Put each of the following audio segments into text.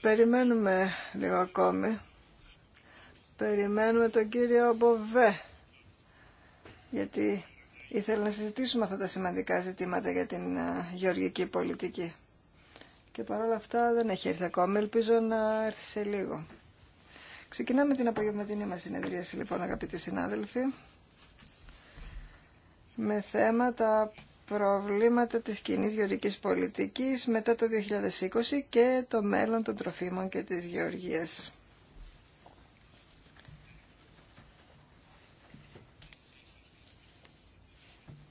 Περιμένουμε λίγο ακόμη. Περιμένουμε τον κύριο Μποβέ. Γιατί ήθελα να συζητήσουμε αυτά τα σημαντικά ζητήματα για την γεωργική πολιτική. Και παρόλα αυτά δεν έχει έρθει ακόμη. Ελπίζω να έρθει σε λίγο. Ξεκινάμε την απογευματινή μας συνεδρίαση, λοιπόν, αγαπητοί συνάδελφοι, με θέματα προβλήματα της κοινή γεωργικής πολιτικής μετά το 2020 και το μέλλον των τροφίμων και της γεωργίας.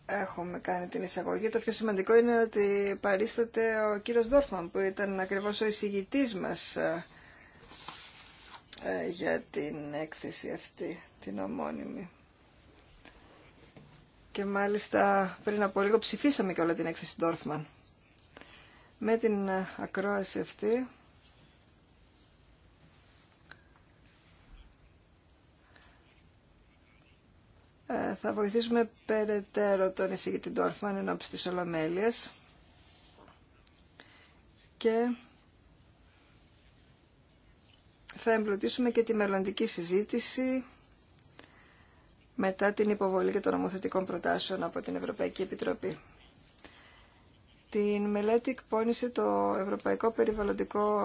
Έχουμε κάνει την εισαγωγή. Το πιο σημαντικό είναι ότι παρίσταται ο κύριος Δόρφμαν που ήταν ακριβώς ο εισηγητής μας ε, ε, για την έκθεση αυτή, την ομώνυμη. Και μάλιστα πριν από λίγο ψηφίσαμε και όλα την έκθεση Ντόρφμαν. Με την ε, ακρόαση αυτή ε, θα βοηθήσουμε περαιτέρω τον εισηγητή Ντόρφμαν ενώπιση της Ολομέλειας και θα εμπλουτίσουμε και τη μελλοντική συζήτηση μετά την υποβολή και των νομοθετικών προτάσεων από την Ευρωπαϊκή Επιτροπή. Την μελέτη εκπώνησε το Ευρωπαϊκό, Περιβαλλοντικό,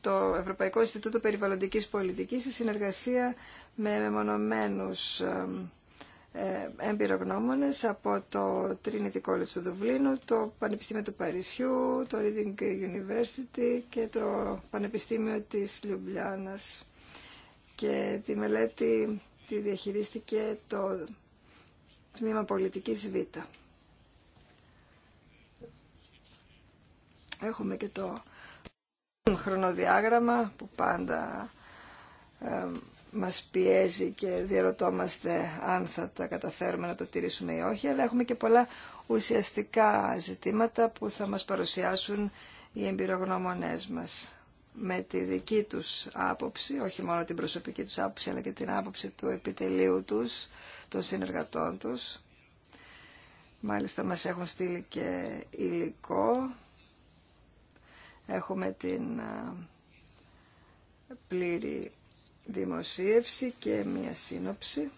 το Ευρωπαϊκό Ινστιτούτο Περιβαλλοντικής Πολιτικής σε συνεργασία με μεμονωμένους ε, εμπειρογνώμονες από το Trinity College του Δουβλίνου, το Πανεπιστήμιο του Παρισιού, το Reading University και το Πανεπιστήμιο της Λιουμπλιάνας. Και τη μελέτη τη διαχειρίστηκε το Τμήμα Πολιτικής Β. Έχουμε και το χρονοδιάγραμμα που πάντα ε, μας πιέζει και διαρωτόμαστε αν θα τα καταφέρουμε να το τηρήσουμε ή όχι, αλλά έχουμε και πολλά ουσιαστικά ζητήματα που θα μας παρουσιάσουν οι εμπειρογνώμονές μας με τη δική τους άποψη, όχι μόνο την προσωπική τους άποψη, αλλά και την άποψη του επιτελείου τους, των συνεργατών τους. Μάλιστα μας έχουν στείλει και υλικό. Έχουμε την πλήρη δημοσίευση και μία σύνοψη.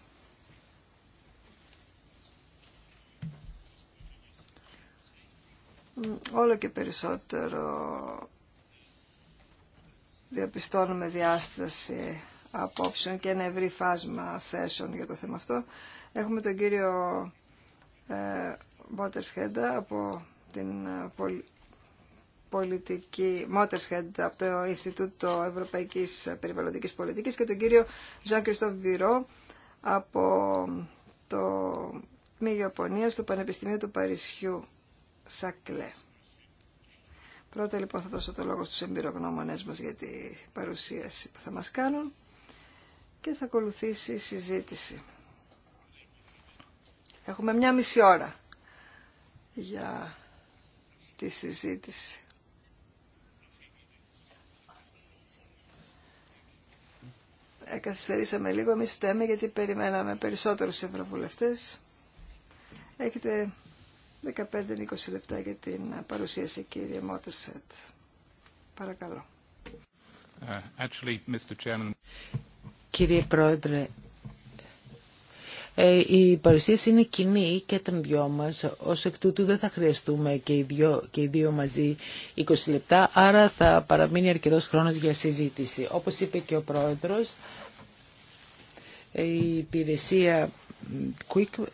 Όλο και περισσότερο διαπιστώνουμε διάσταση απόψεων και ένα ευρύ φάσμα θέσεων για το θέμα αυτό. Έχουμε τον κύριο ε, Μπότερ Σχέντα από την ε, πολιτική Motorshead από το Ινστιτούτο Ευρωπαϊκής Περιβαλλοντικής Πολιτικής και τον κύριο Ζαν Κριστόφ Βιρό από το Μη Ιαπωνίας του Πανεπιστημίου του Παρισιού Σακλέ. Πρώτα λοιπόν θα δώσω το λόγο στους εμπειρογνώμονές μας για τη παρουσίαση που θα μας κάνουν και θα ακολουθήσει η συζήτηση. Έχουμε μια μισή ώρα για τη συζήτηση. καθυστερήσαμε λίγο. Εμείς φταίμε γιατί περιμέναμε περισσότερους ευρωβουλευτές. Έχετε 15-20 λεπτά για την παρουσίαση, κύριε Μότερσετ. Παρακαλώ. Uh, actually, Mr. Chairman... Κύριε Πρόεδρε, ε, η παρουσίαση είναι κοινή και των δυο μας. Ως εκ τούτου δεν θα χρειαστούμε και οι δυο, και δύο μαζί 20 λεπτά, άρα θα παραμείνει αρκετός χρόνος για συζήτηση. Όπως είπε και ο Πρόεδρος, ε, η υπηρεσία Quick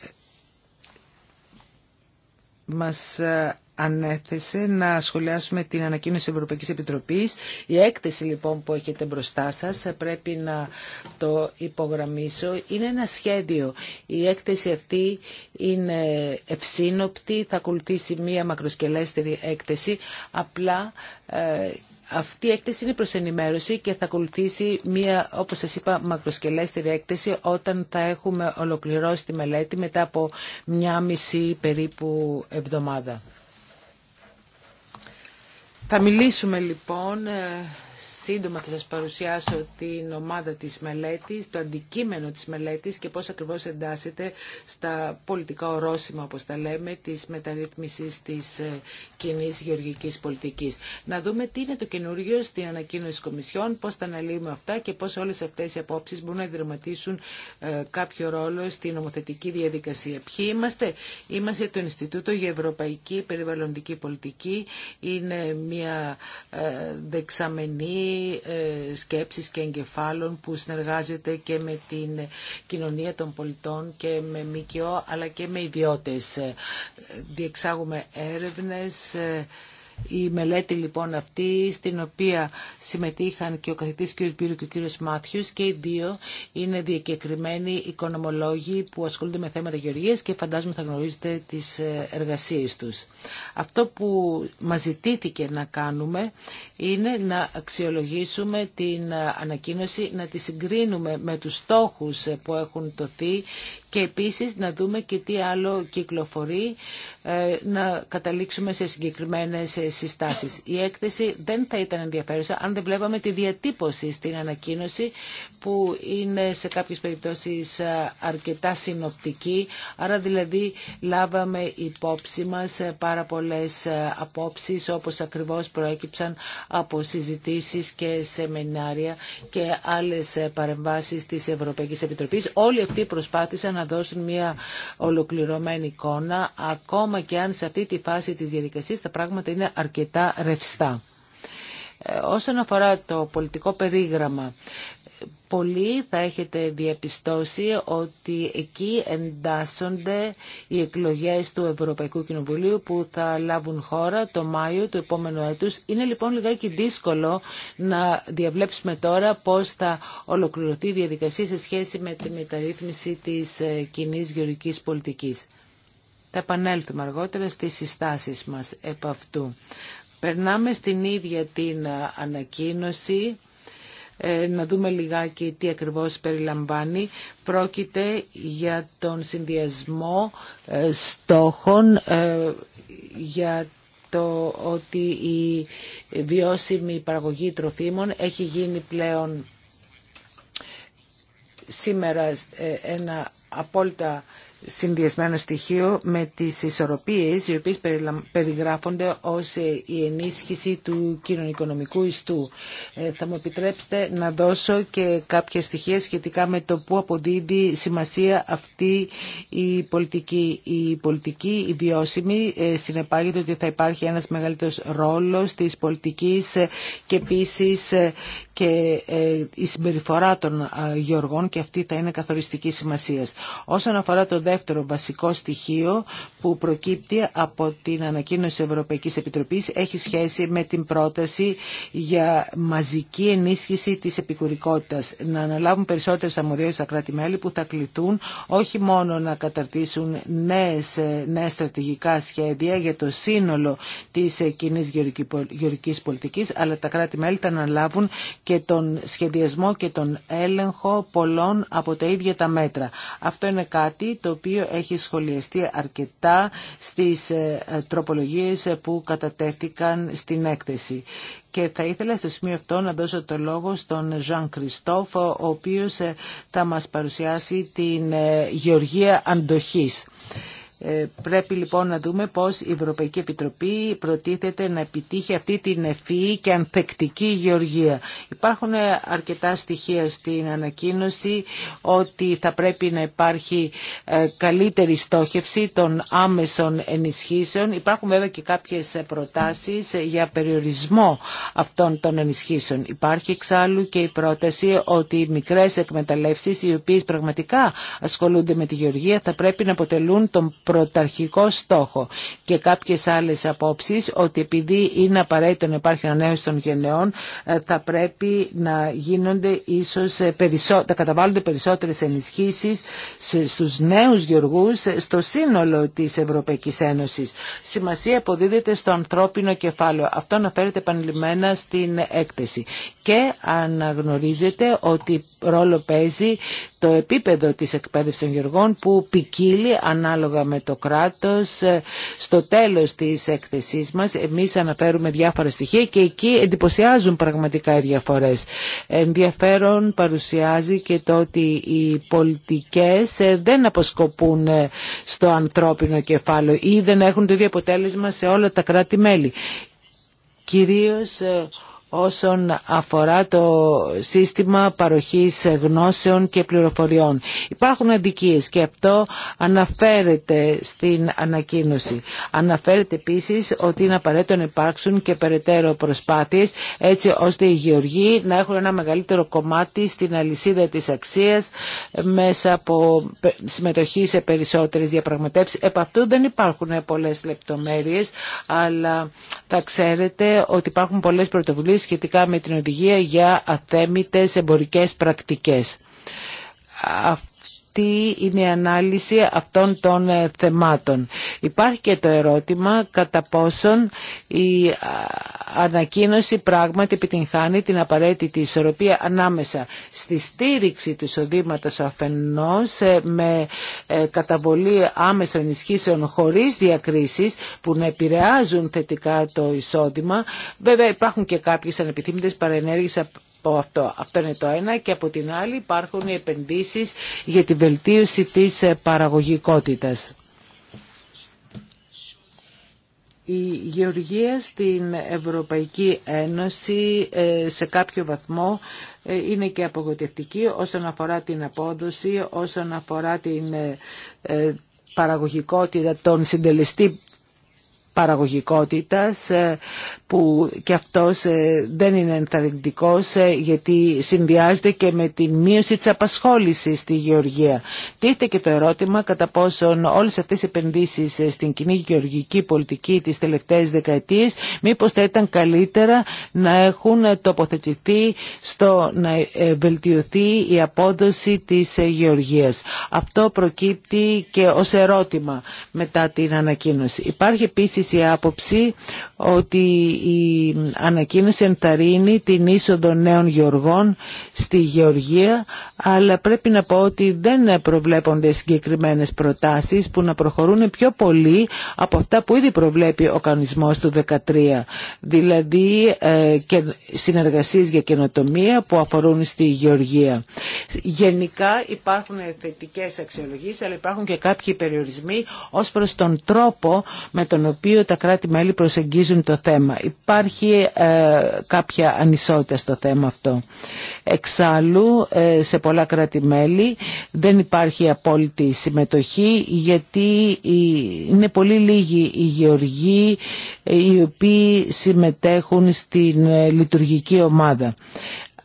μας ε, ανέθεσε να σχολιάσουμε την ανακοίνωση της Ευρωπαϊκής Επιτροπής. Η έκθεση λοιπόν που έχετε μπροστά σας, ε, πρέπει να το υπογραμμίσω, είναι ένα σχέδιο. Η έκθεση αυτή είναι ευσύνοπτη, θα ακολουθήσει μία μακροσκελέστερη έκθεση, απλά αυτή η έκθεση είναι προς ενημέρωση και θα ακολουθήσει μία, όπως σας είπα, μακροσκελέστερη έκθεση όταν θα έχουμε ολοκληρώσει τη μελέτη μετά από μία μισή περίπου εβδομάδα. Θα μιλήσουμε λοιπόν σύντομα θα σας παρουσιάσω την ομάδα της μελέτης, το αντικείμενο της μελέτης και πώς ακριβώς εντάσσεται στα πολιτικά ορόσημα, όπως τα λέμε, της μεταρρύθμισης της ε, κοινή γεωργικής πολιτικής. Να δούμε τι είναι το καινούργιο στην ανακοίνωση της Κομισιόν, πώς τα αναλύουμε αυτά και πώς όλες αυτές οι απόψεις μπορούν να δραματίσουν ε, κάποιο ρόλο στην νομοθετική διαδικασία. Ποιοι είμαστε? Είμαστε το Ινστιτούτο για Ευρωπαϊκή Περιβαλλοντική Πολιτική. Είναι μια ε, δεξαμενή ε, Σκέψει και Εγκεφάλων που συνεργάζεται και με την κοινωνία των πολιτών και με ΜΚΟ αλλά και με ιδιώτες. Ε, διεξάγουμε έρευνες ε, η μελέτη λοιπόν αυτή, στην οποία συμμετείχαν και ο καθηγητής κ. Πύρου και ο κ. Μάθιους και οι δύο είναι διακεκριμένοι οικονομολόγοι που ασχολούνται με θέματα γεωργίας και φαντάζομαι θα γνωρίζετε τις ε, εργασίες τους. Αυτό που μας ζητήθηκε να κάνουμε είναι να αξιολογήσουμε την ε, ανακοίνωση, να τη συγκρίνουμε με τους στόχους ε, που έχουν τοθεί και επίσης να δούμε και τι άλλο κυκλοφορεί, ε, να καταλήξουμε σε συγκεκριμένες ε, συστάσεις. Η έκθεση δεν θα ήταν ενδιαφέρουσα αν δεν βλέπαμε τη διατύπωση στην ανακοίνωση που είναι σε κάποιες περιπτώσεις ε, αρκετά συνοπτική, άρα δηλαδή λάβαμε υπόψη μας πάρα πολλές απόψεις όπως ακριβώς προέκυψαν από συζητήσεις και σεμινάρια και άλλες παρεμβάσεις της Ευρωπαϊκής Επιτροπής. Όλοι αυτοί προσπάθησαν να δώσουν μια ολοκληρωμένη εικόνα, ακόμα και αν σε αυτή τη φάση της διαδικασίας τα πράγματα είναι αρκετά ρευστά. Ε, όσον αφορά το πολιτικό περίγραμμα, πολλοί θα έχετε διαπιστώσει ότι εκεί εντάσσονται οι εκλογές του Ευρωπαϊκού Κοινοβουλίου που θα λάβουν χώρα το Μάιο του επόμενου έτους. Είναι λοιπόν λιγάκι δύσκολο να διαβλέψουμε τώρα πώς θα ολοκληρωθεί η διαδικασία σε σχέση με τη μεταρρύθμιση της ε, κοινή γεωργικής πολιτικής. Θα επανέλθουμε αργότερα στις συστάσεις μας επ' αυτού. Περνάμε στην ίδια την ε, ανακοίνωση ε, να δούμε λιγάκι τι ακριβώς περιλαμβάνει. Πρόκειται για τον συνδυασμό ε, στόχων ε, για το ότι η βιώσιμη παραγωγή τροφίμων έχει γίνει πλέον σήμερα ένα απόλυτα συνδυασμένο στοιχείο με τις ισορροπίες οι οποίες περιγράφονται ως ε, η ενίσχυση του κοινωνικονομικού ιστού. Ε, θα μου επιτρέψετε να δώσω και κάποια στοιχεία σχετικά με το που αποδίδει σημασία αυτή η πολιτική. Η πολιτική, η βιώσιμη, ε, συνεπάγεται ότι θα υπάρχει ένας μεγαλύτερος ρόλος της πολιτικής και επίσης και η συμπεριφορά των γεωργών και αυτή θα είναι καθοριστική σημασία. Όσον αφορά το δεύτερο βασικό στοιχείο που προκύπτει από την ανακοίνωση Ευρωπαϊκής Επιτροπής έχει σχέση με την πρόταση για μαζική ενίσχυση της επικουρικότητας. Να αναλάβουν περισσότερες αμμοδιές στα κράτη-μέλη που θα κληθούν όχι μόνο να καταρτήσουν νέες, στρατηγικά σχέδια για το σύνολο της κοινή γεωρικής πολιτικής, αλλά τα κράτη-μέλη θα αναλάβουν και τον σχεδιασμό και τον έλεγχο πολλών από τα ίδια τα μέτρα. Αυτό είναι κάτι το οποίο έχει σχολιαστεί αρκετά στις ε, τροπολογίες που κατατέθηκαν στην έκθεση. Και θα ήθελα στο σημείο αυτό να δώσω το λόγο στον Ζαν Κριστόφ, ο οποίος ε, θα μας παρουσιάσει την ε, γεωργία αντοχής. Ε, πρέπει λοιπόν να δούμε πώς η Ευρωπαϊκή Επιτροπή προτίθεται να επιτύχει αυτή την ευφυή και ανθεκτική γεωργία. Υπάρχουν ε, αρκετά στοιχεία στην ανακοίνωση ότι θα πρέπει να υπάρχει ε, καλύτερη στόχευση των άμεσων ενισχύσεων. Υπάρχουν βέβαια και κάποιες προτάσεις για περιορισμό αυτών των ενισχύσεων. Υπάρχει εξάλλου και η πρόταση ότι οι μικρές εκμεταλλεύσεις οι οποίες πραγματικά ασχολούνται με τη γεωργία θα πρέπει να αποτελούν τον πρωταρχικό στόχο και κάποιες άλλες απόψεις ότι επειδή είναι απαραίτητο να υπάρχει ανανέωση των γενεών ε, θα πρέπει να γίνονται ίσως ε, καταβάλλονται περισσότερες ενισχύσεις στους νέους γεωργούς ε, στο σύνολο της Ευρωπαϊκής Ένωσης. Σημασία αποδίδεται στο ανθρώπινο κεφάλαιο. Αυτό αναφέρεται επανειλημμένα στην έκθεση και αναγνωρίζεται ότι ρόλο παίζει το επίπεδο της εκπαίδευσης των γεωργών που ποικίλει ανάλογα με το κράτος. Ε, στο τέλος της έκθεσής μας εμείς αναφέρουμε διάφορα στοιχεία και εκεί εντυπωσιάζουν πραγματικά οι διαφορές. Ενδιαφέρον παρουσιάζει και το ότι οι πολιτικές ε, δεν αποσκοπούν ε, στο ανθρώπινο κεφάλαιο ή δεν έχουν το ίδιο αποτέλεσμα σε όλα τα κράτη-μέλη. Κυρίως όσον αφορά το σύστημα παροχής γνώσεων και πληροφοριών. Υπάρχουν αντικείες και αυτό αναφέρεται στην ανακοίνωση. Αναφέρεται επίσης ότι είναι απαραίτητο να υπάρξουν και περαιτέρω προσπάθειες έτσι ώστε οι γεωργοί να έχουν ένα μεγαλύτερο κομμάτι στην αλυσίδα της αξίας μέσα από συμμετοχή σε περισσότερες διαπραγματεύσεις. Επ' αυτού δεν υπάρχουν πολλές λεπτομέρειες αλλά θα ξέρετε ότι υπάρχουν πολλές πρωτοβουλίες σχετικά με την οδηγία για αθέμητες εμπορικές πρακτικές τι είναι η ανάλυση αυτών των ε, θεμάτων. Υπάρχει και το ερώτημα κατά πόσον η ανακοίνωση πράγματι επιτυγχάνει την απαραίτητη ισορροπία ανάμεσα στη στήριξη του εισοδήματος αφενός ε, με ε, καταβολή άμεσων ισχύσεων χωρίς διακρίσεις που να επηρεάζουν θετικά το εισόδημα. Βέβαια υπάρχουν και κάποιες ανεπιθύμητες παρενέργειες αυτό. Αυτό είναι το ένα και από την άλλη υπάρχουν οι επενδύσεις για την βελτίωση της ε, παραγωγικότητας. Η γεωργία στην Ευρωπαϊκή Ένωση ε, σε κάποιο βαθμό ε, είναι και απογοητευτική όσον αφορά την απόδοση, όσον αφορά την παραγωγικότητα, των συντελεστή παραγωγικότητας ε, που και αυτός ε, δεν είναι ενθαρρυντικός ε, γιατί συνδυάζεται και με τη μείωση της απασχόλησης στη γεωργία. Τίθεται και το ερώτημα κατά πόσον όλες αυτές οι επενδύσεις στην κοινή γεωργική πολιτική τις τελευταίες δεκαετίας μήπως θα ήταν καλύτερα να έχουν τοποθετηθεί στο να βελτιωθεί η απόδοση της γεωργίας. Αυτό προκύπτει και ως ερώτημα μετά την ανακοίνωση. Υπάρχει επίσης η άποψη ότι η ανακοίνωση ενθαρρύνει την είσοδο νέων γεωργών στη γεωργία, αλλά πρέπει να πω ότι δεν προβλέπονται συγκεκριμένες προτάσεις που να προχωρούν πιο πολύ από αυτά που ήδη προβλέπει ο κανονισμός του 2013. Δηλαδή ε, και συνεργασίες για καινοτομία που αφορούν στη γεωργία. Γενικά υπάρχουν θετικές αξιολογίες, αλλά υπάρχουν και κάποιοι περιορισμοί ως προς τον τρόπο με τον οποίο οποίο τα κράτη-μέλη προσεγγίζουν το θέμα. Υπάρχει ε, κάποια ανισότητα στο θέμα αυτό. Εξάλλου, ε, σε πολλά κράτη-μέλη δεν υπάρχει απόλυτη συμμετοχή γιατί είναι πολύ λίγοι οι γεωργοί ε, οι οποίοι συμμετέχουν στην λειτουργική ομάδα.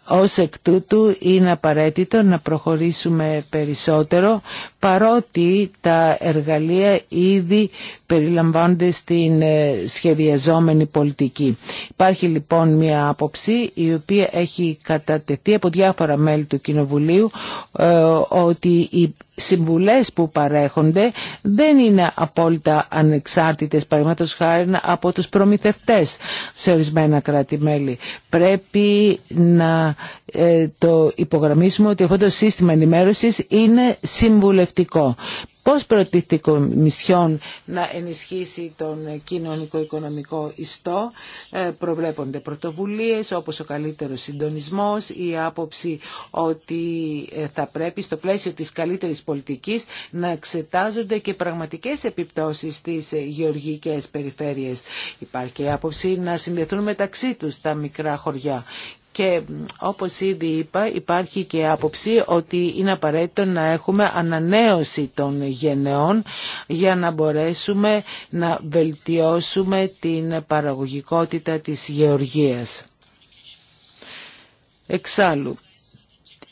Ως εκ τούτου είναι απαραίτητο να προχωρήσουμε περισσότερο παρότι τα εργαλεία ήδη περιλαμβάνονται στην ε, σχεδιαζόμενη πολιτική. Υπάρχει λοιπόν μια άποψη η οποία έχει κατατεθεί από διάφορα μέλη του Κοινοβουλίου ε, ότι οι συμβουλές που παρέχονται δεν είναι απόλυτα ανεξάρτητες παραδείγματος χάρη από τους προμηθευτές σε ορισμένα κράτη-μέλη. Πρέπει να ε, το υπογραμμίσουμε ότι αυτό το σύστημα ενημέρωσης είναι συμβουλευτικό. Πώς προτείνει η Κομισιόν να ενισχύσει τον κοινωνικο-οικονομικό ιστό. Ε, προβλέπονται πρωτοβουλίες όπως ο καλύτερος συντονισμός, η άποψη ότι ε, θα πρέπει στο πλαίσιο της καλύτερης πολιτικής να εξετάζονται και πραγματικές επιπτώσεις στις ε, γεωργικές περιφέρειες. Υπάρχει και άποψη να συνδεθούν μεταξύ τους τα μικρά χωριά. Και όπως ήδη είπα υπάρχει και άποψη ότι είναι απαραίτητο να έχουμε ανανέωση των γενεών για να μπορέσουμε να βελτιώσουμε την παραγωγικότητα της γεωργίας. Εξάλλου,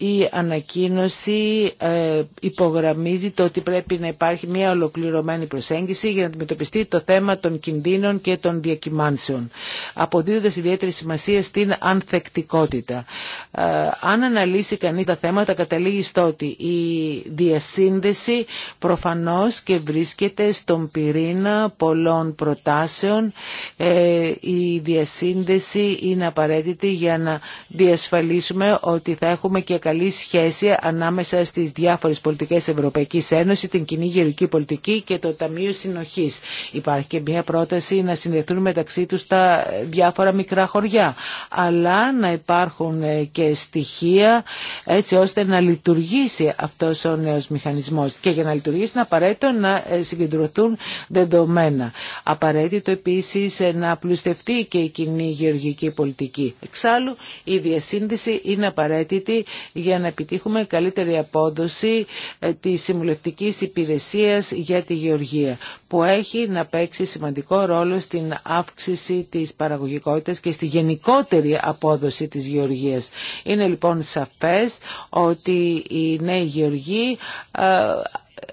η ανακοίνωση ε, υπογραμμίζει το ότι πρέπει να υπάρχει μια ολοκληρωμένη προσέγγιση για να αντιμετωπιστεί το θέμα των κινδύνων και των διακυμάνσεων, αποδίδοντας ιδιαίτερη σημασία στην ανθεκτικότητα. Ε, αν αναλύσει κανείς τα θέματα, καταλήγει στο ότι η διασύνδεση προφανώς και βρίσκεται στον πυρήνα πολλών προτάσεων. Ε, η διασύνδεση είναι απαραίτητη για να διασφαλίσουμε ότι θα έχουμε και καλή σχέση ανάμεσα στις διάφορες πολιτικές Ευρωπαϊκής Ένωσης, την κοινή γεωρική πολιτική και το Ταμείο Συνοχής. Υπάρχει και μια πρόταση να συνδεθούν μεταξύ τους τα διάφορα μικρά χωριά, αλλά να υπάρχουν ε, και στοιχεία έτσι ώστε να λειτουργήσει αυτός ο νέος μηχανισμός και για να λειτουργήσει είναι απαραίτητο να ε, συγκεντρωθούν δεδομένα. Απαραίτητο επίσης ε, να πλουστευτεί και η κοινή γεωργική πολιτική. Εξάλλου η διασύνδεση είναι απαραίτητη για να επιτύχουμε καλύτερη απόδοση ε, της συμβουλευτικής υπηρεσίας για τη γεωργία που έχει να παίξει σημαντικό ρόλο στην αύξηση της παραγωγικότητας και στη γενικότερη απόδοση της γεωργίας. Είναι λοιπόν σαφές ότι οι νέοι γεωργοί ε,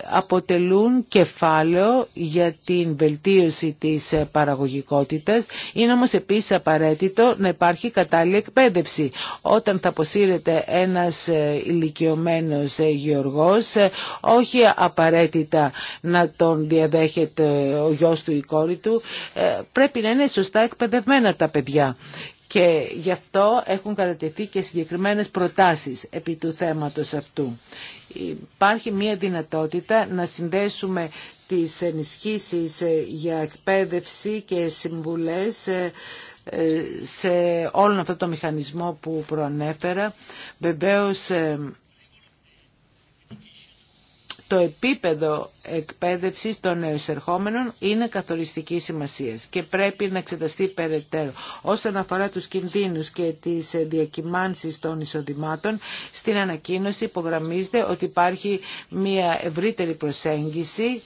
αποτελούν κεφάλαιο για την βελτίωση της παραγωγικότητας. Είναι όμως επίσης απαραίτητο να υπάρχει κατάλληλη εκπαίδευση. Όταν θα αποσύρεται ένας ε, ηλικιωμένος ε, γεωργός, ε, όχι απαραίτητα να τον διαδέχεται ο γιος του ή η κόρη του, πρέπει να είναι σωστά εκπαιδευμένα τα παιδιά και γι' αυτό έχουν κατατεθεί και συγκεκριμένες προτάσεις επί του θέματος αυτού. Υπάρχει μια δυνατότητα να συνδέσουμε τις ενισχύσεις ε, για εκπαίδευση και συμβουλές ε, ε, σε όλο αυτό το μηχανισμό που προανέφερα. Βεβαίως το επίπεδο εκπαίδευσης των εισερχόμενων είναι καθοριστική σημασίας και πρέπει να εξεταστεί περαιτέρω. Όσον αφορά τους κινδύνους και τις διακυμάνσεις των εισοδημάτων, στην ανακοίνωση υπογραμμίζεται ότι υπάρχει μια ευρύτερη προσέγγιση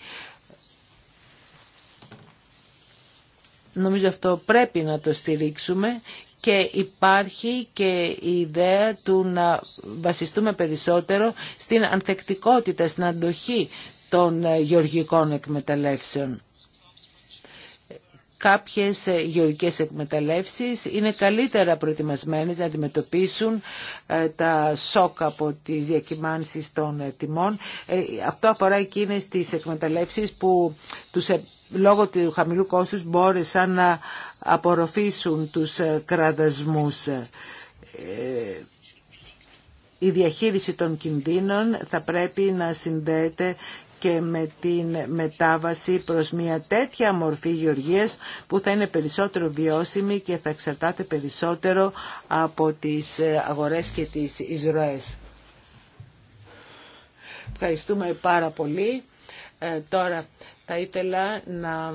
Νομίζω αυτό πρέπει να το στηρίξουμε και υπάρχει και η ιδέα του να βασιστούμε περισσότερο στην ανθεκτικότητα, στην αντοχή των ε, γεωργικών εκμεταλλεύσεων. Κάποιες γεωργικές εκμεταλλεύσεις είναι καλύτερα προετοιμασμένες να αντιμετωπίσουν ε, τα σοκ από τη διακυμάνση των ε, τιμών. Ε, αυτό αφορά εκείνες τις εκμεταλλεύσεις που τους, λόγω του χαμηλού κόστους μπόρεσαν να απορροφήσουν τους κραδασμούς η διαχείριση των κινδύνων θα πρέπει να συνδέεται και με την μετάβαση προς μια τέτοια μορφή γεωργίας που θα είναι περισσότερο βιώσιμη και θα εξαρτάται περισσότερο από τις ε, αγορές και τις εισρωές. Ευχαριστούμε πάρα πολύ. Ε, τώρα θα ήθελα να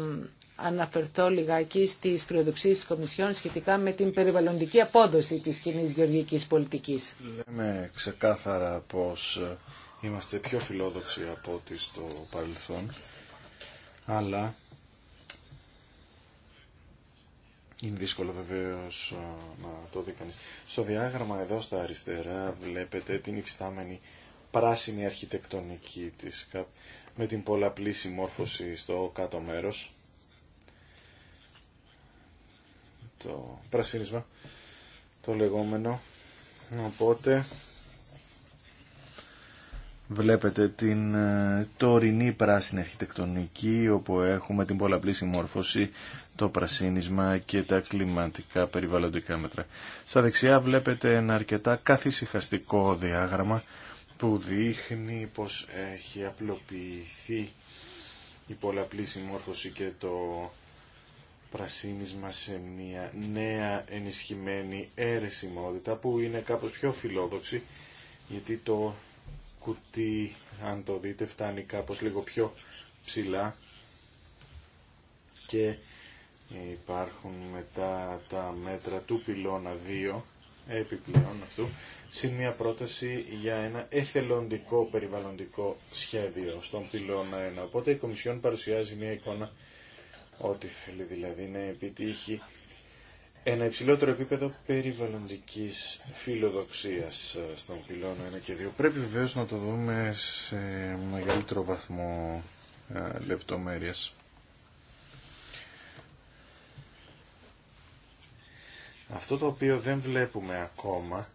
αναφερθώ λιγάκι στις φιλοδοξίε της Κομισιόν σχετικά με την περιβαλλοντική απόδοση της κοινή γεωργικής πολιτικής. Λέμε ξεκάθαρα πως Είμαστε πιο φιλόδοξοι από ό,τι στο παρελθόν, αλλά είναι δύσκολο βεβαίω να το δει κανείς. Στο διάγραμμα εδώ στα αριστερά βλέπετε την υφιστάμενη πράσινη αρχιτεκτονική της με την πολλαπλή συμμόρφωση στο κάτω μέρος. Το πρασίνισμα, το λεγόμενο. Οπότε Βλέπετε την ε, τωρινή πράσινη αρχιτεκτονική όπου έχουμε την πολλαπλή συμμόρφωση, το πρασίνισμα και τα κλιματικά περιβαλλοντικά μέτρα. Στα δεξιά βλέπετε ένα αρκετά καθησυχαστικό διάγραμμα που δείχνει πως έχει απλοποιηθεί η πολλαπλή συμμόρφωση και το πρασίνισμα σε μια νέα ενισχυμένη αίρεσιμότητα που είναι κάπως πιο φιλόδοξη γιατί το κουτί, αν το δείτε, φτάνει κάπως λίγο πιο ψηλά και υπάρχουν μετά τα μέτρα του πυλώνα 2 επιπλέον αυτού, συν μια πρόταση για ένα εθελοντικό περιβαλλοντικό σχέδιο στον πυλώνα 1. Οπότε η Κομισιόν παρουσιάζει μια εικόνα ότι θέλει δηλαδή να επιτύχει ένα υψηλότερο επίπεδο περιβαλλοντική φιλοδοξίας ε, στον πυλώνα 1 και 2. Πρέπει βεβαίω να το δούμε σε μεγαλύτερο βαθμό ε, λεπτομέρειας. Αυτό το οποίο δεν βλέπουμε ακόμα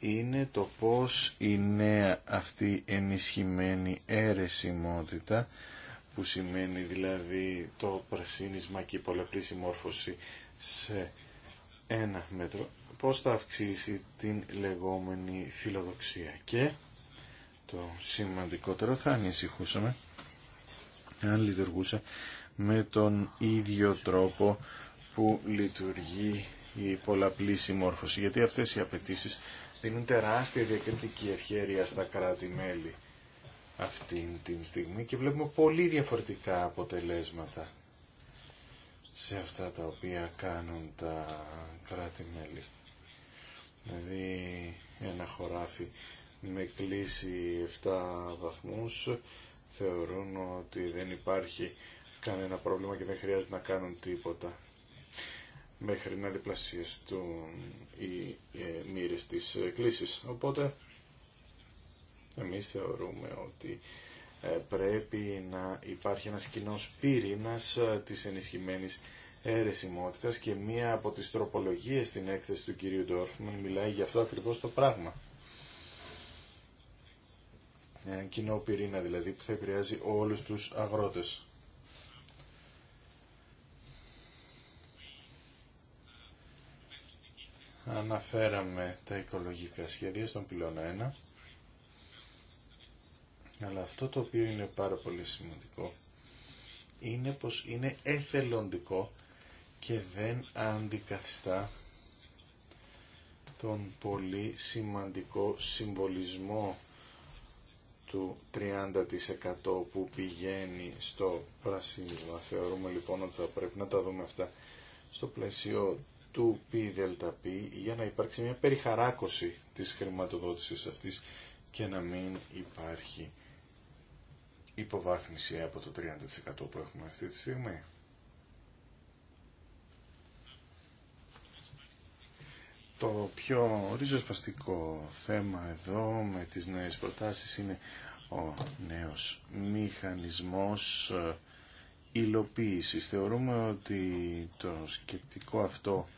είναι το πώς η νέα αυτή ενισχυμένη αίρεσιμότητα που σημαίνει δηλαδή το πρασίνισμα και η πολλαπλή σε ένα μέτρο πώς θα αυξήσει την λεγόμενη φιλοδοξία. Και το σημαντικότερο θα ανησυχούσαμε αν λειτουργούσε με τον ίδιο τρόπο που λειτουργεί η πολλαπλή συμμόρφωση. Γιατί αυτές οι απαιτήσει δίνουν τεράστια διακριτική ευχέρεια στα κράτη-μέλη αυτή την στιγμή και βλέπουμε πολύ διαφορετικά αποτελέσματα σε αυτά τα οποία κάνουν τα κράτη-μέλη. Δηλαδή ένα χωράφι με κλίση 7 βαθμούς θεωρούν ότι δεν υπάρχει κανένα πρόβλημα και δεν χρειάζεται να κάνουν τίποτα μέχρι να διπλασιαστούν οι ε, μοίρες της κλίσης. Οπότε εμείς θεωρούμε ότι ε, πρέπει να υπάρχει ένας κοινό πύρινας ε, της ενισχυμένης αιρεσιμότητας και μία από τις τροπολογίες στην έκθεση του κυρίου Ντόρφμαν μιλάει για αυτό ακριβώς το πράγμα. Ένα κοινό πυρήνα δηλαδή που θα επηρεάζει όλους τους αγρότες. Αναφέραμε τα οικολογικά σχέδια στον πυλώνα 1 αλλά αυτό το οποίο είναι πάρα πολύ σημαντικό είναι πως είναι εθελοντικό και δεν αντικαθιστά τον πολύ σημαντικό συμβολισμό του 30% που πηγαίνει στο πρασίνισμα. Θεωρούμε λοιπόν ότι θα πρέπει να τα δούμε αυτά στο πλαίσιο του πι για να υπάρξει μια περιχαράκωση της χρηματοδότησης αυτής και να μην υπάρχει υποβάθμιση από το 30% που έχουμε αυτή τη στιγμή. Το πιο ριζοσπαστικό θέμα εδώ με τις νέες προτάσεις είναι ο νέος μηχανισμός ε, υλοποίησης. Θεωρούμε ότι το σκεπτικό αυτό,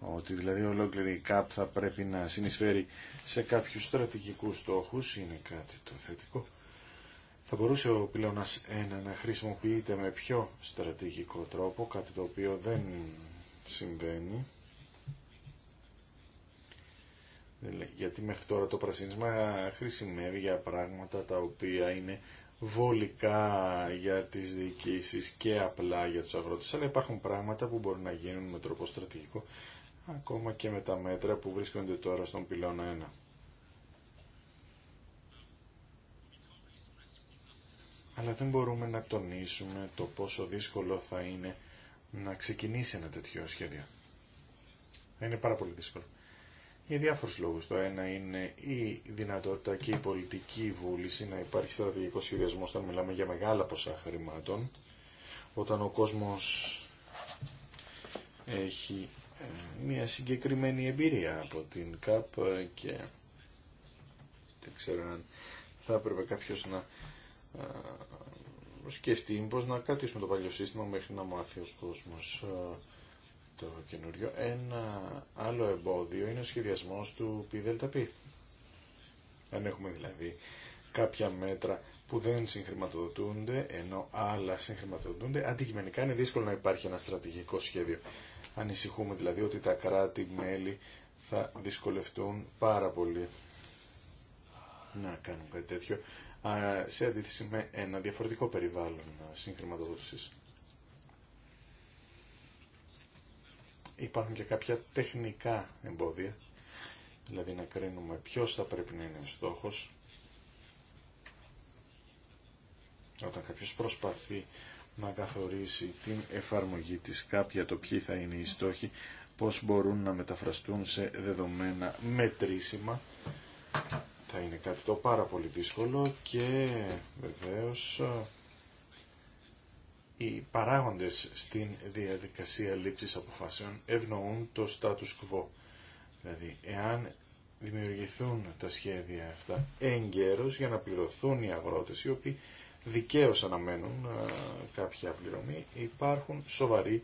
ότι δηλαδή ολόκληρη η ΚΑΠ θα πρέπει να συνεισφέρει σε κάποιους στρατηγικούς στόχους, είναι κάτι το θετικό. Θα μπορούσε ο πυλώνας 1 να χρησιμοποιείται με πιο στρατηγικό τρόπο, κάτι το οποίο δεν συμβαίνει. Γιατί μέχρι τώρα το πρασίνισμα χρησιμεύει για πράγματα τα οποία είναι βολικά για τις διοικήσεις και απλά για τους αγρότες, αλλά υπάρχουν πράγματα που μπορούν να γίνουν με τρόπο στρατηγικό, ακόμα και με τα μέτρα που βρίσκονται τώρα στον πυλώνα 1. αλλά δεν μπορούμε να τονίσουμε το πόσο δύσκολο θα είναι να ξεκινήσει ένα τέτοιο σχέδιο. Θα είναι πάρα πολύ δύσκολο. Για διάφορους λόγους. Το ένα είναι η δυνατότητα και η πολιτική βούληση να υπάρχει στρατηγικός σχεδιασμό όταν μιλάμε για μεγάλα ποσά χρημάτων, όταν ο κόσμος έχει ε, μια συγκεκριμένη εμπειρία από την ΚΑΠ ε, και δεν ξέρω αν θα έπρεπε κάποιος να ε, σκεφτεί πως να κρατήσουμε το παλιό σύστημα μέχρι να μάθει ο κόσμος ε, το καινούριο. Ένα άλλο εμπόδιο είναι ο σχεδιασμός του πι Αν έχουμε δηλαδή κάποια μέτρα που δεν συγχρηματοδοτούνται, ενώ άλλα συγχρηματοδοτούνται, αντικειμενικά είναι δύσκολο να υπάρχει ένα στρατηγικό σχέδιο. Ανησυχούμε δηλαδή ότι τα κράτη-μέλη θα δυσκολευτούν πάρα πολύ να κάνουν κάτι τέτοιο, σε αντίθεση με ένα διαφορετικό περιβάλλον συγχρηματοδότησης. Υπάρχουν και κάποια τεχνικά εμπόδια, δηλαδή να κρίνουμε ποιος θα πρέπει να είναι ο στόχος, όταν κάποιος προσπαθεί να καθορίσει την εφαρμογή της κάποια το ποιοι θα είναι οι στόχοι, πώς μπορούν να μεταφραστούν σε δεδομένα μετρήσιμα θα είναι κάτι το πάρα πολύ δύσκολο και βεβαίως οι παράγοντες στην διαδικασία λήψης αποφάσεων ευνοούν το status quo. Δηλαδή, εάν δημιουργηθούν τα σχέδια αυτά εγκαίρως για να πληρωθούν οι αγρότες οι οποίοι δικαίως αναμένουν κάποια πληρωμή, υπάρχουν σοβαροί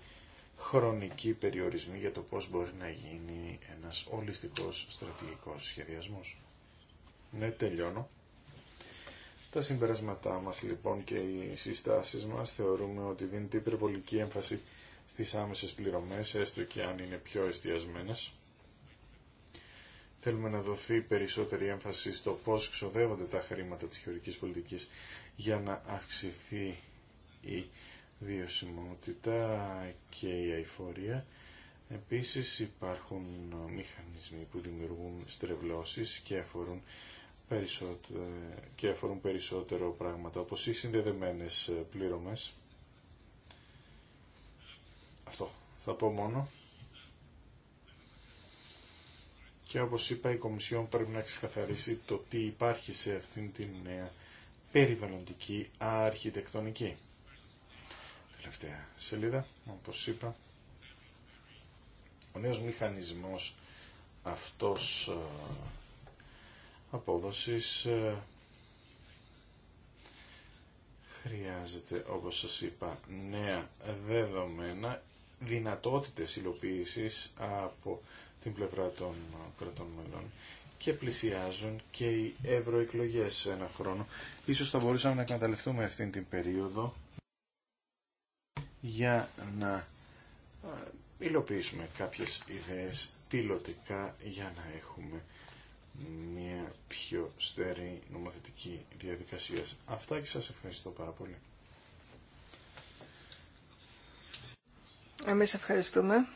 χρονικοί περιορισμοί για το πώς μπορεί να γίνει ένας ολιστικός στρατηγικός σχεδιασμός. Ναι, τελειώνω. Τα συμπεράσματά μας λοιπόν και οι συστάσεις μας θεωρούμε ότι δίνεται υπερβολική έμφαση στις άμεσες πληρωμές, έστω και αν είναι πιο εστιασμένες. Θέλουμε να δοθεί περισσότερη έμφαση στο πώς ξοδεύονται τα χρήματα της χειρουργικής πολιτικής για να αυξηθεί η βιωσιμότητα και η αηφορία. Επίσης υπάρχουν μηχανισμοί που δημιουργούν στρεβλώσεις και αφορούν και αφορούν περισσότερο πράγματα, όπως οι συνδεδεμένες πλήρωμες. Αυτό θα πω μόνο. Και όπως είπα η Κομισιόν πρέπει να ξεκαθαρίσει το τι υπάρχει σε αυτήν την νέα περιβαλλοντική αρχιτεκτονική. Τελευταία σελίδα, όπως είπα. Ο νέος μηχανισμός αυτός ε, απόδοσης ε, χρειάζεται, όπως σας είπα, νέα δεδομένα, δυνατότητες υλοποίησης από την πλευρά των κρατών μελών και πλησιάζουν και οι ευρωεκλογέ σε ένα χρόνο. Ίσως θα μπορούσαμε να εκμεταλλευτούμε αυτήν την περίοδο για να ε, υλοποιήσουμε κάποιες ιδέες πιλωτικά για να έχουμε μια πιο στερή νομοθετική διαδικασία. Αυτά και σας ευχαριστώ πάρα πολύ. Εμείς ευχαριστούμε.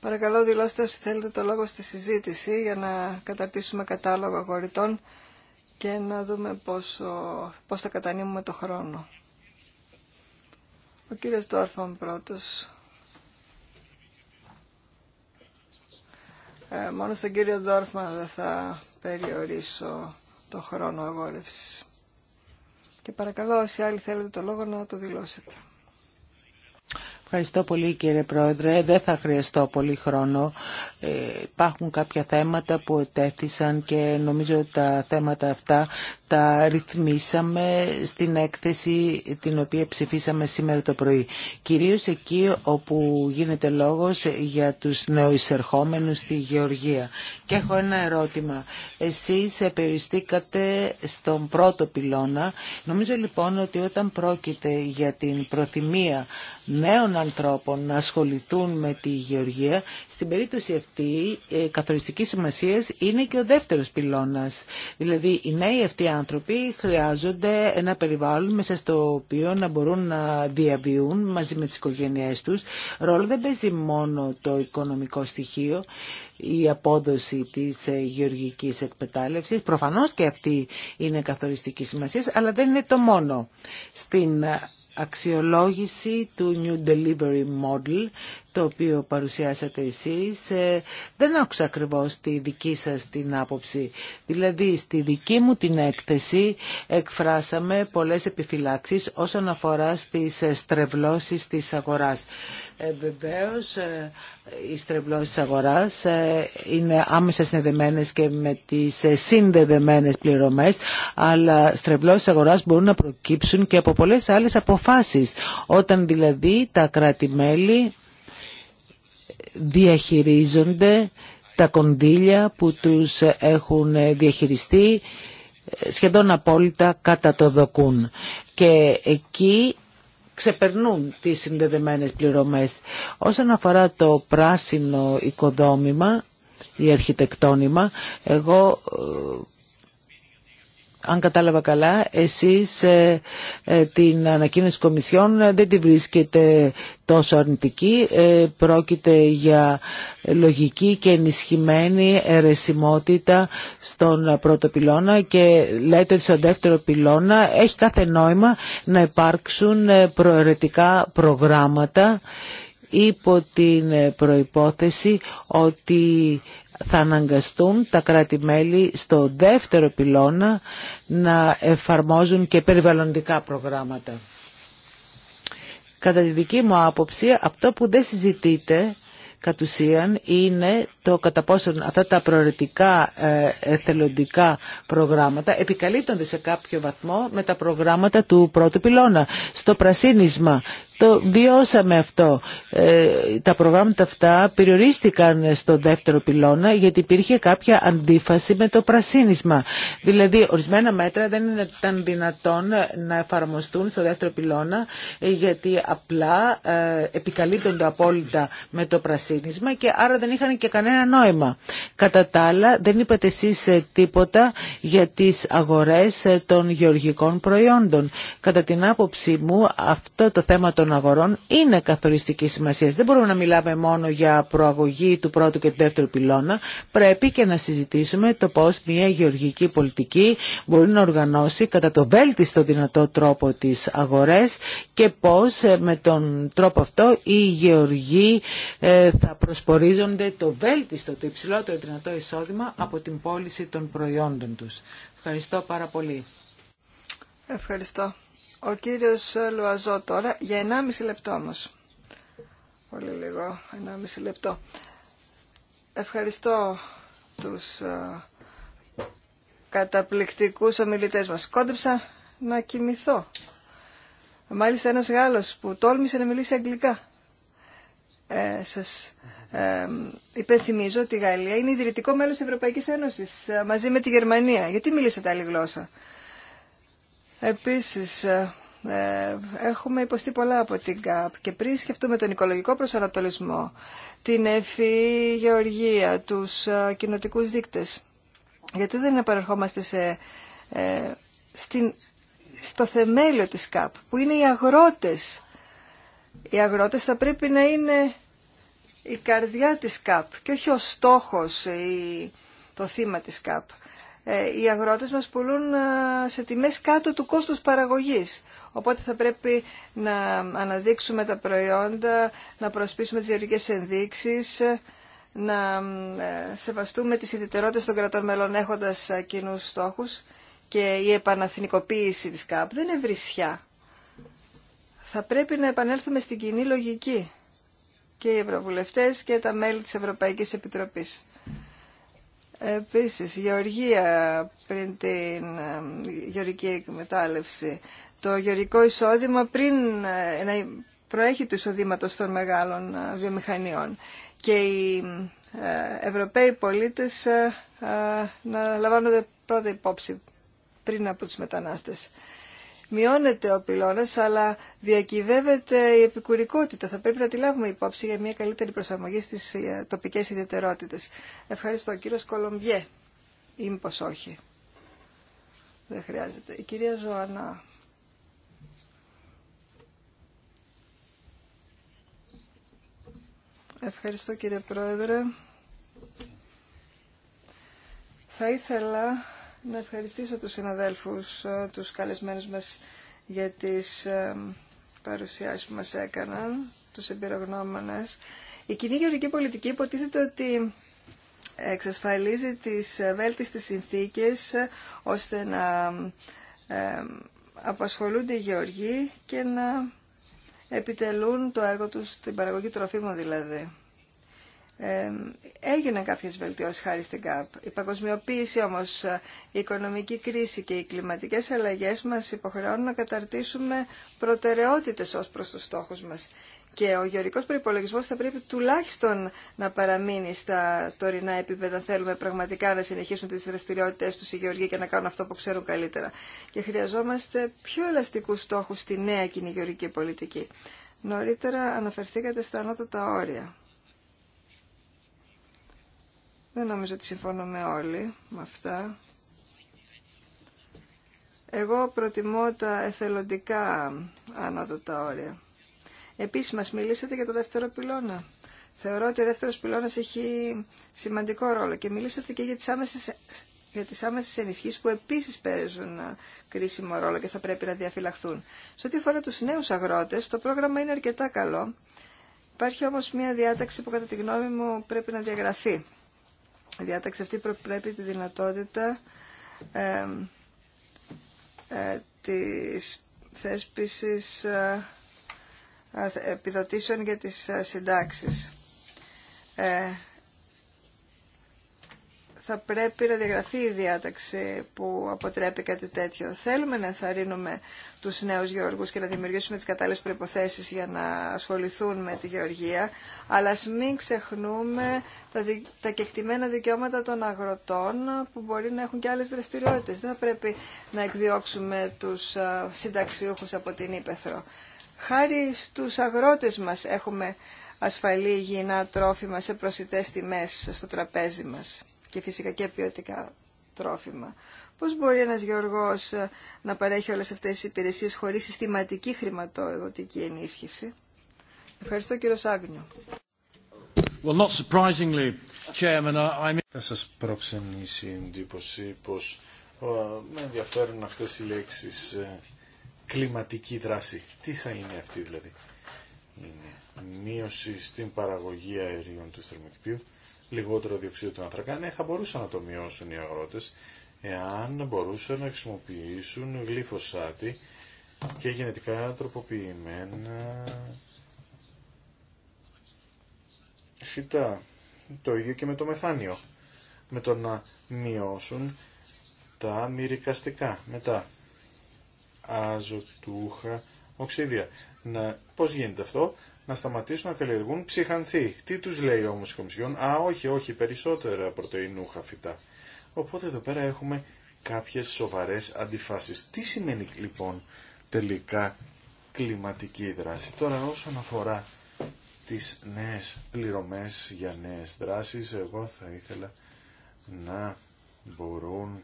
Παρακαλώ δηλώστε όσοι θέλετε το λόγο στη συζήτηση για να καταρτήσουμε κατάλογο αγορητών και να δούμε πως πώς θα κατανείμουμε το χρόνο. Ο κύριος Ντόρφαν πρώτος. Ε, μόνο στον κύριο Ντόρφμαν δεν θα περιορίσω το χρόνο αγόρευσης. Και παρακαλώ όσοι άλλοι θέλετε το λόγο να το δηλώσετε. Ευχαριστώ πολύ κύριε Πρόεδρε. Δεν θα χρειαστώ πολύ χρόνο. Ε, υπάρχουν κάποια θέματα που ετέθησαν και νομίζω ότι τα θέματα αυτά τα ρυθμίσαμε στην έκθεση την οποία ψηφίσαμε σήμερα το πρωί. Κυρίως εκεί όπου γίνεται λόγος για τους νεοεισερχόμενους στη Γεωργία. Και έχω ένα ερώτημα. Εσείς περιοριστήκατε στον πρώτο πυλώνα. Νομίζω λοιπόν ότι όταν πρόκειται για την προθυμία νέων ανθρώπων να ασχοληθούν με τη γεωργία. Στην περίπτωση αυτή, ε, καθοριστική σημασία είναι και ο δεύτερος πυλώνας. Δηλαδή, οι νέοι αυτοί άνθρωποι χρειάζονται ένα περιβάλλον μέσα στο οποίο να μπορούν να διαβιούν μαζί με τις οικογένειές τους. Ρόλο δεν παίζει μόνο το οικονομικό στοιχείο, η απόδοση της ε, γεωργικής εκπετάλευσης. Προφανώς και αυτή είναι καθοριστική σημασία, αλλά δεν είναι το μόνο. Στην αξιολόγηση του New Delivery Model το οποίο παρουσιάσατε εσείς, ε, δεν άκουσα ακριβώς τη δική σας την άποψη. Δηλαδή, στη δική μου την έκθεση εκφράσαμε πολλές επιφυλάξεις όσον αφορά στις στρεβλώσεις της αγοράς. Ε, ε οι στρεβλώσεις της αγοράς ε, είναι άμεσα συνδεδεμένες και με τις συνδεδεμένες πληρωμές, αλλά στρεβλώσεις της αγοράς μπορούν να προκύψουν και από πολλές άλλες αποφάσεις, όταν δηλαδή τα κράτη-μέλη διαχειρίζονται τα κονδύλια που τους έχουν διαχειριστεί ε, σχεδόν απόλυτα κατά το δοκούν. Και εκεί ξεπερνούν τις συνδεδεμένες πληρωμές. Όσον αφορά το πράσινο οικοδόμημα ή αρχιτεκτόνημα, εγώ ε, αν κατάλαβα καλά, εσείς ε, ε, την ανακοίνωση της Κομισιόν ε, δεν τη βρίσκετε τόσο αρνητική. πρόκειται για λογική και ενισχυμένη αιρεσιμότητα στον πρώτο πυλώνα και λέτε ότι στον δεύτερο πυλώνα έχει κάθε νόημα να υπάρξουν προαιρετικά προγράμματα υπό την προϋπόθεση ότι θα αναγκαστούν τα κράτη-μέλη στο δεύτερο πυλώνα να εφαρμόζουν και περιβαλλοντικά προγράμματα. Κατά τη δική μου άποψη, αυτό που δεν συζητείται κατ' ουσίαν είναι το κατά πόσο αυτά τα προαιρετικά ε, εθελοντικά προγράμματα επικαλύπτονται σε κάποιο βαθμό με τα προγράμματα του πρώτου πυλώνα. Στο πρασίνισμα το βιώσαμε αυτό. Ε, τα προγράμματα αυτά περιορίστηκαν στο δεύτερο πυλώνα γιατί υπήρχε κάποια αντίφαση με το πρασίνισμα. Δηλαδή ορισμένα μέτρα δεν ήταν δυνατόν να εφαρμοστούν στο δεύτερο πυλώνα ε, γιατί απλά ε, επικαλύπτονται απόλυτα με το πρασίνισμα και άρα δεν είχαν και κανένα νόημα. Κατά τα άλλα δεν είπατε εσείς τίποτα για τις αγορές των γεωργικών προϊόντων. Κατά την άποψή μου αυτό το θέμα των αγορών είναι καθοριστική σημασία. Δεν μπορούμε να μιλάμε μόνο για προαγωγή του πρώτου και του δεύτερου πυλώνα. Πρέπει και να συζητήσουμε το πώς μια γεωργική πολιτική μπορεί να οργανώσει κατά το βέλτιστο δυνατό τρόπο τις αγορές και πώς ε, με τον τρόπο αυτό οι γεωργοί ε, θα προσπορίζονται το βέλτιστο, το υψηλότερο δυνατό εισόδημα από την πώληση των προϊόντων του. Ευχαριστώ πάρα πολύ. Ευχαριστώ. Ο κύριος Λουαζό τώρα, για 1,5 λεπτό όμως. Πολύ λίγο, 1,5 λεπτό. Ευχαριστώ τους ε, καταπληκτικούς ομιλητές μας. Κόντεψα να κοιμηθώ. Μάλιστα ένας Γάλλος που τόλμησε να μιλήσει αγγλικά. Ε, σας ε, υπενθυμίζω ότι η Γαλλία είναι ιδρυτικό μέλος της Ευρωπαϊκής Ένωσης ε, μαζί με τη Γερμανία. Γιατί μιλήσατε άλλη γλώσσα. Επίσης, ε, ε, έχουμε υποστεί πολλά από την ΚΑΠ και πριν σκεφτούμε τον οικολογικό προσανατολισμό, την ευφυή γεωργία, τους ε, κοινοτικούς δείκτες, γιατί δεν επαρερχόμαστε ε, στο θεμέλιο της ΚΑΠ, που είναι οι αγρότες. Οι αγρότες θα πρέπει να είναι η καρδιά της ΚΑΠ και όχι ο στόχος ή το θύμα της ΚΑΠ. Ε, οι αγρότες μας πουλούν ε, σε τιμές κάτω του κόστους παραγωγής. Οπότε θα πρέπει να αναδείξουμε τα προϊόντα, να προσπίσουμε τις γεωργικές ενδείξεις, ε, να σεβαστούμε τις ιδιαιτερότητες των κρατών μελών έχοντας κοινού στόχους και η επαναθηνικοποίηση της ΚΑΠ δεν είναι βρισιά. Θα πρέπει να επανέλθουμε στην κοινή λογική και οι ευρωβουλευτές και τα μέλη της Ευρωπαϊκής Επιτροπής. Επίσης, γεωργία πριν την ε, γεωργική εκμετάλλευση. Το γεωργικό εισόδημα πριν ε, να προέχει του εισοδήματο των μεγάλων ε, βιομηχανιών. Και οι Ευρωπαίοι πολίτες να λαμβάνονται πρώτα υπόψη πριν από τους μετανάστες μειώνεται ο πυλώνα, αλλά διακυβεύεται η επικουρικότητα. Θα πρέπει να τη λάβουμε υπόψη για μια καλύτερη προσαρμογή στι ε, τοπικέ Ευχαριστώ. Κύριο Κολομπιέ. Ή μήπως όχι. Δεν χρειάζεται. Η μήπω οχι Ζωανά. Ευχαριστώ κύριε Πρόεδρε. Θα ήθελα να ευχαριστήσω τους συναδέλφους, ε, τους καλεσμένους μας για τις ε, παρουσιάσεις που μας έκαναν, τους εμπειρογνώμονες. Η κοινή γεωργική πολιτική υποτίθεται ότι εξασφαλίζει τις βέλτιστες συνθήκες ε, ώστε να απασχολούνται οι γεωργοί και να επιτελούν το έργο τους, στην παραγωγή τροφίμων δηλαδή. Ε, έγιναν κάποιες βελτιώσεις χάρη στην ΚΑΠ. Η παγκοσμιοποίηση όμως, ε, η οικονομική κρίση και οι κλιματικές αλλαγές μας υποχρεώνουν να καταρτήσουμε προτεραιότητες ως προς τους στόχους μας. Και ο γεωρικός προϋπολογισμός θα πρέπει τουλάχιστον να παραμείνει στα τωρινά επίπεδα. Θέλουμε πραγματικά να συνεχίσουν τις δραστηριότητες τους οι γεωργοί και να κάνουν αυτό που ξέρουν καλύτερα. Και χρειαζόμαστε πιο ελαστικούς στόχους στη νέα κοινή γεωργική πολιτική. Νωρίτερα αναφερθήκατε στα ανώτατα όρια. Δεν νομίζω ότι συμφωνούμε όλοι με αυτά. Εγώ προτιμώ τα εθελοντικά ανώτατα όρια. Επίσης μας μιλήσατε για το δεύτερο πυλώνα. Θεωρώ ότι ο δεύτερος πυλώνας έχει σημαντικό ρόλο και μιλήσατε και για τις άμεσες για τις άμεσες ενισχύσεις που επίσης παίζουν κρίσιμο ρόλο και θα πρέπει να διαφυλαχθούν. Σε ό,τι αφορά τους νέους αγρότες, το πρόγραμμα είναι αρκετά καλό. Υπάρχει όμως μια διάταξη που κατά τη γνώμη μου πρέπει να διαγραφεί. Η διάταξη αυτή προπρέπει τη δυνατότητα ε, ε, της θέσπισης ε, ε επιδοτήσεων για τις ε, συντάξεις. Ε, θα πρέπει να διαγραφεί η διάταξη που αποτρέπει κάτι τέτοιο. Θέλουμε να ενθαρρύνουμε τους νέου γεωργού και να δημιουργήσουμε τι κατάλληλε προποθέσει για να ασχοληθούν με τη γεωργία, αλλά ας μην ξεχνούμε τα, δι... κεκτημένα δικαιώματα των αγροτών που μπορεί να έχουν και άλλε δραστηριότητε. Δεν θα πρέπει να εκδιώξουμε τους συνταξιούχου από την Ήπεθρο. Χάρη στους αγρότες μας έχουμε ασφαλή υγιεινά τρόφιμα σε προσιτές τιμές στο τραπέζι μας και φυσικά και ποιοτικά τρόφιμα. Πώς μπορεί ένας γεωργός ε, να παρέχει όλες αυτές τις υπηρεσίες χωρίς συστηματική χρηματοδοτική ενίσχυση. Ευχαριστώ κύριο Σάγνιο. Well, not surprisingly, Chairman, Θα σας προξενήσει η εντύπωση πως ε, με ενδιαφέρουν αυτές οι λέξεις ε, κλιματική δράση. Τι θα είναι αυτή δηλαδή. Είναι μείωση στην παραγωγή αερίων του θερμοκηπίου λιγότερο διοξείδιο του ανθρακάνων ναι, θα μπορούσαν να το μειώσουν οι αγρότες εάν μπορούσαν να χρησιμοποιήσουν γλυφοσάτη και γενετικά τροποποιημένα φυτά. Το ίδιο και με το μεθάνιο, με το να μειώσουν τα μυρικαστικά, μετά αζωτούχα οξύδια. Να, πώς γίνεται αυτό, να σταματήσουν να καλλιεργούν ψυχανθή. Τι τους λέει όμω η Κομισιόν, α όχι, όχι, περισσότερα πρωτεϊνούχα φυτά. Οπότε εδώ πέρα έχουμε κάποιες σοβαρέ αντιφάσει. Τι σημαίνει λοιπόν τελικά κλιματική δράση. Τώρα όσον αφορά τις νέες πληρωμές για νέες δράσεις, εγώ θα ήθελα να μπορούν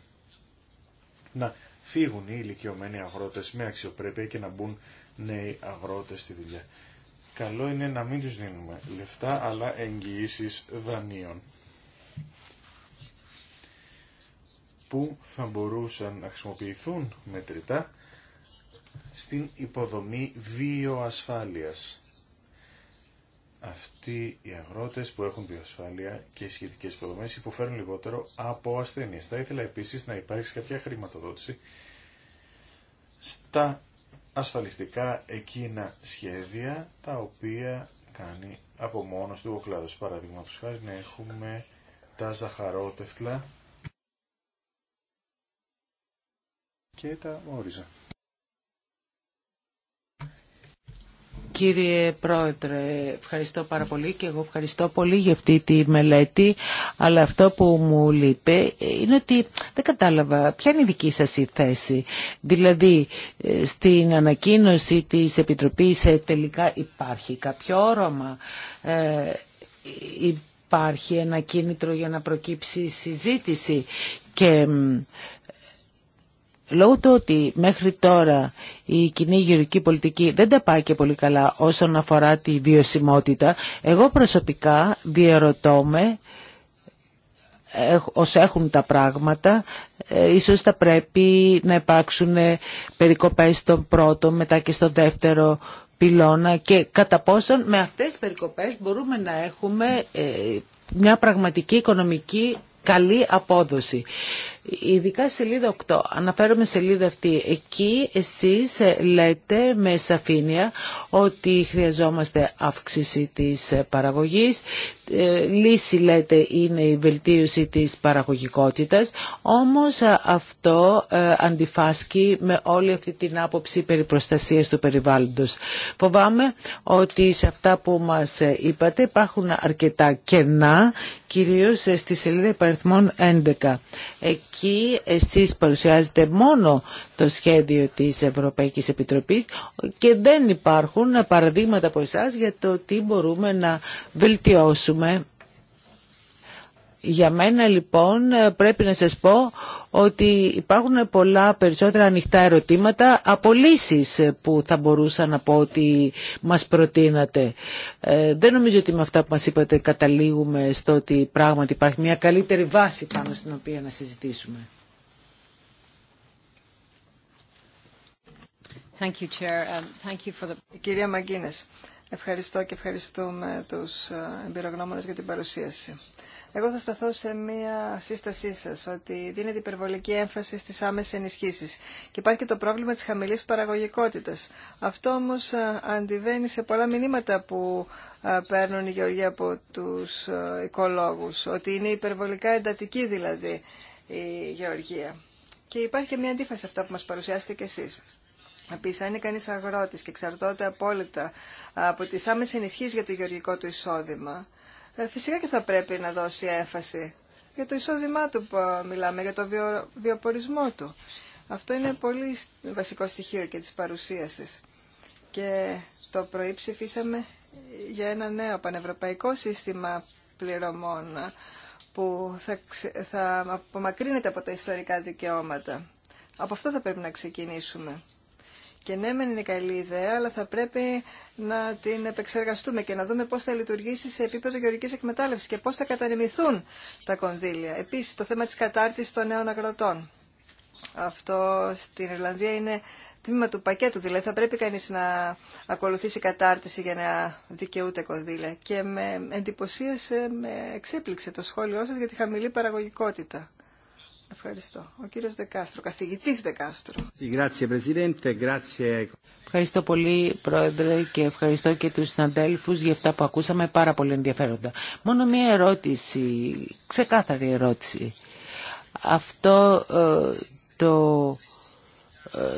να φύγουν οι ηλικιωμένοι αγρότες με αξιοπρέπεια και να μπουν νέοι αγρότες στη δουλειά καλό είναι να μην τους δίνουμε λεφτά αλλά εγγυήσει δανείων που θα μπορούσαν να χρησιμοποιηθούν μετρητά στην υποδομή βιοασφάλειας. Αυτοί οι αγρότες που έχουν βιοασφάλεια και σχετικές υποδομές υποφέρουν λιγότερο από ασθενείς. Θα ήθελα επίσης να υπάρξει κάποια χρηματοδότηση στα ασφαλιστικά εκείνα σχέδια τα οποία κάνει από μόνος του ο κλάδος. Παραδείγματος χάρη να έχουμε τα ζαχαρότευτλα και τα όριζα. Κύριε Πρόεδρε, ευχαριστώ πάρα πολύ και εγώ ευχαριστώ πολύ για αυτή τη μελέτη, αλλά αυτό που μου λείπει είναι ότι δεν κατάλαβα ποια είναι η δική σας η θέση. Δηλαδή, ε, στην ανακοίνωση της Επιτροπής ε, τελικά υπάρχει κάποιο όρομα, ε, υπάρχει ένα κίνητρο για να προκύψει συζήτηση και Λόγω του ότι μέχρι τώρα η κοινή γεωρική πολιτική δεν τα πάει και πολύ καλά όσον αφορά τη βιωσιμότητα, εγώ προσωπικά διαρωτώ με ως έχουν τα πράγματα, ε, ίσως θα πρέπει να υπάρξουν ε, περικοπές στον πρώτο, μετά και στον δεύτερο πυλώνα και κατά πόσον με αυτές τις περικοπές μπορούμε να έχουμε ε, μια πραγματική οικονομική καλή απόδοση. Ειδικά σελίδα 8, αναφέρομαι σελίδα αυτή, εκεί εσείς ε, λέτε με σαφήνεια ότι χρειαζόμαστε αύξηση της ε, παραγωγής, ε, λύση λέτε είναι η βελτίωση της παραγωγικότητας, όμως αυτό αντιφάσκει με όλη αυτή την άποψη περί προστασίας του περιβάλλοντος. Φοβάμαι ότι σε αυτά που μας είπατε υπάρχουν αρκετά κενά, κυρίως στη σελίδα υπαριθμών 11 εκεί εσείς παρουσιάζετε μόνο το σχέδιο της Ευρωπαϊκής Επιτροπής και δεν υπάρχουν παραδείγματα από εσά για το τι μπορούμε να βελτιώσουμε για μένα λοιπόν πρέπει να σας πω ότι υπάρχουν πολλά περισσότερα ανοιχτά ερωτήματα από λύσεις που θα μπορούσα να πω ότι μας προτείνατε. Ε, δεν νομίζω ότι με αυτά που μας είπατε καταλήγουμε στο ότι πράγματι υπάρχει μια καλύτερη βάση πάνω στην οποία να συζητήσουμε. Thank you, um, Κυρία Μαγκίνες, ευχαριστώ και ευχαριστούμε τους ε, εμπειρογνώμονες για την παρουσίαση. Εγώ θα σταθώ σε μία σύστασή σα ότι δίνεται υπερβολική έμφαση στι άμεσε ενισχύσει. Και υπάρχει και το πρόβλημα τη χαμηλή παραγωγικότητα. Αυτό όμω ε, αντιβαίνει σε πολλά μηνύματα που ε, παίρνουν οι γεωργοί από του ε, οικολόγου. Ότι είναι υπερβολικά εντατική δηλαδή η γεωργία. Και υπάρχει και μία αντίφαση σε αυτά που μα παρουσιάσετε και εσεί. Επίση, αν είναι κανεί αγρότη και εξαρτάται απόλυτα από τι άμεσε ενισχύσει για το γεωργικό του εισόδημα, ε, φυσικά και θα πρέπει να δώσει έμφαση για το εισόδημά του που ε, μιλάμε, για το βιο, βιοπορισμό του. Αυτό είναι πολύ βασικό στοιχείο και της παρουσίασης. Και το πρωί ψηφίσαμε για ένα νέο πανευρωπαϊκό σύστημα πληρωμών ε, που θα, θα απομακρύνεται από τα ιστορικά δικαιώματα. Από αυτό θα πρέπει να ξεκινήσουμε. Και ναι, μεν είναι καλή ιδέα, αλλά θα πρέπει να την επεξεργαστούμε και να δούμε πώ θα λειτουργήσει σε επίπεδο γεωργικής εκμετάλλευση και πώ θα κατανεμηθούν τα κονδύλια. Επίση, το θέμα τη κατάρτιση των νέων αγροτών. Αυτό στην Ιρλανδία είναι τμήμα του πακέτου, δηλαδή θα πρέπει κανεί να ακολουθήσει κατάρτιση για να δικαιούται κονδύλια. Και με εντυπωσίασε, με εξέπληξε το σχόλιο σα για τη χαμηλή παραγωγικότητα. Ευχαριστώ. Ο κύριο Δεκάστρο, καθηγητή Δεκάστρο. Ευχαριστώ πολύ, Πρόεδρε, και ευχαριστώ και του συναντέλφου για αυτά που ακούσαμε πάρα πολύ ενδιαφέροντα. Μόνο μία ερώτηση, ξεκάθαρη ερώτηση. Αυτό ε, το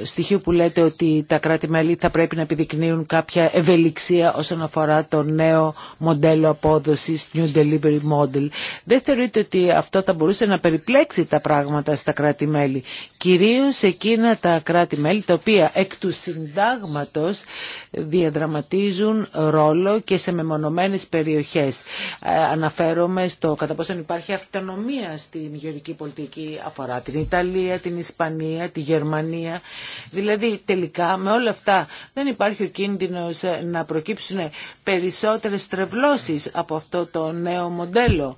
στοιχείο που λέτε ότι τα κράτη-μέλη θα πρέπει να επιδεικνύουν κάποια ευελιξία όσον αφορά το νέο μοντέλο απόδοσης, New Delivery Model. Δεν θεωρείτε ότι αυτό θα μπορούσε να περιπλέξει τα πράγματα στα κράτη-μέλη, κυρίως εκείνα τα κράτη-μέλη τα οποία εκ του συντάγματος διαδραματίζουν ρόλο και σε μεμονωμένες περιοχές. Ε, αναφέρομαι στο κατά πόσον υπάρχει αυτονομία στην γεωρική πολιτική αφορά την Ιταλία, την Ισπανία, τη Γερμανία. Δηλαδή τελικά με όλα αυτά δεν υπάρχει ο κίνδυνος ε, να προκύψουν περισσότερες τρευλώσεις από αυτό το νέο μοντέλο.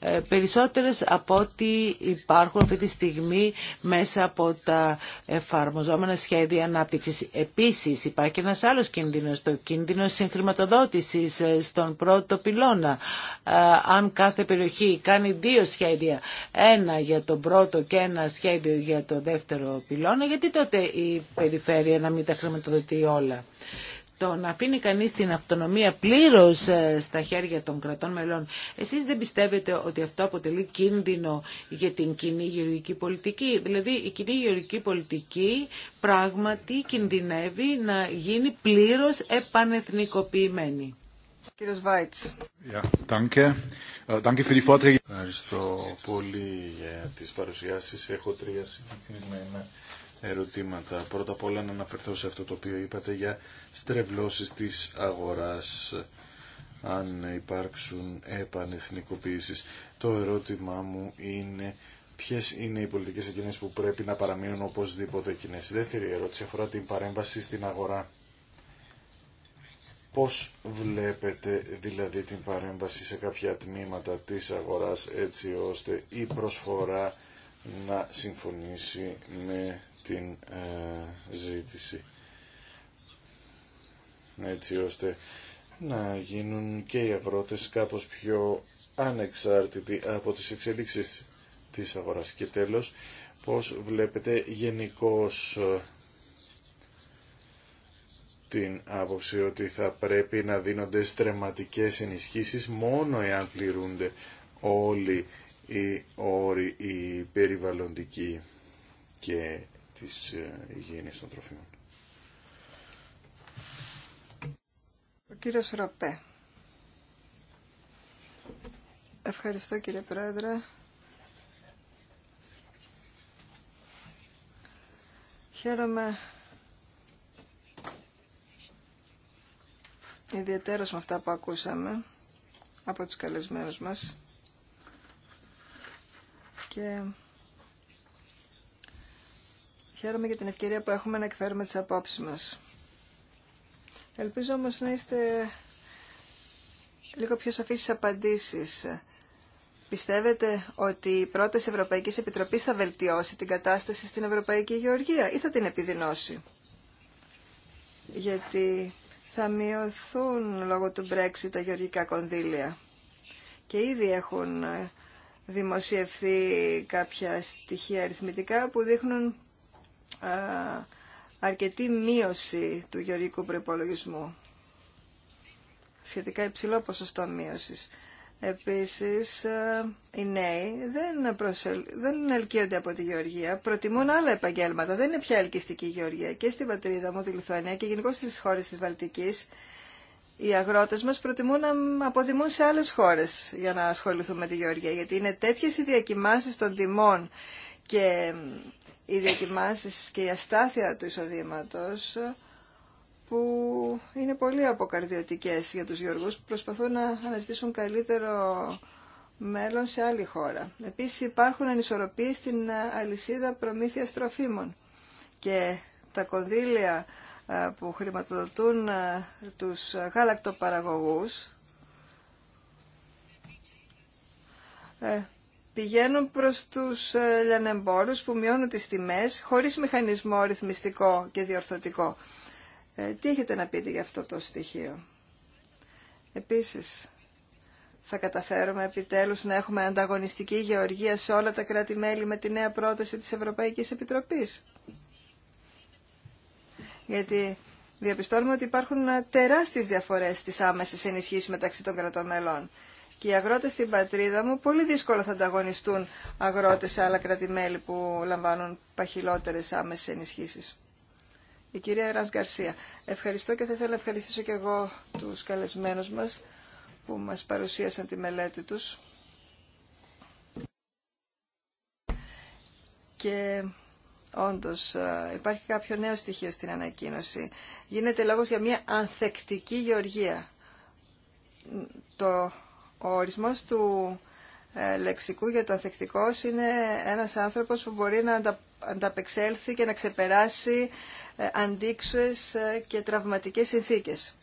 Ε, περισσότερες από ό,τι υπάρχουν αυτή τη στιγμή μέσα από τα εφαρμοζόμενα σχέδια ανάπτυξης. Επίσης υπάρχει ένας άλλος κίνδυνος, το κίνδυνο συγχρηματοδότησης ε, στον πρώτο πυλώνα. Ε, αν κάθε περιοχή κάνει δύο σχέδια, ένα για τον πρώτο και ένα σχέδιο για το δεύτερο πυλώνα, γιατί τότε η περιφέρεια να μην τα χρηματοδοτεί όλα το να αφήνει κανείς την αυτονομία πλήρως ε, στα χέρια των κρατών μελών. Εσείς δεν πιστεύετε ότι αυτό αποτελεί κίνδυνο για την κοινή γεωργική πολιτική. Δηλαδή η κοινή γεωργική πολιτική πράγματι κινδυνεύει να γίνει πλήρως επανεθνικοποιημένη. Κύριος Βάιτς. Ε, Ευχαριστώ πολύ για τις παρουσιάσεις. Έχω τρία συγκεκριμένα ερωτήματα. Πρώτα απ' όλα να αναφερθώ σε αυτό το οποίο είπατε για στρεβλώσεις της αγοράς αν υπάρξουν επανεθνικοποίησεις. Το ερώτημά μου είναι ποιες είναι οι πολιτικές εκείνες που πρέπει να παραμείνουν οπωσδήποτε κοινέ. Η δεύτερη ερώτηση αφορά την παρέμβαση στην αγορά. Πώς βλέπετε δηλαδή την παρέμβαση σε κάποια τμήματα της αγοράς έτσι ώστε η προσφορά να συμφωνήσει με την ε, ζήτηση έτσι ώστε να γίνουν και οι αγρότες κάπως πιο ανεξάρτητοι από τις εξελίξεις της αγοράς. Και τέλος, πώς βλέπετε γενικώ ε, την άποψη ότι θα πρέπει να δίνονται στρεματικές ενισχύσεις μόνο εάν πληρούνται όλοι οι όροι οι περιβαλλοντικοί και της ε, υγιεινής των τροφίμων. Ο κύριος Ροπέ. Ευχαριστώ κύριε Πρόεδρε. Χαίρομαι ιδιαίτερα με αυτά που ακούσαμε από τους καλεσμένους μας και χαίρομαι για την ευκαιρία που έχουμε να εκφέρουμε τις απόψεις μας. Ελπίζω όμως να είστε λίγο πιο σαφείς στις απαντήσεις. Πιστεύετε ότι η πρόταση Ευρωπαϊκής Επιτροπής θα βελτιώσει την κατάσταση στην Ευρωπαϊκή Γεωργία ή θα την επιδεινώσει. Γιατί θα μειωθούν λόγω του Brexit τα γεωργικά κονδύλια. Και ήδη έχουν δημοσιευθεί κάποια στοιχεία αριθμητικά που δείχνουν αρκετή μείωση του γεωργικού προπολογισμού. Σχετικά υψηλό ποσοστό μείωσης. Επίσης, οι νέοι δεν, προσελ... δεν ελκύονται από τη γεωργία, προτιμούν άλλα επαγγέλματα. Δεν είναι πια ελκυστική η γεωργία. Και στην πατρίδα μου, τη Λιθουανία και γενικώ στις χώρες της Βαλτικής, οι αγρότες μας προτιμούν να αποδημούν σε άλλες χώρες για να ασχοληθούν με τη γεωργία, γιατί είναι τέτοιες οι διακοιμάνσεις των τιμών και οι και η αστάθεια του εισοδήματος που είναι πολύ αποκαρδιωτικές για τους γεωργούς που προσπαθούν να αναζητήσουν καλύτερο μέλλον σε άλλη χώρα. Επίσης υπάρχουν ανισορροπίες στην αλυσίδα προμήθειας τροφίμων και τα κονδύλια ε, που χρηματοδοτούν ε, τους γαλακτοπαραγωγούς ε, πηγαίνουν προς τους λιανεμπόρους που μειώνουν τις τιμές χωρίς μηχανισμό ρυθμιστικό και διορθωτικό. Τι έχετε να πείτε για αυτό το στοιχείο. Επίσης, θα καταφέρουμε επιτέλους να έχουμε ανταγωνιστική γεωργία σε όλα τα κράτη-μέλη με τη νέα πρόταση της Ευρωπαϊκής Επιτροπής γιατί διαπιστώνουμε ότι υπάρχουν τεράστιες διαφορές στις άμεσες ενισχύσεις μεταξύ των κρατών μελών. Και οι αγρότες στην πατρίδα μου πολύ δύσκολα θα ανταγωνιστούν αγρότες σε άλλα κρατημέλη που λαμβάνουν παχυλότερες άμεσες ενισχύσεις. Η κυρία Εράς Γκαρσία. Ευχαριστώ και θα ήθελα να ευχαριστήσω και εγώ τους καλεσμένους μας που μας παρουσίασαν τη μελέτη τους. Και Όντως ε, υπάρχει κάποιο νέο στοιχείο στην ανακοίνωση. Γίνεται λόγος για μια ανθεκτική γεωργία. Το, ο ορισμός του ε, λεξικού για το ανθεκτικός είναι ένας άνθρωπος που μπορεί να αντα, ανταπεξέλθει και να ξεπεράσει ε, αντίξουες και τραυματικές συνθήκες.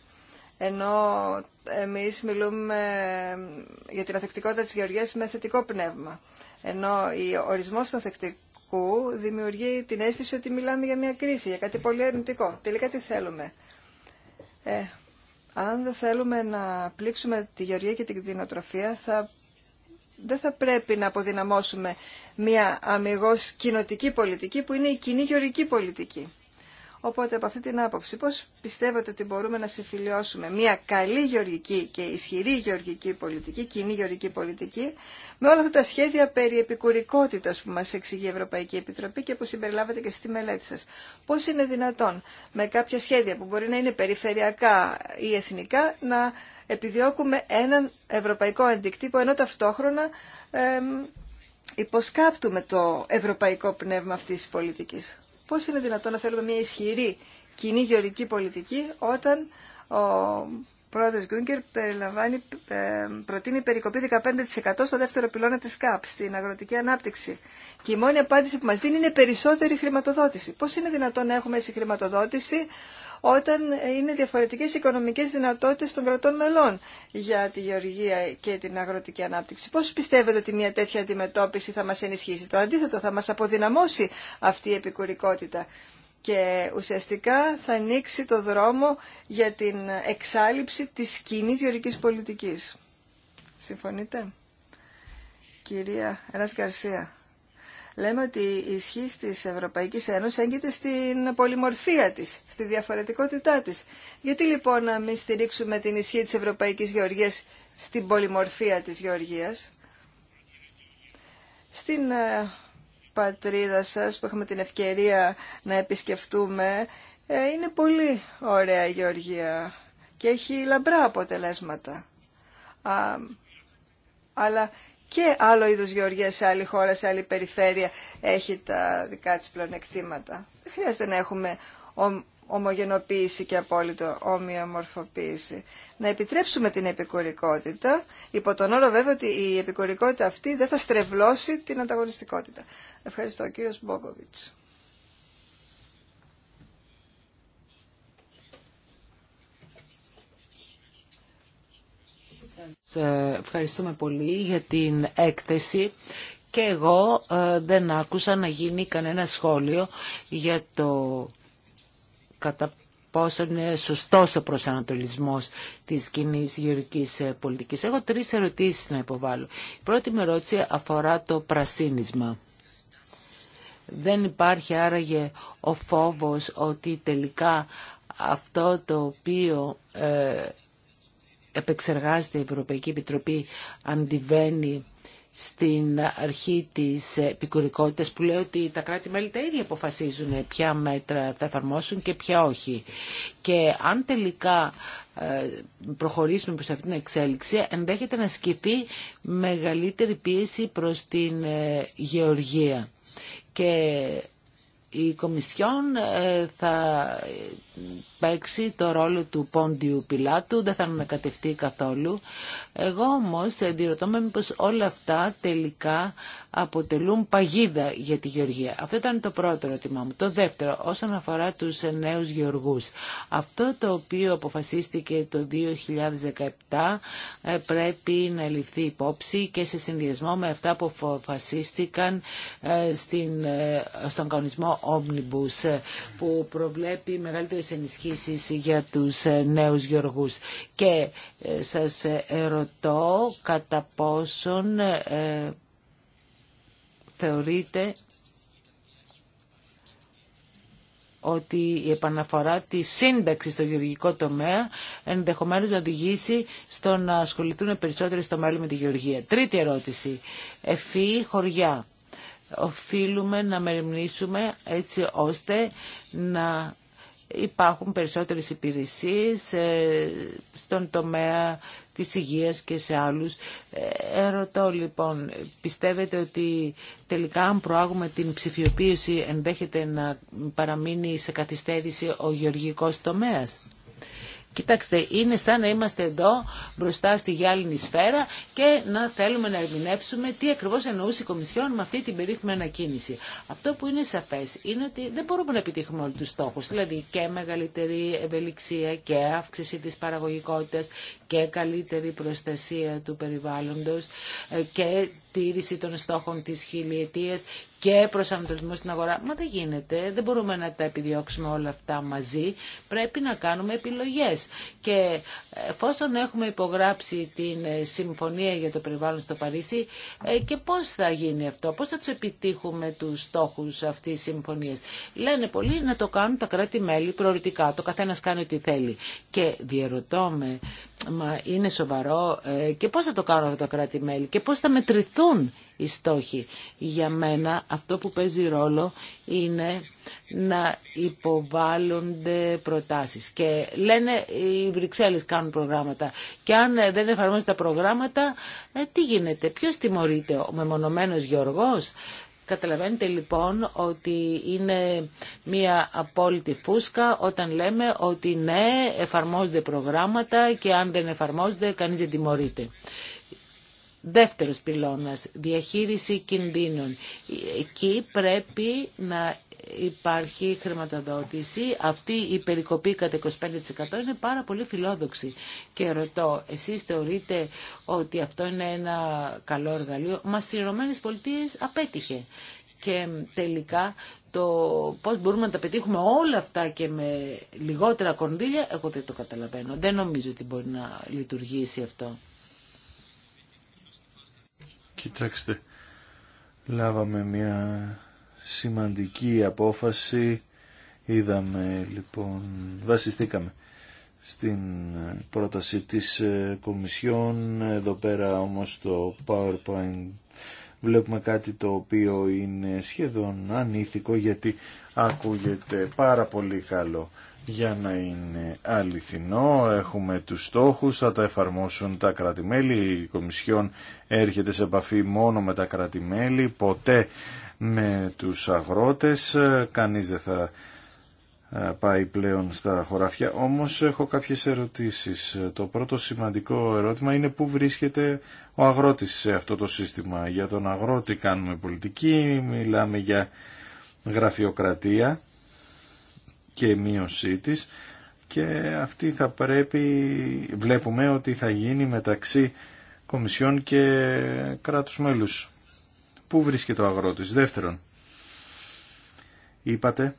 Ενώ εμείς μιλούμε για την ανθεκτικότητα της γεωργίας με θετικό πνεύμα. Ενώ ο ορισμός του που δημιουργεί την αίσθηση ότι μιλάμε για μια κρίση, για κάτι πολύ αρνητικό. Τελικά τι θέλουμε. Ε, αν δεν θέλουμε να πλήξουμε τη γεωργία και την κτηνοτροφία, θα, δεν θα πρέπει να αποδυναμώσουμε μια αμυγός κοινοτική πολιτική που είναι η κοινή γεωργική πολιτική. Οπότε από αυτή την άποψη, πώς πιστεύετε ότι μπορούμε να συμφιλιώσουμε μια καλή γεωργική και ισχυρή γεωργική πολιτική, κοινή γεωργική πολιτική, με όλα αυτά τα σχέδια περί επικουρικότητας που μας εξηγεί η Ευρωπαϊκή Επιτροπή και που συμπεριλάβατε και στη μελέτη σας. Πώς είναι δυνατόν με κάποια σχέδια που μπορεί να είναι περιφερειακά ή εθνικά να επιδιώκουμε έναν ευρωπαϊκό αντικτύπο, ενώ ταυτόχρονα εμ, υποσκάπτουμε το ευρωπαϊκό πνεύμα αυτής της πολιτικής. Πώ είναι δυνατόν να θέλουμε μια ισχυρή κοινή γεωρική πολιτική όταν ο πρόεδρος Γκούγκερ περιλαμβάνει, ε, προτείνει περικοπή 15% στο δεύτερο πυλώνα της ΚΑΠ, στην αγροτική ανάπτυξη. Και η μόνη απάντηση που μας δίνει είναι περισσότερη χρηματοδότηση. Πώ είναι δυνατόν να έχουμε χρηματοδότηση όταν είναι διαφορετικές οικονομικές δυνατότητες των κρατών μελών για τη γεωργία και την αγροτική ανάπτυξη. Πώς πιστεύετε ότι μια τέτοια αντιμετώπιση θα μας ενισχύσει. Το αντίθετο θα μας αποδυναμώσει αυτή η επικουρικότητα και ουσιαστικά θα ανοίξει το δρόμο για την εξάλληψη της κοινή γεωργικής πολιτικής. Συμφωνείτε? Κυρία Ρας Γκαρσία λέμε ότι η ισχύ της Ευρωπαϊκή Ένωση έγκυται στην πολυμορφία τη, στη διαφορετικότητά της. Γιατί λοιπόν να μην στηρίξουμε την ισχύ τη Ευρωπαϊκή Γεωργίας στην πολυμορφία της γεωργία. Στην ε, πατρίδα σας που έχουμε την ευκαιρία να επισκεφτούμε ε, είναι πολύ ωραία η Γεωργία και έχει λαμπρά αποτελέσματα. αλλά και άλλο είδους γεωργία σε άλλη χώρα, σε άλλη περιφέρεια έχει τα δικά της πλονεκτήματα. Δεν χρειάζεται να έχουμε ομογενοποίηση και απόλυτο ομοιομορφοποίηση. Να επιτρέψουμε την επικουρικότητα, υπό τον όρο βέβαια ότι η επικουρικότητα αυτή δεν θα στρεβλώσει την ανταγωνιστικότητα. Ευχαριστώ κύριος Μπόκοβιτς. Σας ε, ευχαριστούμε πολύ για την έκθεση και εγώ ε, δεν άκουσα να γίνει κανένα σχόλιο για το κατά πόσο είναι σωστός ο προσανατολισμός της κοινή γεωρικής ε, πολιτικής. Έχω τρεις ερωτήσεις να υποβάλω. Η πρώτη μου ερώτηση αφορά το πρασίνισμα. Δεν υπάρχει άραγε ο φόβος ότι τελικά αυτό το οποίο επεξεργάζεται η Ευρωπαϊκή Επιτροπή αντιβαίνει στην αρχή της επικουρικότητας που λέει ότι τα κράτη-μέλη τα ίδια αποφασίζουν ποια μέτρα θα εφαρμόσουν και ποια όχι. Και αν τελικά ε, προχωρήσουμε προς αυτήν την εξέλιξη ενδέχεται να σκεφτεί μεγαλύτερη πίεση προς την ε, γεωργία. Και η Κομισιόν ε, θα παίξει το ρόλο του πόντιου πιλάτου, δεν θα ανακατευτεί καθόλου. Εγώ όμως ε, διερωτώ με μήπως όλα αυτά τελικά αποτελούν παγίδα για τη Γεωργία. Αυτό ήταν το πρώτο ερώτημά μου. Το δεύτερο, όσον αφορά τους ε, νέους γεωργούς. Αυτό το οποίο αποφασίστηκε το 2017 πρέπει να ληφθεί υπόψη και σε συνδυασμό με αυτά που αποφασίστηκαν στην, στον κανονισμό Omnibus ε, που προβλέπει μεγαλύτερες ενισχύσεις για τους ε, νέους γεωργούς. Και ε, σας ερωτώ κατά πόσον θεωρείτε ότι η επαναφορά της σύνταξη στο γεωργικό τομέα ενδεχομένως να οδηγήσει στο να ασχοληθούν περισσότεροι στο μέλλον με τη γεωργία. Τρίτη ερώτηση. εφή χωριά οφείλουμε να μεριμνήσουμε έτσι ώστε να υπάρχουν περισσότερες υπηρεσίες ε, στον τομέα της υγείας και σε άλλους. Ε, ερωτώ λοιπόν, πιστεύετε ότι τελικά αν προάγουμε την ψηφιοποίηση ενδέχεται να παραμείνει σε καθυστέρηση ο γεωργικός τομέας. Κοιτάξτε, είναι σαν να είμαστε εδώ μπροστά στη γυάλινη σφαίρα και να θέλουμε να ερμηνεύσουμε τι ακριβώ εννοούσε η Κομισιόν με αυτή την περίφημη ανακοίνηση. Αυτό που είναι σαφέ είναι ότι δεν μπορούμε να επιτύχουμε όλου του στόχου. Δηλαδή και μεγαλύτερη ευελιξία και αύξηση τη παραγωγικότητα και καλύτερη προστασία του περιβάλλοντο ε, και τήρηση των στόχων της χιλιετίας και προσανατολισμό στην αγορά. Μα δεν γίνεται, δεν μπορούμε να τα επιδιώξουμε όλα αυτά μαζί. Πρέπει να κάνουμε επιλογές. Και εφόσον έχουμε υπογράψει την ε, Συμφωνία για το Περιβάλλον στο Παρίσι, ε, και πώς θα γίνει αυτό, πώς θα τους επιτύχουμε τους στόχους αυτής της συμφωνίας. Λένε πολλοί να το κάνουν τα κράτη-μέλη προοριτικά, το καθένας κάνει ό,τι θέλει. Και διαρωτώ με, μα είναι σοβαρό, ε, και πώς θα το κάνουν αυτά τα κράτη-μέλη και πώς θα μετρηθούν οι στόχοι. Για μένα αυτό που παίζει ρόλο είναι να υποβάλλονται προτάσεις. Και λένε οι Βρυξέλλες κάνουν προγράμματα. Και αν ε, δεν εφαρμόζουν τα προγράμματα, ε, τι γίνεται, ποιος τιμωρείται, ο μεμονωμένος Γιώργος. Καταλαβαίνετε λοιπόν ότι είναι μια απόλυτη φούσκα όταν λέμε ότι ναι εφαρμόζονται προγράμματα και αν δεν εφαρμόζονται κανείς δεν τιμωρείται. Δεύτερος πυλώνας, διαχείριση κινδύνων. Εκεί πρέπει να υπάρχει χρηματοδότηση. Αυτή η περικοπή κατά 25% είναι πάρα πολύ φιλόδοξη. Και ρωτώ, εσείς θεωρείτε ότι αυτό είναι ένα καλό εργαλείο. Μα στις Ηνωμένες Πολιτείες απέτυχε. Και τελικά το πώς μπορούμε να τα πετύχουμε όλα αυτά και με λιγότερα κονδύλια, εγώ δεν το καταλαβαίνω. Δεν νομίζω ότι μπορεί να λειτουργήσει αυτό. Κοιτάξτε, λάβαμε μια σημαντική απόφαση. Είδαμε λοιπόν, βασιστήκαμε στην πρόταση της ε, Κομισιόν. Εδώ πέρα όμως το PowerPoint βλέπουμε κάτι το οποίο είναι σχεδόν ανήθικο γιατί ακούγεται πάρα πολύ καλό για να είναι αληθινό. Έχουμε τους στόχους, θα τα εφαρμόσουν τα κρατημέλη. Η Κομισιόν έρχεται σε επαφή μόνο με τα κρατημέλη, ποτέ με τους αγρότες. Κανείς δεν θα ε, πάει πλέον στα χωράφια. Όμως έχω κάποιες ερωτήσεις. Το πρώτο σημαντικό ερώτημα είναι πού βρίσκεται ο αγρότης σε αυτό το σύστημα. Για τον αγρότη κάνουμε πολιτική, μιλάμε για γραφειοκρατία και μείωσή της και αυτή θα πρέπει, βλέπουμε ότι θα γίνει μεταξύ Κομισιών και κράτους μέλους. Πού βρίσκεται ο αγρότης. Δεύτερον, είπατε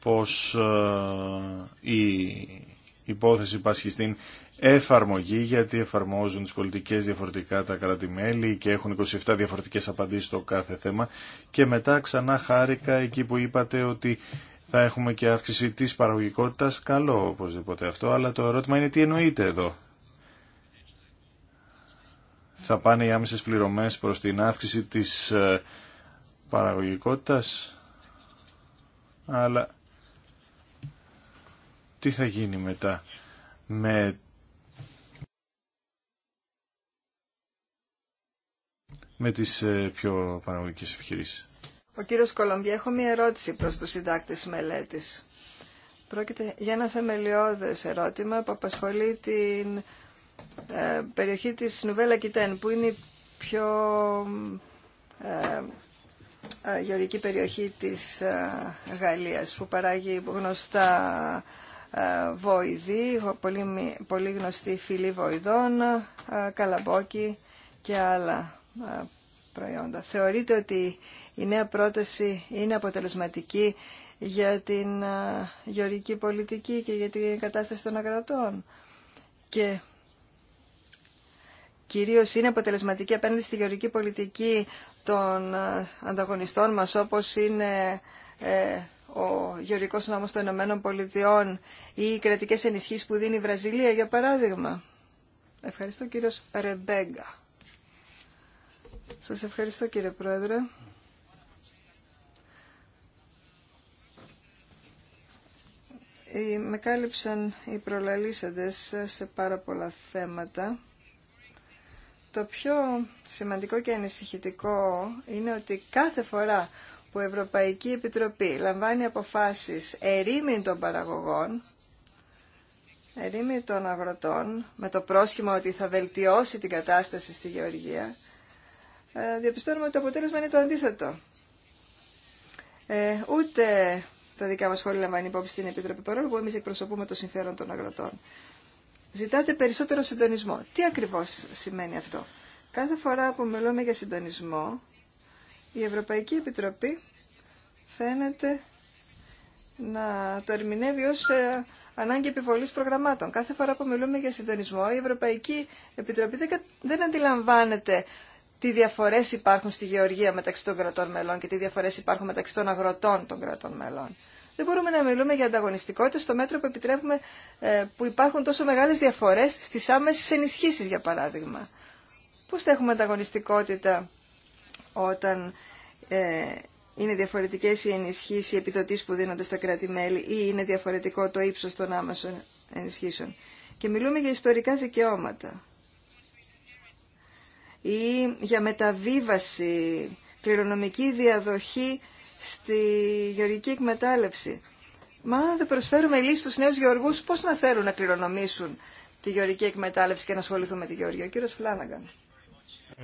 πως ε, η υπόθεση πάσχει εφαρμογή γιατί εφαρμόζουν τις πολιτικές διαφορετικά τα κρατημέλη και έχουν 27 διαφορετικές απαντήσεις στο κάθε θέμα και μετά ξανά χάρηκα εκεί που είπατε ότι θα έχουμε και αύξηση της παραγωγικότητας καλό οπωσδήποτε αυτό αλλά το ερώτημα είναι τι εννοείται εδώ θα πάνε οι άμεσες πληρωμές προς την αύξηση της ε, παραγωγικότητας αλλά τι θα γίνει μετά με με τις ε, πιο παραγωγικέ επιχειρήσει. Ο κύριο Κολομπιά, έχω μία ερώτηση προ του συντάκτε μελέτη. μελέτης. Πρόκειται για ένα θεμελιώδε ερώτημα που απασχολεί την ε, περιοχή της Νουβέλα Κιτέν, που είναι η πιο ε, ε γεωργική περιοχή της Γαλλίας, που παράγει γνωστά βοηδή, πολύ, πολύ γνωστή φυλή βοηδών, καλαμπόκι και άλλα ε, προϊόντα. Θεωρείτε ότι η νέα πρόταση είναι αποτελεσματική για την ε, γεωργική πολιτική και για την κατάσταση των αγρατών. Και κυρίως είναι αποτελεσματική απέναντι στη γεωργική πολιτική των ε, ανταγωνιστών μας όπως είναι ο γεωργικός νόμος των Ηνωμένων Πολιτειών ή οι κρατικές ενισχύσεις που δίνει η Βραζιλία για παράδειγμα. Ευχαριστώ κύριος Ρεμπέγκα. Σας ευχαριστώ κύριε Πρόεδρε. Ε, με κάλυψαν οι προλαλήσαντες σε πάρα πολλά θέματα. Το πιο σημαντικό και ανησυχητικό είναι ότι κάθε φορά που η Ευρωπαϊκή Επιτροπή λαμβάνει αποφάσεις ερήμην των παραγωγών, ερήμην των αγροτών, με το πρόσχημα ότι θα βελτιώσει την κατάσταση στη Γεωργία, ε, διαπιστώνουμε ότι το αποτέλεσμα είναι το αντίθετο. Ε, ούτε τα δικά μα σχόλια λαμβάνει υπόψη στην Επιτροπή, παρόλο που εμεί εκπροσωπούμε το συμφέρον των αγροτών. Ζητάτε περισσότερο συντονισμό. Τι ακριβώ σημαίνει αυτό. Κάθε φορά που μιλούμε για συντονισμό, η Ευρωπαϊκή Επιτροπή φαίνεται να το ερμηνεύει ως ε, ανάγκη επιβολής προγραμμάτων. Κάθε φορά που μιλούμε για συντονισμό, η Ευρωπαϊκή Επιτροπή δεν αντιλαμβάνεται τι διαφορέ υπάρχουν στη γεωργία μεταξύ των κρατών μελών και τι διαφορέ υπάρχουν μεταξύ των αγροτών των κρατών μελών. Δεν μπορούμε να μιλούμε για ανταγωνιστικότητα στο μέτρο που επιτρέπουμε ε, που υπάρχουν τόσο μεγάλε διαφορέ στι άμεσε ενισχύσει, για παράδειγμα. Πώ θα έχουμε ανταγωνιστικότητα όταν ε, είναι διαφορετικέ οι ενισχύσει οι επιδοτήσεις που δίνονται στα κράτη-μέλη ή είναι διαφορετικό το ύψο των άμεσων ενισχύσεων. Και μιλούμε για ιστορικά δικαιώματα ή για μεταβίβαση, κληρονομική διαδοχή στη γεωργική εκμετάλλευση. Μα αν δεν προσφέρουμε λύση στους νέους γεωργούς, πώς να θέλουν να κληρονομήσουν τη γεωργική εκμετάλλευση και να ασχοληθούν με τη γεωργία. Ο κύριος Φλάναγκαν.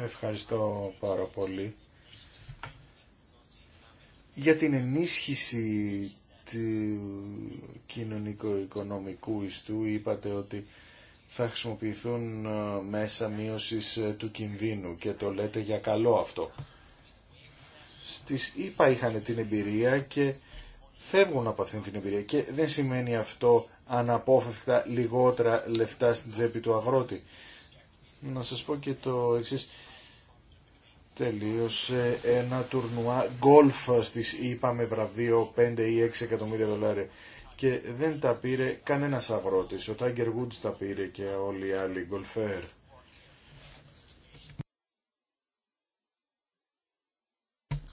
Ευχαριστώ πάρα πολύ. Για την ενίσχυση του κοινωνικο-οικονομικού ιστού είπατε ότι θα χρησιμοποιηθούν ε, μέσα μείωσης ε, του κινδύνου και το λέτε για καλό αυτό. Στις ΙΠΑ είχαν την εμπειρία και φεύγουν από αυτήν την εμπειρία και δεν σημαίνει αυτό αναπόφευκτα λιγότερα λεφτά στην τσέπη του αγρότη. Να σας πω και το εξής. Τελείωσε ένα τουρνουά γκολφ στις ΙΠΑ με βραβείο 5 ή 6 εκατομμύρια δολάρια και δεν τα πήρε κανένας αγρότης. Ο Τάγκερ τα πήρε και όλοι οι άλλοι γκολφέρ.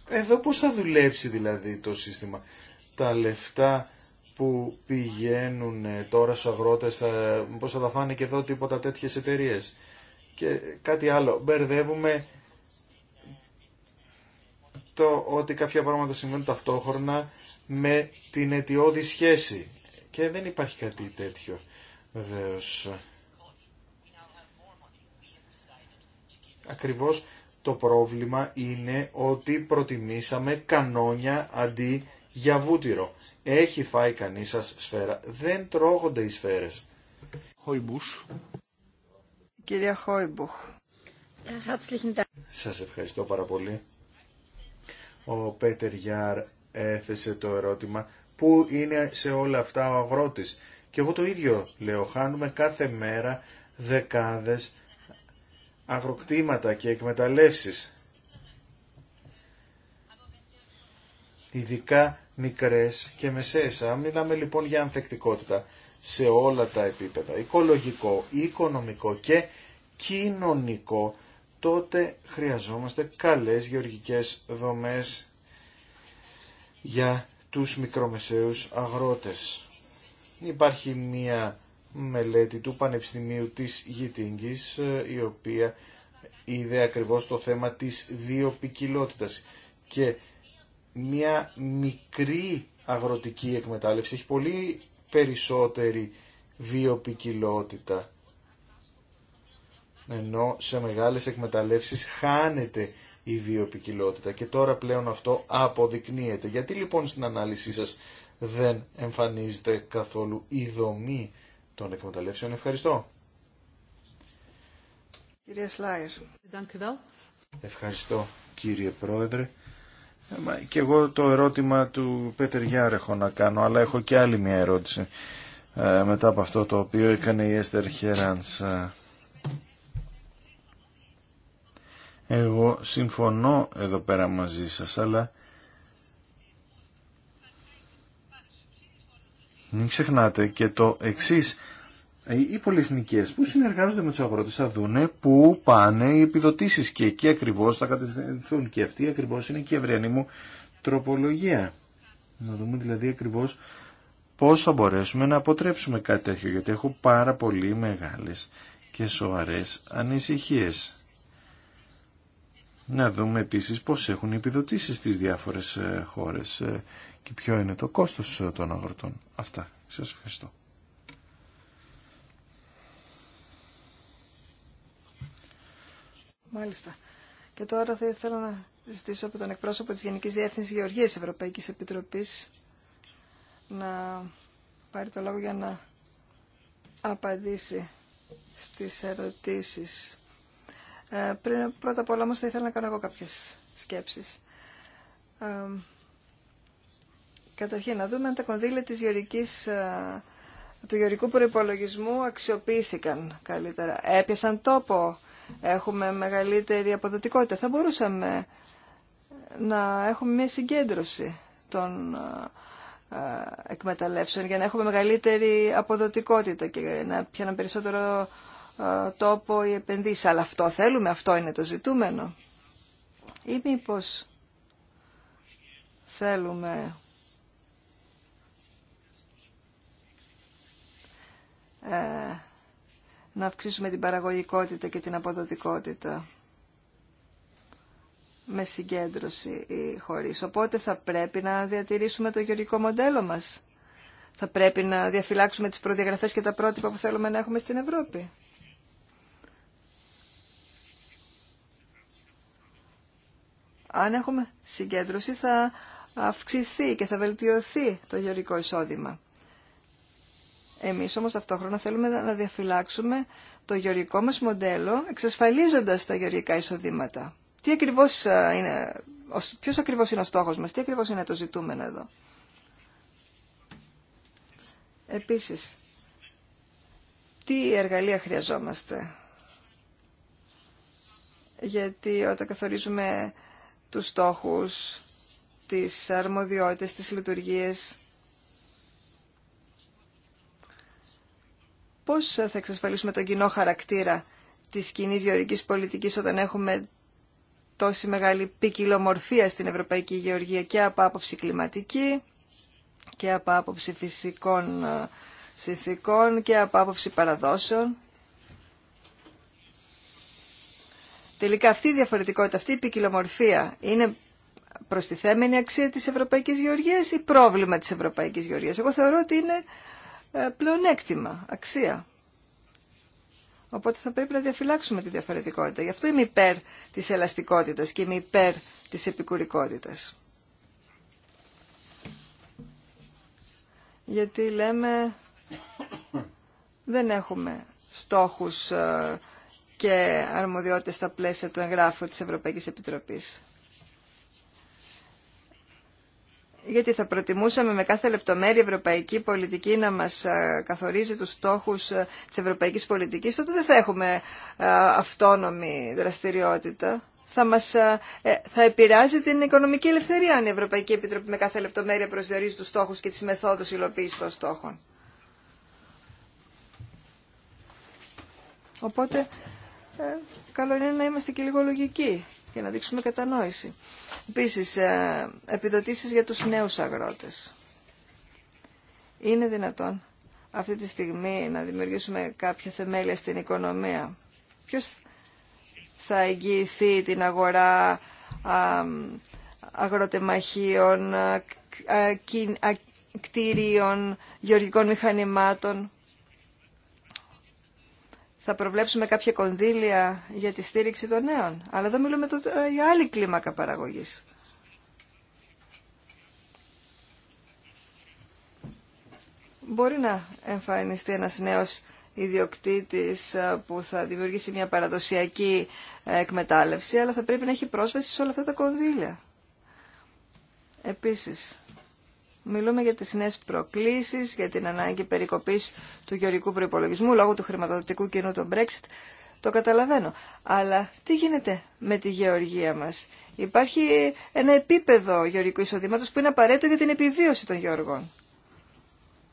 Εδώ πώς θα δουλέψει δηλαδή το σύστημα. Τα λεφτά που πηγαίνουν ε, τώρα στους αγρότες, Πώ πώς θα τα φάνε και εδώ τίποτα τέτοιες εταιρείε. Και κάτι άλλο, μπερδεύουμε το ότι κάποια πράγματα συμβαίνουν ταυτόχρονα με την αιτιώδη σχέση. Και δεν υπάρχει κάτι τέτοιο βεβαίω. Ακριβώς το πρόβλημα είναι ότι προτιμήσαμε κανόνια αντί για βούτυρο. Έχει φάει κανείς σας σφαίρα. Δεν τρώγονται οι σφαίρες. Χόιμπουχ. Κυρία Χόιμπουχ. Ε, σας ευχαριστώ πάρα πολύ. Ο Πέτερ Γιάρ έθεσε το ερώτημα πού είναι σε όλα αυτά ο αγρότης. Και εγώ το ίδιο λέω, χάνουμε κάθε μέρα δεκάδες αγροκτήματα και εκμεταλλεύσεις. Ειδικά μικρές και μεσαίες. Αν μιλάμε λοιπόν για ανθεκτικότητα σε όλα τα επίπεδα, οικολογικό, οικονομικό και κοινωνικό, τότε χρειαζόμαστε καλές γεωργικές δομές για τους μικρομεσαίους αγρότες. Υπάρχει μία μελέτη του Πανεπιστημίου της Γητίνγκης ε, η οποία είδε ακριβώς το θέμα της βιοπικιλότητας και μία μικρή αγροτική εκμετάλλευση έχει πολύ περισσότερη βιοπικιλότητα ενώ σε μεγάλες εκμεταλλεύσεις χάνεται η βιοπικιλότητα και τώρα πλέον αυτό αποδεικνύεται. Γιατί λοιπόν στην ανάλυση σας δεν εμφανίζεται καθόλου η δομή των εκμεταλλεύσεων. Ευχαριστώ. Κυρία Σλάιρ. Ευχαριστώ κύριε Πρόεδρε. Ε, και εγώ το ερώτημα του Πέτερ Γιάρ να κάνω, αλλά έχω και άλλη μια ερώτηση ε, μετά από αυτό το οποίο έκανε η Έστερ Χέρανς ε, Εγώ συμφωνώ εδώ πέρα μαζί σας, αλλά μην ξεχνάτε και το εξής. Οι πολυεθνικές που συνεργάζονται με τους αγρότες θα δούνε που πάνε οι επιδοτήσεις και εκεί ακριβώς θα κατευθυνθούν και αυτή ακριβώς είναι και η ευριανή μου τροπολογία. Να δούμε δηλαδή ακριβώς πώς θα μπορέσουμε να αποτρέψουμε κάτι τέτοιο γιατί έχω πάρα πολύ μεγάλες και σοβαρές ανησυχίες. Να δούμε επίσης πώς έχουν οι επιδοτήσεις στις διάφορες ε, χώρες ε, και ποιο είναι το κόστος ε, των αγροτών. Αυτά. Σας ευχαριστώ. Μάλιστα. Και τώρα θα ήθελα να ζητήσω από τον εκπρόσωπο της Γενικής Διεύθυνσης Γεωργίας Ευρωπαϊκής Επιτροπής να πάρει το λόγο για να απαντήσει στις ερωτήσεις ε, πριν, πρώτα απ' όλα όμως θα ήθελα να κάνω εγώ κάποιες σκέψεις. Ε, καταρχήν να δούμε αν τα κονδύλια της γεωρικής, ε, του γεωρικού προϋπολογισμού αξιοποιήθηκαν καλύτερα. Έπιασαν τόπο, έχουμε μεγαλύτερη αποδοτικότητα. Θα μπορούσαμε να έχουμε μια συγκέντρωση των εκμεταλλεύσεων για να έχουμε μεγαλύτερη αποδοτικότητα και να πιάνουν περισσότερο ε, τόπο οι επενδύσει. Αλλά αυτό θέλουμε, αυτό είναι το ζητούμενο. Ή μήπω θέλουμε ε, να αυξήσουμε την παραγωγικότητα και την αποδοτικότητα με συγκέντρωση ή χωρίς. Οπότε θα πρέπει να διατηρήσουμε το γεωργικό μοντέλο μας. Θα πρέπει να διαφυλάξουμε τις προδιαγραφές και τα πρότυπα που θέλουμε να έχουμε στην Ευρώπη. Αν έχουμε συγκέντρωση θα αυξηθεί και θα βελτιωθεί το γεωρικό εισόδημα. Εμείς όμως ταυτόχρονα θέλουμε να διαφυλάξουμε το γεωργικό μας μοντέλο εξασφαλίζοντας τα γεωργικά εισοδήματα. Τι ακριβώς ε, είναι, ποιος ακριβώς είναι ο στόχος μας, τι ακριβώς είναι το ζητούμενο εδώ. Επίσης, τι εργαλεία χρειαζόμαστε. Γιατί όταν καθορίζουμε τους στόχους, τις αρμοδιότητες, τις λειτουργίες. Πώς θα εξασφαλίσουμε τον κοινό χαρακτήρα της κοινή γεωργικής πολιτικής όταν έχουμε τόση μεγάλη ποικιλομορφία στην Ευρωπαϊκή Γεωργία και από άποψη κλιματική και από άποψη φυσικών ε, συνθήκων και από άποψη παραδόσεων. Τελικά αυτή η διαφορετικότητα, αυτή η ποικιλομορφία είναι προστιθέμενη αξία της Ευρωπαϊκής Γεωργίας ή πρόβλημα της Ευρωπαϊκής Γεωργίας. Εγώ θεωρώ ότι είναι ε, πλεονέκτημα, αξία. Οπότε θα πρέπει να διαφυλάξουμε τη διαφορετικότητα. Γι' αυτό είμαι υπέρ της ελαστικότητας και είμαι υπέρ της επικουρικότητας. Γιατί λέμε δεν έχουμε στόχους ε, και αρμοδιότητες στα πλαίσια του εγγράφου της Ευρωπαϊκής Επιτροπής. Γιατί θα προτιμούσαμε με κάθε λεπτομέρεια η ευρωπαϊκή πολιτική να μας ε, καθορίζει τους στόχους ε, της ευρωπαϊκής πολιτικής, τότε δεν θα έχουμε ε, αυτόνομη δραστηριότητα. Θα, μας, θα επηρεάζει την οικονομική ελευθερία αν η Ευρωπαϊκή Επιτροπή με κάθε λεπτομέρεια προσδιορίζει τους στόχους και τις μεθόδους υλοποίησης των στόχων. Οπότε ε, καλό είναι να είμαστε και λίγο λογικοί και να δείξουμε κατανόηση. Επίσης, ε, επιδοτήσεις για τους νέους αγρότες. Είναι δυνατόν αυτή τη στιγμή να δημιουργήσουμε κάποια θεμέλια στην οικονομία. Ποιος θα εγγυηθεί την αγορά αγροτεμαχίων, α, κτίριων, γεωργικών μηχανημάτων θα προβλέψουμε κάποια κονδύλια για τη στήριξη των νέων. Αλλά εδώ μιλούμε τώρα για άλλη κλίμακα παραγωγής. Μπορεί να εμφανιστεί ένας νέος ιδιοκτήτης ε, που θα δημιουργήσει μια παραδοσιακή ε, εκμετάλλευση, αλλά θα πρέπει να έχει πρόσβαση σε όλα αυτά τα κονδύλια. Επίσης, Μιλούμε για τις νέες προκλήσεις, για την ανάγκη περικοπής του γεωργικού προϋπολογισμού λόγω του χρηματοδοτικού κοινού των Brexit. Το καταλαβαίνω. Αλλά τι γίνεται με τη γεωργία μας. Υπάρχει ένα επίπεδο γεωργικού εισοδήματος που είναι απαραίτητο για την επιβίωση των γεωργών.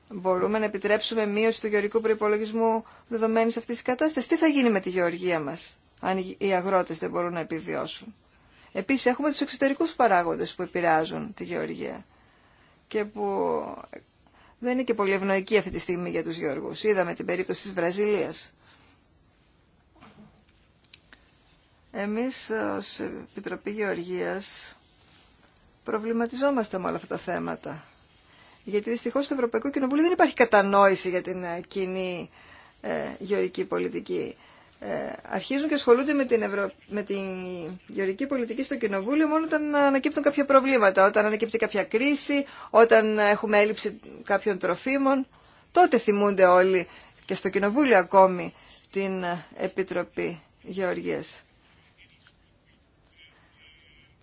Μπορούμε να επιτρέψουμε μείωση του γεωργικού προϋπολογισμού δεδομένης αυτής της κατάστασης. Τι θα γίνει με τη γεωργία μας αν οι αγρότες δεν μπορούν να επιβιώσουν. Επίσης έχουμε τους εξωτερικούς παράγοντες που επηρεάζουν τη γεωργία και που δεν είναι και πολύ ευνοϊκή αυτή τη στιγμή για τους Γιώργους. Είδαμε την περίπτωση της Βραζιλίας. Εμείς ως Επιτροπή Γεωργίας προβληματιζόμαστε με όλα αυτά τα θέματα. Γιατί δυστυχώς στο Ευρωπαϊκό Κοινοβούλιο δεν υπάρχει κατανόηση για την ε, κοινή ε, γεωργική πολιτική. Ε, αρχίζουν και ασχολούνται με την, Ευρω... με την γεωρική πολιτική στο Κοινοβούλιο μόνο όταν ανακύπτουν κάποια προβλήματα, όταν ανακύπτει κάποια κρίση, όταν έχουμε έλλειψη κάποιων τροφίμων. Τότε θυμούνται όλοι και στο Κοινοβούλιο ακόμη την Επιτροπή Γεωργίας.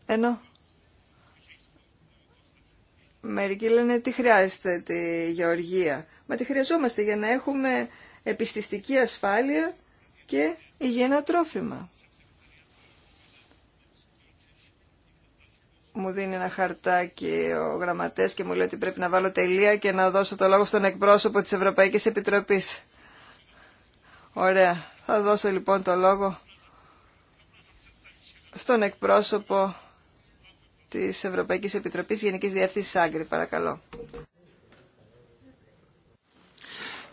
Ενώ μερικοί λένε τι χρειάζεται τη γεωργία. Μα τη χρειαζόμαστε για να έχουμε επιστηστική ασφάλεια και υγιεινά τρόφιμα. Μου δίνει ένα χαρτάκι ο γραμματέας και μου λέει ότι πρέπει να βάλω τελεία και να δώσω το λόγο στον εκπρόσωπο της Ευρωπαϊκής Επιτροπής. Ωραία. Θα δώσω λοιπόν το λόγο στον εκπρόσωπο της Ευρωπαϊκής Επιτροπής Γενικής Διεύθυνσης Άγκρη. Παρακαλώ.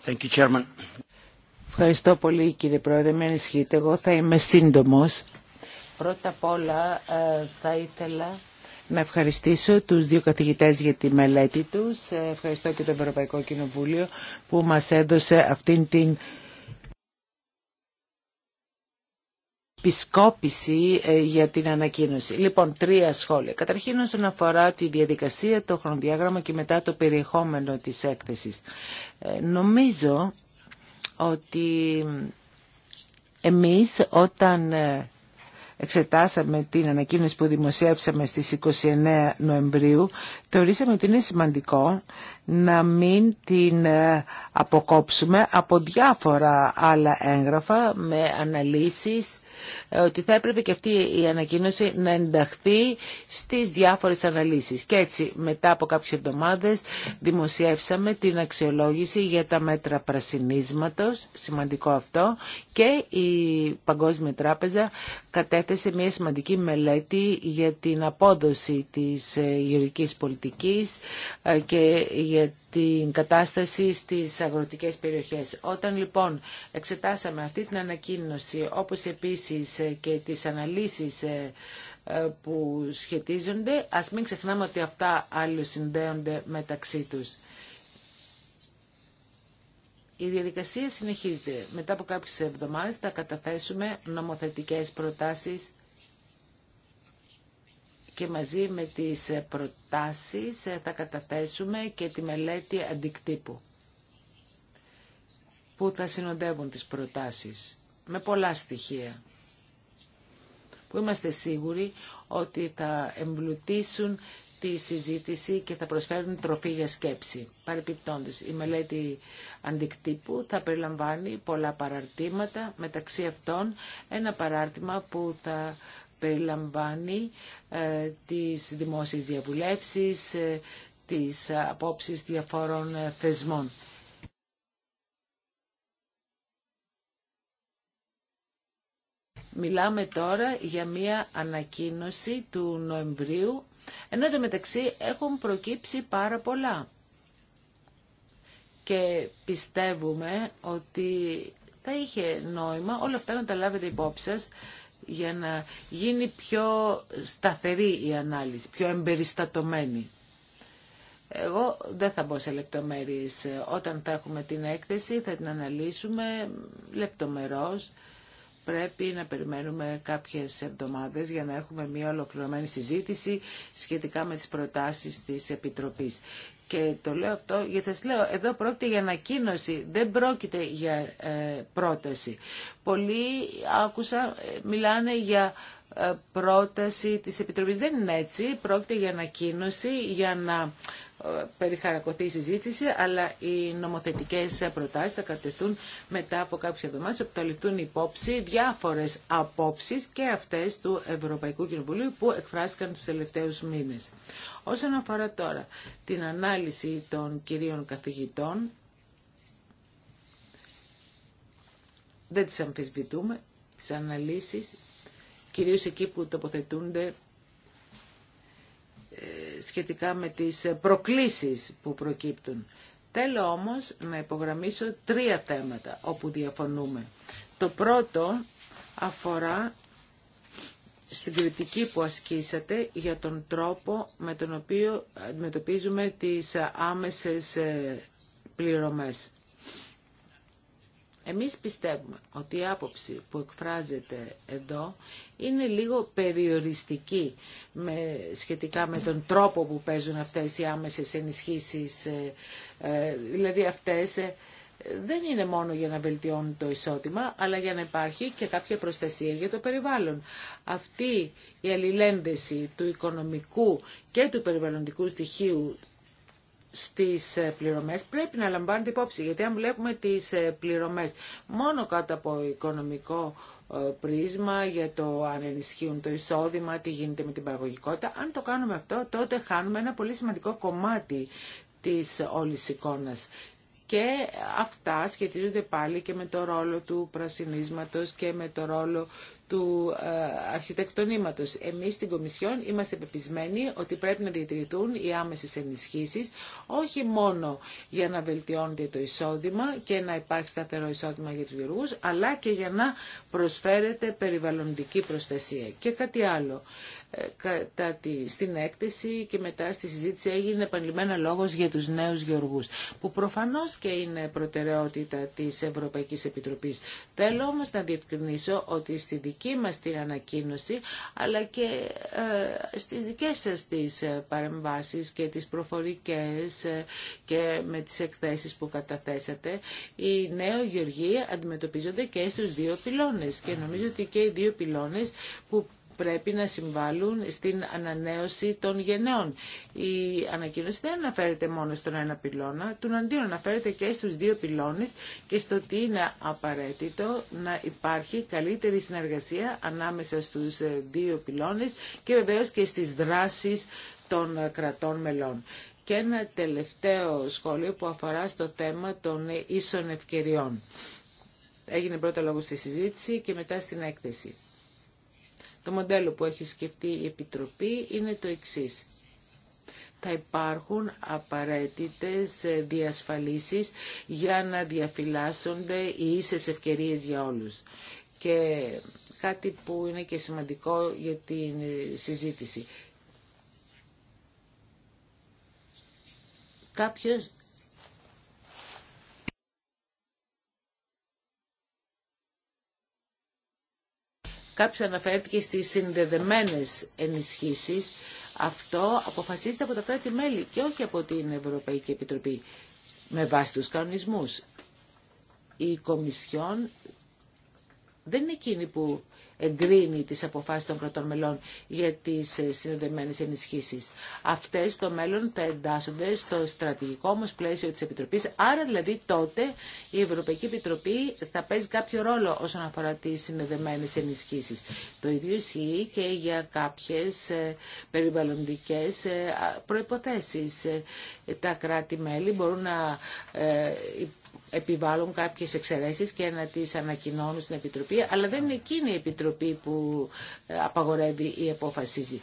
Thank you, Ευχαριστώ πολύ κύριε Πρόεδρε, με ανησυχείτε. Εγώ θα είμαι σύντομος. Πρώτα απ' όλα ε, θα ήθελα να ευχαριστήσω τους δύο καθηγητές για τη μελέτη τους. Ε, ευχαριστώ και το Ευρωπαϊκό Κοινοβούλιο που μας έδωσε αυτήν την επισκόπηση ε, για την ανακοίνωση. Λοιπόν, τρία σχόλια. Καταρχήν όσον αφορά τη διαδικασία, το χρονοδιάγραμμα και μετά το περιεχόμενο της έκθεσης. νομίζω ότι εμείς όταν ε, εξετάσαμε την ανακοίνωση που δημοσιεύσαμε στις 29 Νοεμβρίου, θεωρήσαμε ότι είναι σημαντικό να μην την ε, αποκόψουμε από διάφορα άλλα έγγραφα με αναλύσεις ε, ότι θα έπρεπε και αυτή η ανακοίνωση να ενταχθεί στις διάφορες αναλύσεις. Και έτσι μετά από κάποιες εβδομάδες δημοσιεύσαμε την αξιολόγηση για τα μέτρα πρασινίσματος, σημαντικό αυτό, και η Παγκόσμια Τράπεζα κατέθεσε μια σημαντική μελέτη για την απόδοση της ε, γεωργικής πολιτικής και για την κατάσταση στις αγροτικές περιοχές. Όταν λοιπόν εξετάσαμε αυτή την ανακοίνωση, όπως επίσης ε, και τις αναλύσεις ε, ε, που σχετίζονται, ας μην ξεχνάμε ότι αυτά συνδέονται μεταξύ τους. Η διαδικασία συνεχίζεται. Μετά από κάποιες εβδομάδες θα καταθέσουμε νομοθετικές προτάσεις και μαζί με τις προτάσεις θα καταθέσουμε και τη μελέτη αντικτύπου που θα συνοδεύουν τις προτάσεις με πολλά στοιχεία που είμαστε σίγουροι ότι θα εμπλουτίσουν τη συζήτηση και θα προσφέρουν τροφή για σκέψη. Παρεπιπτόντως, η μελέτη αντικτύπου θα περιλαμβάνει πολλά παραρτήματα, μεταξύ αυτών ένα παράρτημα που θα περιλαμβάνει ε, τις δημόσιες διαβουλεύσεις, ε, τις απόψεις διαφόρων ε, θεσμών. Μιλάμε τώρα για μία ανακοίνωση του Νοεμβρίου, ενώ το μεταξύ έχουν προκύψει πάρα πολλά. Και πιστεύουμε ότι θα είχε νόημα όλα αυτά να τα λάβετε υπόψη σας για να γίνει πιο σταθερή η ανάλυση, πιο εμπεριστατωμένη. Εγώ δεν θα μπω σε λεπτομέρειες. Όταν θα έχουμε την έκθεση θα την αναλύσουμε λεπτομερώς. Πρέπει να περιμένουμε κάποιες εβδομάδες για να έχουμε μια ολοκληρωμένη συζήτηση σχετικά με τις προτάσεις της Επιτροπής. Και το λέω αυτό γιατί σας λέω, εδώ πρόκειται για ανακοίνωση, δεν πρόκειται για ε, πρόταση. Πολλοί άκουσα, ε, μιλάνε για ε, πρόταση της Επιτροπής. Δεν είναι έτσι, πρόκειται για ανακοίνωση, για να περιχαρακωθεί η συζήτηση, αλλά οι νομοθετικές προτάσεις θα κατεθούν μετά από κάποιε εβδομάδες, όπου θα ληφθούν υπόψη διάφορες απόψει και αυτές του Ευρωπαϊκού Κοινοβουλίου που εκφράστηκαν τους τελευταίους μήνες. Όσον αφορά τώρα την ανάλυση των κυρίων καθηγητών, δεν τις αμφισβητούμε, τις αναλύσεις, κυρίως εκεί που τοποθετούνται ε, σχετικά με τις ε, προκλήσεις που προκύπτουν. Θέλω όμως να υπογραμμίσω τρία θέματα όπου διαφωνούμε. Το πρώτο αφορά στην κριτική που ασκήσατε για τον τρόπο με τον οποίο αντιμετωπίζουμε τις ε, άμεσες ε, πληρωμές. Εμείς πιστεύουμε ότι η άποψη που εκφράζεται εδώ είναι λίγο περιοριστική με, σχετικά με τον τρόπο που παίζουν αυτές οι άμεσες ενισχύσεις. Ε, ε, δηλαδή αυτές ε, δεν είναι μόνο για να βελτιώνουν το εισόδημα, αλλά για να υπάρχει και κάποια προστασία για το περιβάλλον. Αυτή η αλληλένδεση του οικονομικού και του περιβαλλοντικού στοιχείου στις ε, πληρωμές πρέπει να λαμβάνεται υπόψη. Γιατί αν βλέπουμε τις ε, πληρωμές μόνο κάτω από οικονομικό ε, πρίσμα για το αν ενισχύουν το εισόδημα, τι γίνεται με την παραγωγικότητα, αν το κάνουμε αυτό τότε χάνουμε ένα πολύ σημαντικό κομμάτι της όλης εικόνας. Και αυτά σχετίζονται πάλι και με το ρόλο του πρασινίσματος και με το ρόλο του ε, αρχιτεκτονήματος. Εμείς στην Κομισιόν είμαστε πεπισμένοι ότι πρέπει να διατηρηθούν οι άμεσες ενισχύσεις, όχι μόνο για να βελτιώνεται το εισόδημα και να υπάρχει σταθερό εισόδημα για τους γεωργούς, αλλά και για να προσφέρεται περιβαλλοντική προστασία. Και κάτι άλλο. Ε, κατά τη, στην έκθεση και μετά στη συζήτηση έγινε επανειλημμένα λόγος για τους νέους γεωργούς, που προφανώς και είναι προτεραιότητα της Ευρωπαϊκής Επιτροπής. Θέλω όμως να διευκρινίσω ότι στη δική μας την ανακοίνωση, αλλά και ε, στις δικές σας τις ε, παρεμβάσεις και τις προφορικές ε, και με τις εκθέσεις που καταθέσατε, οι νέοι γεωργοί αντιμετωπίζονται και στους δύο πυλώνες και νομίζω ότι και οι δύο πυλώνες που πρέπει να συμβάλλουν στην ανανέωση των γενναίων. Η ανακοίνωση δεν αναφέρεται μόνο στον ένα πυλώνα, τον αντίον αναφέρεται και στους δύο πυλώνες και στο ότι είναι απαραίτητο να υπάρχει καλύτερη συνεργασία ανάμεσα στους ε, δύο πυλώνες και βεβαίως και στις δράσεις των ε, κρατών μελών. Και ένα τελευταίο σχόλιο που αφορά στο θέμα των ε, ίσων ευκαιριών. Έγινε πρώτα λόγο στη συζήτηση και μετά στην έκθεση. Το μοντέλο που έχει σκεφτεί η Επιτροπή είναι το εξής. Θα υπάρχουν απαραίτητες διασφαλίσεις για να διαφυλάσσονται οι ίσες ευκαιρίες για όλους. Και κάτι που είναι και σημαντικό για την συζήτηση. Κάποιος Κάποιος αναφέρθηκε στις συνδεδεμένες ενισχύσεις. Αυτό αποφασίζεται από τα κράτη-μέλη και όχι από την Ευρωπαϊκή Επιτροπή με βάση τους κανονισμούς. Η Κομισιόν δεν είναι εκείνη που εγκρίνει τις αποφάσεις των κρατών μελών για τις ε, συνδεδεμένες ενισχύσεις. Αυτές στο μέλλον θα εντάσσονται στο στρατηγικό όμως πλαίσιο της Επιτροπής, άρα δηλαδή τότε η Ευρωπαϊκή Επιτροπή θα παίζει κάποιο ρόλο όσον αφορά τις συνδεδεμένες ενισχύσεις. Το ίδιο ισχύει και για κάποιες ε, περιβαλλοντικές ε, προϋποθέσεις. Τα κράτη-μέλη μπορούν να επιβάλλουν κάποιες εξαιρέσεις και να τις ανακοινώνουν στην Επιτροπή, αλλά δεν είναι εκείνη η Επιτροπή που ε, απαγορεύει ή αποφασίζει.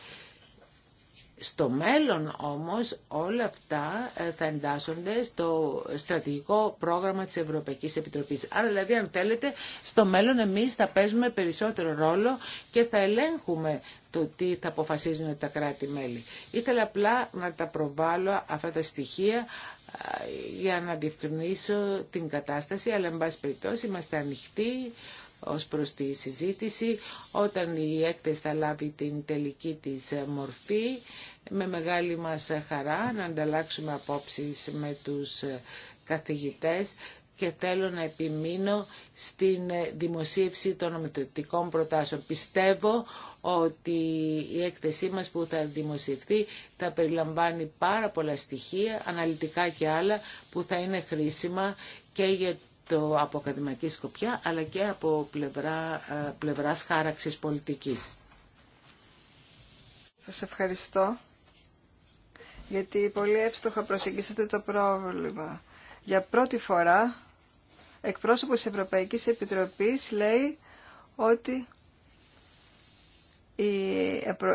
Στο μέλλον όμως όλα αυτά ε, θα εντάσσονται στο στρατηγικό πρόγραμμα της Ευρωπαϊκής Επιτροπής. Άρα δηλαδή αν θέλετε στο μέλλον εμείς θα παίζουμε περισσότερο ρόλο και θα ελέγχουμε το τι θα αποφασίζουν τα κράτη-μέλη. Ήθελα απλά να τα προβάλλω αυτά τα στοιχεία για να διευκρινίσω την κατάσταση, αλλά εν πάση περιπτώσει είμαστε ανοιχτοί ως προς τη συζήτηση. Όταν η έκθεση θα λάβει την τελική της μορφή, με μεγάλη μας χαρά να ανταλλάξουμε απόψεις με τους καθηγητές και θέλω να επιμείνω στην ε, δημοσίευση των νομοθετικών προτάσεων. Πιστεύω ότι η έκθεσή μας που θα δημοσιευθεί θα περιλαμβάνει πάρα πολλά στοιχεία, αναλυτικά και άλλα, που θα είναι χρήσιμα και για το από ακαδημαϊκή σκοπιά, αλλά και από πλευρά, ε, πλευράς χάραξης πολιτικής. Σας ευχαριστώ, γιατί πολύ εύστοχα προσεγγίσατε το πρόβλημα. Για πρώτη φορά εκπρόσωπος της Ευρωπαϊκής Επιτροπής λέει ότι η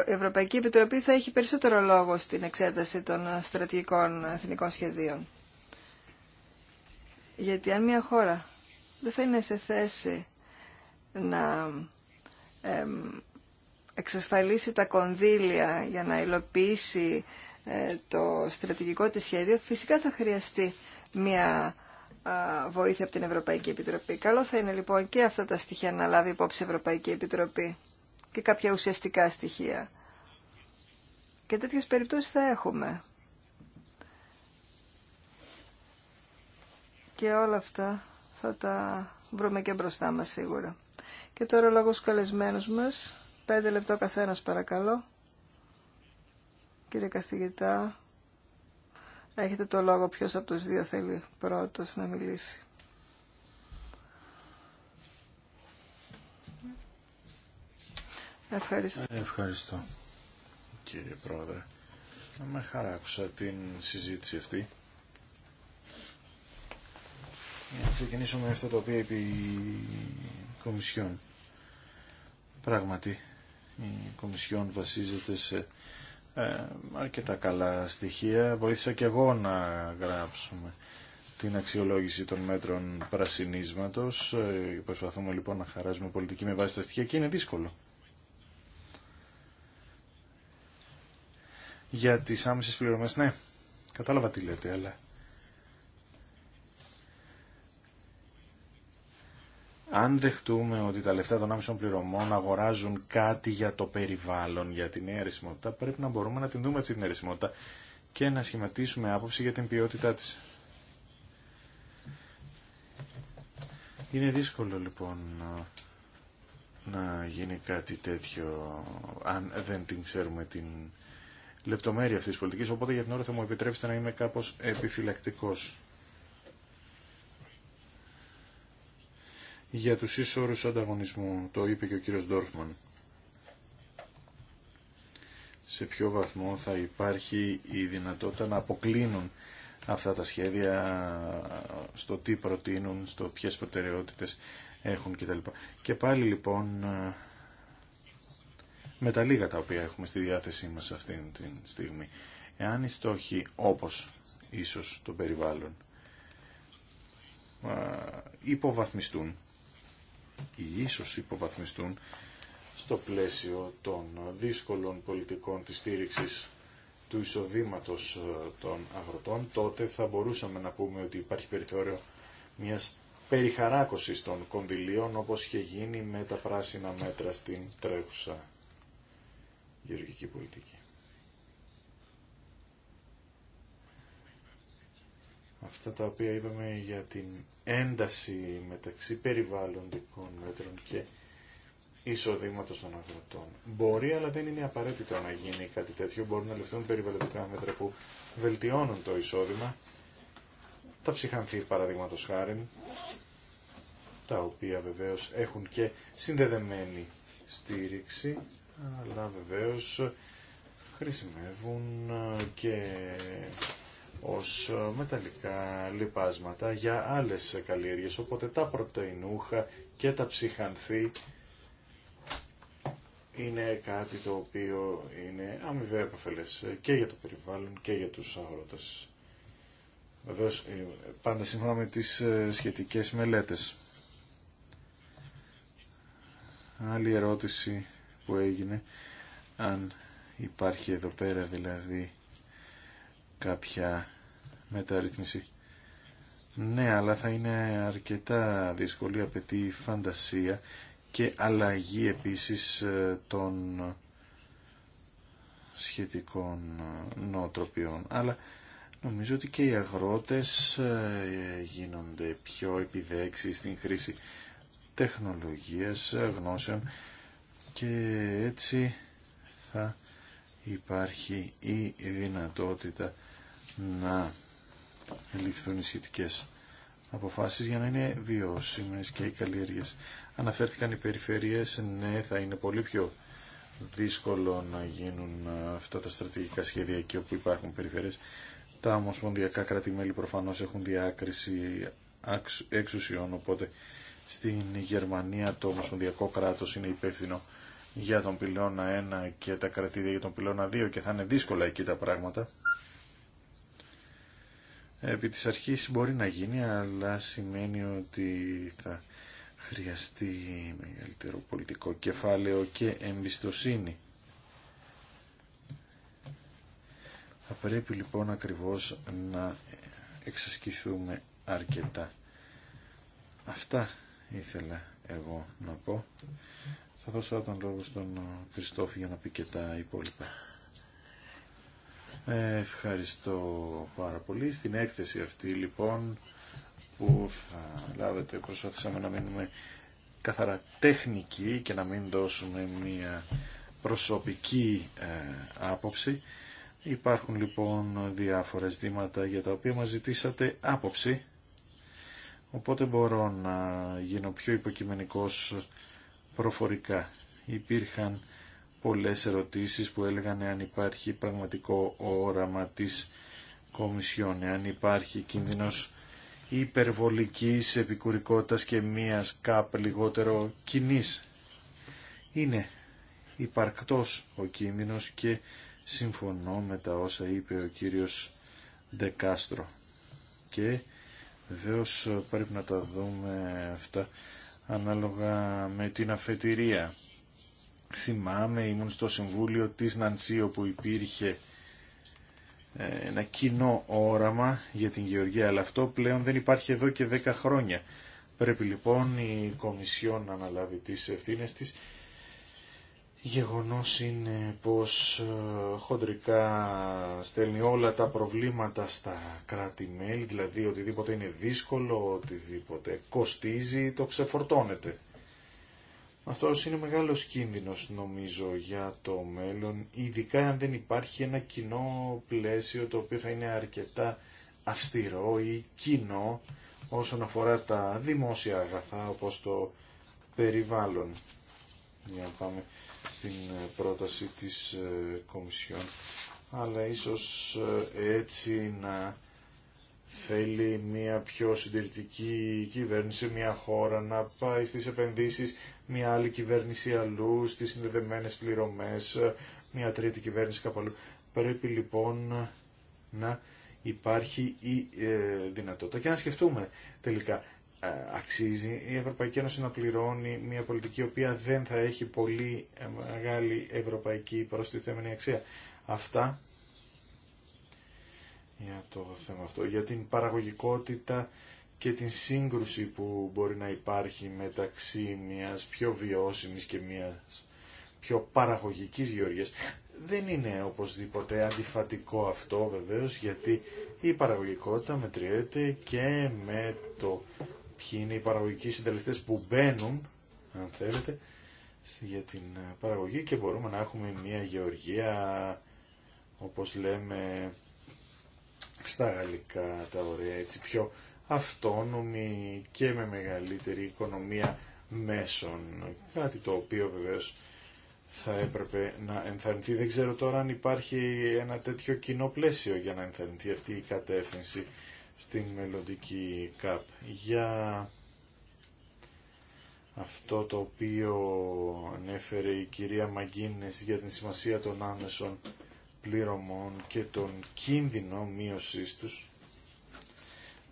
Ευρωπαϊκή Επιτροπή θα έχει περισσότερο λόγο στην εξέταση των στρατηγικών εθνικών σχεδίων. Γιατί αν μια χώρα δεν θα είναι σε θέση να εξασφαλίσει τα κονδύλια για να υλοποιήσει ε, το στρατηγικό της σχέδιο, φυσικά θα χρειαστεί μια βοήθεια από την Ευρωπαϊκή Επιτροπή. Καλό θα είναι λοιπόν και αυτά τα στοιχεία να λάβει υπόψη η Ευρωπαϊκή Επιτροπή και κάποια ουσιαστικά στοιχεία. Και τέτοιες περιπτώσεις θα έχουμε. Και όλα αυτά θα τα βρούμε και μπροστά μας σίγουρα. Και τώρα ο λόγος καλεσμένους μας. Πέντε λεπτό καθένας παρακαλώ. Κύριε καθηγητά, Έχετε το λόγο ποιος από τους δύο θέλει πρώτος να μιλήσει. Ευχαριστώ. Ευχαριστώ κύριε Πρόεδρε. Με χαρά άκουσα την συζήτηση αυτή. Να ξεκινήσω με αυτό το οποίο είπε η Κομισιόν. Πράγματι, η Κομισιόν βασίζεται σε ε, αρκετά καλά στοιχεία. Βοήθησα και εγώ να γράψουμε την αξιολόγηση των μέτρων πρασινίσματος. Ε, προσπαθούμε λοιπόν να χαράζουμε πολιτική με βάση τα στοιχεία και είναι δύσκολο. Για τις άμεσες πληρωμές, ναι, κατάλαβα τι λέτε, αλλά αν δεχτούμε ότι τα λεφτά των άμεσων πληρωμών αγοράζουν κάτι για το περιβάλλον, για την νέα αρισιμότητα, πρέπει να μπορούμε να την δούμε αυτή την αρισιμότητα και να σχηματίσουμε άποψη για την ποιότητά της. Είναι δύσκολο λοιπόν να γίνει κάτι τέτοιο αν δεν την ξέρουμε την λεπτομέρεια αυτής της πολιτικής, οπότε για την ώρα θα μου επιτρέψετε να είμαι κάπως επιφυλακτικός. για τους ίσορους ανταγωνισμού. Το είπε και ο κύριος Ντόρφμαν. Σε ποιο βαθμό θα υπάρχει η δυνατότητα να αποκλίνουν αυτά τα σχέδια στο τι προτείνουν, στο ποιες προτεραιότητες έχουν κτλ. Και πάλι λοιπόν με τα λίγα τα οποία έχουμε στη διάθεσή μας αυτή τη στιγμή. Εάν οι στόχοι όπως ίσως το περιβάλλον υποβαθμιστούν ή ίσως υποβαθμιστούν στο πλαίσιο των δύσκολων πολιτικών της στήριξης του εισοδήματος ε, των αγροτών, τότε θα μπορούσαμε να πούμε ότι υπάρχει περιθώριο μιας περιχαράκωσης των κονδυλίων, όπως είχε γίνει με τα πράσινα μέτρα στην τρέχουσα γεωργική πολιτική. αυτά τα οποία είπαμε για την ένταση μεταξύ περιβάλλοντικών μέτρων και εισοδήματο των αγροτών. Μπορεί, αλλά δεν είναι απαραίτητο να γίνει κάτι τέτοιο. Μπορούν να ληφθούν περιβαλλοντικά μέτρα που βελτιώνουν το εισόδημα. Τα ψυχανθή, παραδείγματο χάρη, τα οποία βεβαίω έχουν και συνδεδεμένη στήριξη, αλλά βεβαίω χρησιμεύουν και ως ε, μεταλλικά λιπάσματα για άλλες καλλιέργειες. Οπότε τα πρωτεϊνούχα και τα ψυχανθή είναι κάτι το οποίο είναι αμοιβαία επαφελές και για το περιβάλλον και για τους αγρότες. Βεβαίω ε, πάντα σύμφωνα με τις ε, σχετικές μελέτες. Άλλη ερώτηση που έγινε, αν υπάρχει εδώ πέρα δηλαδή κάποια μεταρρύθμιση. Ναι, αλλά θα είναι αρκετά δύσκολη, απαιτεί φαντασία και αλλαγή επίσης ε, των σχετικών ε, νοοτροπιών. Αλλά νομίζω ότι και οι αγρότες ε, γίνονται πιο επιδέξεις στην χρήση τεχνολογίας, γνώσεων και έτσι θα υπάρχει η δυνατότητα να ληφθούν οι σχετικέ αποφάσει για να είναι βιώσιμε και οι καλλιέργειε. Αναφέρθηκαν οι περιφερειέ, ναι, θα είναι πολύ πιο δύσκολο να γίνουν αυτά τα στρατηγικά σχέδια εκεί όπου υπάρχουν περιφερειές. Τα ομοσπονδιακά κράτη-μέλη προφανώς έχουν διάκριση εξουσιών, οπότε στην Γερμανία το ομοσπονδιακό κράτο είναι υπεύθυνο για τον πυλώνα 1 και τα κρατήδια για τον πυλώνα 2 και θα είναι δύσκολα εκεί τα πράγματα επί της αρχής μπορεί να γίνει, αλλά σημαίνει ότι θα χρειαστεί μεγαλύτερο πολιτικό κεφάλαιο και εμπιστοσύνη. Θα πρέπει λοιπόν ακριβώς να εξασκηθούμε αρκετά. Αυτά ήθελα εγώ να πω. Θα δώσω τον λόγο στον Κριστόφ για να πει και τα υπόλοιπα. Ευχαριστώ πάρα πολύ. Στην έκθεση αυτή λοιπόν που θα λάβετε προσπαθήσαμε να μείνουμε καθαρά τεχνικοί και να μην δώσουμε μία προσωπική ε, άποψη. Υπάρχουν λοιπόν διάφορες ζητήματα για τα οποία μας ζητήσατε άποψη, οπότε μπορώ να γίνω πιο υποκειμενικός προφορικά. Υπήρχαν πολλές ερωτήσεις που έλεγαν αν υπάρχει πραγματικό όραμα της Κομισιόν, αν υπάρχει κίνδυνος υπερβολικής επικουρικότητας και μίας κάπ λιγότερο κοινή. Είναι υπαρκτός ο κίνδυνος και συμφωνώ με τα όσα είπε ο κύριος Ντεκάστρο. Και βεβαίω πρέπει να τα δούμε αυτά ανάλογα με την αφετηρία θυμάμαι ήμουν στο Συμβούλιο της Νανσί όπου υπήρχε ε, ένα κοινό όραμα για την Γεωργία, αλλά αυτό πλέον δεν υπάρχει εδώ και 10 χρόνια. Πρέπει λοιπόν η Κομισιόν να αναλάβει τις ευθύνε της. Γεγονός είναι πως ε, χοντρικά στέλνει όλα τα προβλήματα στα κράτη-μέλη, δηλαδή οτιδήποτε είναι δύσκολο, οτιδήποτε κοστίζει, το ξεφορτώνεται. Αυτός είναι μεγάλος κίνδυνος νομίζω για το μέλλον, ειδικά αν δεν υπάρχει ένα κοινό πλαίσιο το οποίο θα είναι αρκετά αυστηρό ή κοινό όσον αφορά τα δημόσια αγαθά όπως το περιβάλλον. Για να πάμε στην ε, πρόταση της ε, Κομισιόν. Αλλά ίσως ε, έτσι να θέλει μια πιο συντηρητική κυβέρνηση, μια χώρα να πάει στις επενδύσεις, μια άλλη κυβέρνηση αλλού, στις συνδεδεμένες πληρωμές, μια τρίτη κυβέρνηση κάπου αλλού. Πρέπει λοιπόν να υπάρχει η ε, δυνατότητα και να σκεφτούμε τελικά ε, αξίζει η Ευρωπαϊκή Ένωση να πληρώνει μια πολιτική η οποία δεν θα έχει πολύ μεγάλη ευρωπαϊκή προστιθέμενη αξία. Αυτά για το θέμα αυτό, για την παραγωγικότητα και την σύγκρουση που μπορεί να υπάρχει μεταξύ μιας πιο βιώσιμης και μιας πιο παραγωγικής γεωργίας. Δεν είναι οπωσδήποτε αντιφατικό αυτό βεβαίως γιατί η παραγωγικότητα μετριέται και με το ποιοι είναι οι παραγωγικοί συντελεστές που μπαίνουν, αν θέλετε, για την παραγωγή και μπορούμε να έχουμε μια γεωργία, όπως λέμε, στα γαλλικά τα ωραία έτσι πιο αυτόνομη και με μεγαλύτερη οικονομία μέσων. Κάτι το οποίο βεβαίως θα έπρεπε να ενθαρρυνθεί. Δεν ξέρω τώρα αν υπάρχει ένα τέτοιο κοινό πλαίσιο για να ενθαρρυνθεί αυτή η κατεύθυνση στην μελλοντική ΚΑΠ. Για αυτό το οποίο ανέφερε η κυρία Μαγκίνες για την σημασία των άμεσων πληρωμών και τον κίνδυνο μείωσής τους,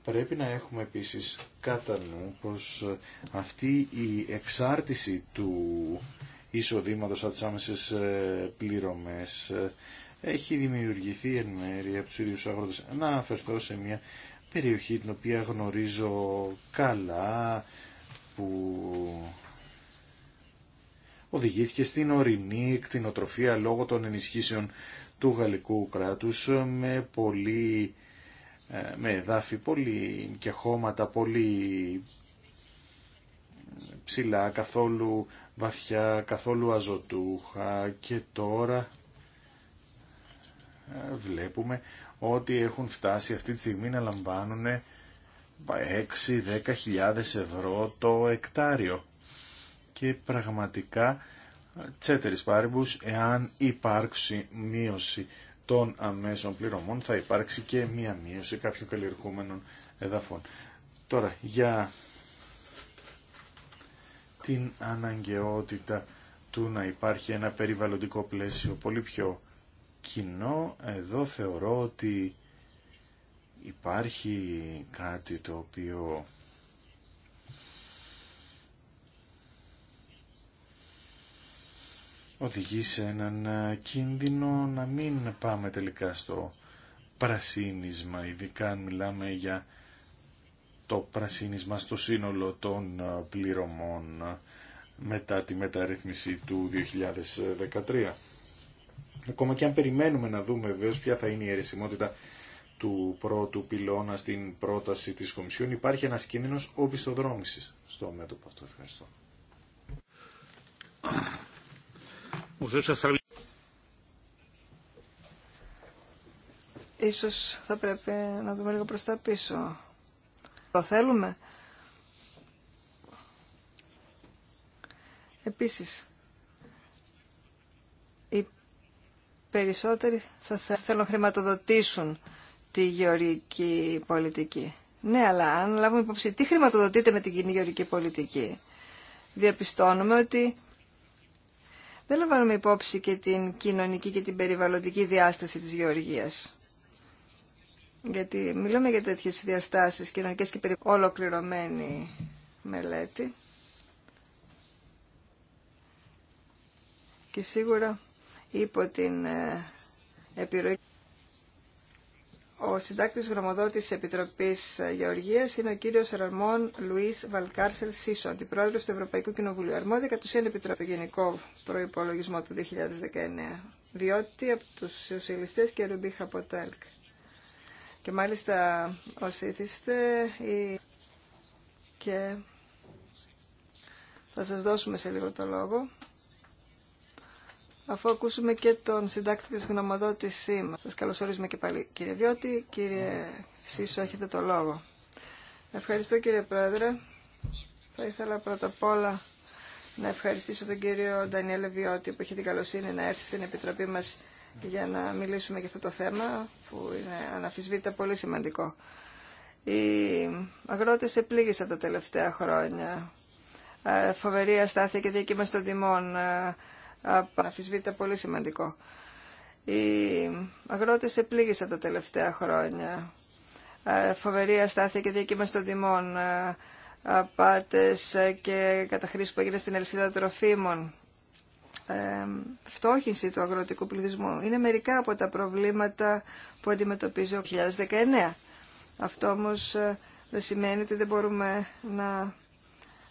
πρέπει να έχουμε επίσης κατά νου πως αυτή η εξάρτηση του εισοδήματος από τις άμεσες ε, πληρωμές ε, έχει δημιουργηθεί εν μέρει από τους ίδιους αγρότες. Να αφαιρθώ σε μια περιοχή την οποία γνωρίζω καλά που οδηγήθηκε στην ορεινή κτηνοτροφία λόγω των ενισχύσεων του γαλλικού κράτους με πολύ ε, με εδάφη πολύ και χώματα πολύ ψηλά, καθόλου βαθιά, καθόλου αζωτούχα και τώρα ε, βλέπουμε ότι έχουν φτάσει αυτή τη στιγμή να λαμβάνουν 6-10 ευρώ το εκτάριο και πραγματικά τσέτερης πάρυμπους, εάν υπάρξει μείωση των αμέσων πληρωμών, θα υπάρξει και μία μείωση κάποιων καλλιεργούμενων εδαφών. Τώρα, για την αναγκαιότητα του να υπάρχει ένα περιβαλλοντικό πλαίσιο πολύ πιο κοινό, εδώ θεωρώ ότι υπάρχει κάτι το οποίο οδηγεί σε έναν ε, κίνδυνο να μην πάμε τελικά στο πρασίνισμα, ειδικά αν μιλάμε για το πρασίνισμα στο σύνολο των ε, πληρωμών ε, μετά τη μεταρρύθμιση του 2013. Ακόμα και αν περιμένουμε να δούμε βέβαια ποια θα είναι η αιρεσιμότητα του πρώτου πυλώνα στην πρόταση της Κομισιόν, υπάρχει ένας κίνδυνος οπισθοδρόμησης στο μέτωπο αυτό. Ευχαριστώ. Ίσως θα πρέπει να δούμε λίγο προς τα πίσω. Το θέλουμε. Επίσης, οι περισσότεροι θα θέλουν να χρηματοδοτήσουν τη γεωργική πολιτική. Ναι, αλλά αν λάβουμε υπόψη τι χρηματοδοτείται με την κοινή γεωργική πολιτική, διαπιστώνουμε ότι δεν λαμβάνουμε υπόψη και την κοινωνική και την περιβαλλοντική διάσταση της γεωργίας. Γιατί μιλούμε για τέτοιες διαστάσεις κοινωνικές και περιβαλλοντικές ολοκληρωμένη μελέτη. Και σίγουρα υπό την ε, επιρροή ο συντάκτης γνωμοδότης Επιτροπής Γεωργίας είναι ο κύριος Ραμόν Λουίς Βαλκάρσελ Σίσο, αντιπρόεδρος του Ευρωπαϊκού Κοινοβουλίου. Αρμόδια κατ' ουσίαν επιτροπή γενικό προϋπολογισμό του 2019. Διότι από τους σοσιαλιστές και ρουμπίχα από το ΕΛΚ. Και μάλιστα όσοι ήθιστε και θα σας δώσουμε σε λίγο το λόγο αφού ακούσουμε και τον συντάκτη της γνωμοδότησή μας. Σας καλωσορίζουμε και πάλι κύριε Βιώτη. Κύριε Σίσο, έχετε το λόγο. Ευχαριστώ κύριε Πρόεδρε. Θα ήθελα πρώτα απ' όλα να ευχαριστήσω τον κύριο Ντανιέλ Βιώτη που έχει την καλοσύνη να έρθει στην Επιτροπή μας για να μιλήσουμε για αυτό το θέμα που είναι αναφυσβήτητα πολύ σημαντικό. Οι αγρότες επλήγησαν τα τελευταία χρόνια. Ε, φοβερή αστάθεια και των τιμών ε, απαναφισβήτητα πολύ σημαντικό. Οι αγρότες επλήγησαν τα τελευταία χρόνια. Ε, φοβερή αστάθεια και διακύμα των τιμών, ε, απάτες ε, και καταχρήσεις που έγινε στην αλυσίδα τροφίμων, φτώχυνση του αγροτικού πληθυσμού. Είναι μερικά από τα προβλήματα που αντιμετωπίζει ο 2019. Αυτό όμως δεν σημαίνει ότι δεν μπορούμε να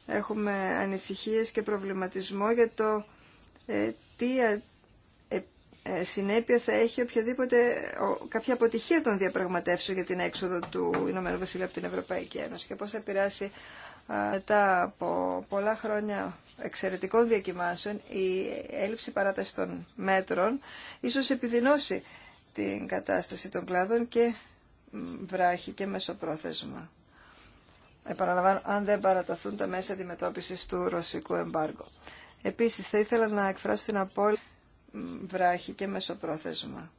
έχουμε ανησυχίες και προβληματισμό για το ε, τι ε, ε, συνέπεια θα έχει οποιαδήποτε, κάποια αποτυχία των διαπραγματεύσεων για την έξοδο του Ηνωμένου Βασιλείου από την Ευρωπαϊκή Ένωση και πώς θα επηρεάσει μετά από πολλά χρόνια εξαιρετικών διακοιμάσεων η έλλειψη παράταση των μέτρων ίσως επιδεινώσει την κατάσταση των κλάδων και βράχει και μεσοπρόθεσμα. Επαναλαμβάνω, αν δεν παραταθούν τα μέσα αντιμετώπισης του ρωσικού εμπάργου. Επίσης, θα ήθελα να εκφράσω την απόλυτη βράχη και μεσοπρόθεσμα.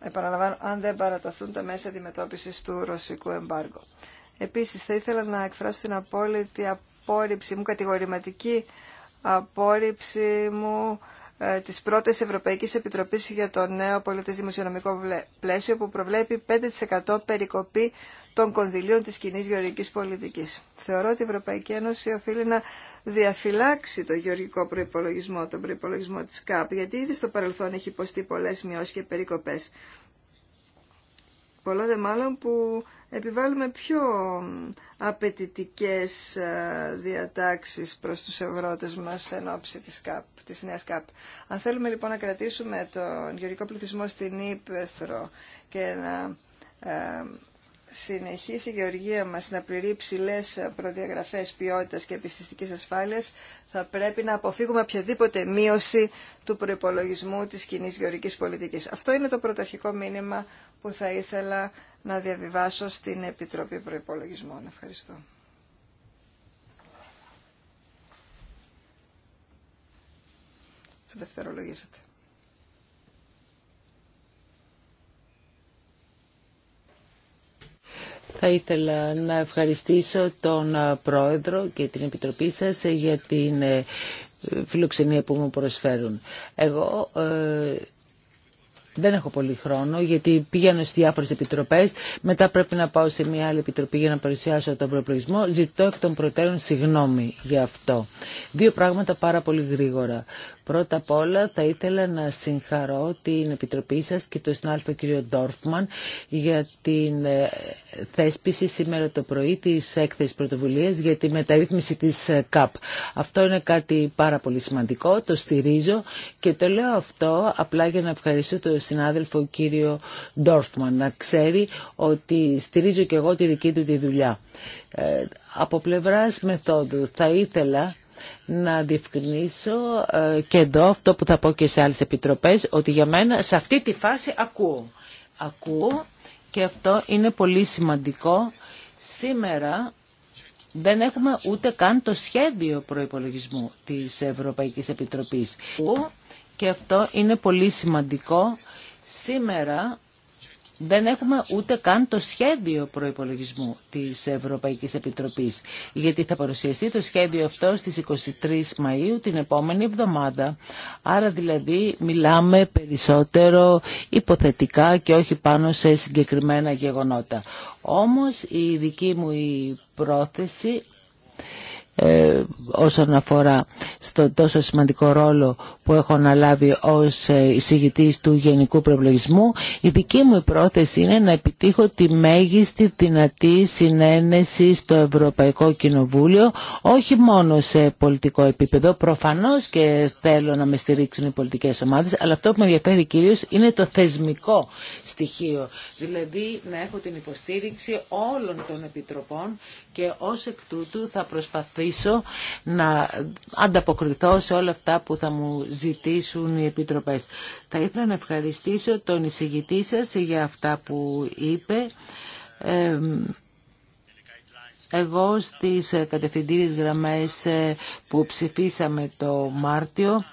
Επαναλαμβάνω, αν δεν παραταθούν τα μέσα αντιμετώπιση του ρωσικού εμπάργου. Επίσης, θα ήθελα να εκφράσω την απόλυτη απόρριψη μου, κατηγορηματική απόρριψη μου ε, της πρώτης Ευρωπαϊκής Επιτροπής για το νέο πολιτές δημοσιονομικό πλαίσιο που προβλέπει 5% περικοπή των κονδυλίων της κοινή γεωργικής πολιτικής. Θεωρώ ότι η Ευρωπαϊκή Ένωση οφείλει να διαφυλάξει το γεωργικό προϋπολογισμό, τον προϋπολογισμό της ΚΑΠ, γιατί ήδη στο παρελθόν έχει υποστεί πολλές μειώσεις και περικοπές. Πολλά δε μάλλον που επιβάλλουμε πιο απαιτητικές ε, διατάξεις προς τους ευρώτες μας εν ώψη της, ΚΑΠ, της νέας ΚΑΠ. Αν θέλουμε λοιπόν να κρατήσουμε τον γεωργικό πληθυσμό στην Ήπεθρο και να ε, συνεχίσει η γεωργία μας να πληρεί υψηλέ προδιαγραφές ποιότητας και επιστηστικής ασφάλειας, θα πρέπει να αποφύγουμε οποιαδήποτε μείωση του προϋπολογισμού της κοινή γεωργικής πολιτικής. Αυτό είναι το πρωταρχικό μήνυμα που θα ήθελα να διαβιβάσω στην Επιτροπή Προϋπολογισμών. Ευχαριστώ. Σε δευτερολογήσετε. Θα ήθελα να ευχαριστήσω τον ε, Πρόεδρο και την Επιτροπή σας ε, για την ε, φιλοξενία που μου προσφέρουν. Εγώ δεν έχω πολύ χρόνο γιατί πηγαίνω στι διάφορε επιτροπέ. Μετά πρέπει να πάω σε μια άλλη επιτροπή για να παρουσιάσω τον προπολογισμό. Ζητώ εκ των προτέρων συγγνώμη για αυτό. Δύο πράγματα πάρα πολύ γρήγορα. Πρώτα απ' όλα θα ήθελα να συγχαρώ την Επιτροπή σας και τον συνάδελφο κ. Ντόρφμαν για την ε, θέσπιση σήμερα το πρωί της έκθεσης πρωτοβουλίας για τη μεταρρύθμιση της ε, ΚΑΠ. Αυτό είναι κάτι πάρα πολύ σημαντικό, το στηρίζω και το λέω αυτό απλά για να ευχαριστώ τον συνάδελφο κ. Ντόρφμαν να ξέρει ότι στηρίζω και εγώ τη δική του τη δουλειά. Ε, από πλευράς μεθόδου θα ήθελα να διευκρινίσω ε, και εδώ αυτό που θα πω και σε άλλες επιτροπές, ότι για μένα σε αυτή τη φάση ακούω. Ακούω και αυτό είναι πολύ σημαντικό. Σήμερα δεν έχουμε ούτε καν το σχέδιο προϋπολογισμού της Ευρωπαϊκής Επιτροπής. Και αυτό είναι πολύ σημαντικό. Σήμερα δεν έχουμε ούτε καν το σχέδιο προϋπολογισμού της Ευρωπαϊκής Επιτροπής, γιατί θα παρουσιαστεί το σχέδιο αυτό στις 23 Μαΐου την επόμενη εβδομάδα. Άρα δηλαδή μιλάμε περισσότερο υποθετικά και όχι πάνω σε συγκεκριμένα γεγονότα. Όμως η δική μου η πρόθεση ε, όσον αφορά στο τόσο σημαντικό ρόλο που έχω αναλάβει ως ε, εισηγητής του Γενικού Προεπλογισμού Η δική μου πρόθεση είναι να επιτύχω τη μέγιστη δυνατή συνένεση στο Ευρωπαϊκό Κοινοβούλιο, όχι μόνο σε πολιτικό επίπεδο. Προφανώς και θέλω να με στηρίξουν οι πολιτικές ομάδες, αλλά αυτό που με ενδιαφέρει κυρίως είναι το θεσμικό στοιχείο. Δηλαδή να έχω την υποστήριξη όλων των επιτροπών και ως εκ τούτου θα προσπαθήσω να ανταποκριθώ σε όλα αυτά που θα μου ζητήσουν οι επιτροπές. Θα ήθελα να ευχαριστήσω τον εισηγητή σας για αυτά που είπε. Ε, εγώ στις ε, κατευθυντήριες γραμμές ε, που ψηφίσαμε το Μάρτιο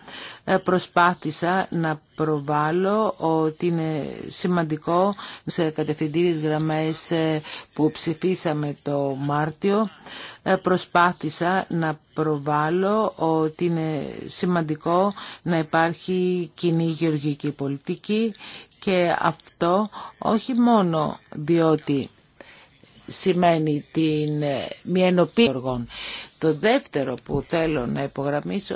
ε, προσπάθησα να προβάλλω ότι είναι σημαντικό σε κατευθυντήριες γραμμές που ψηφίσαμε το Μάρτιο προσπάθησα να προβάλλω ότι είναι σημαντικό να υπάρχει κοινή γεωργική πολιτική και αυτό όχι μόνο διότι σημαίνει την ε, μια οργών. Το δεύτερο που θέλω να υπογραμμίσω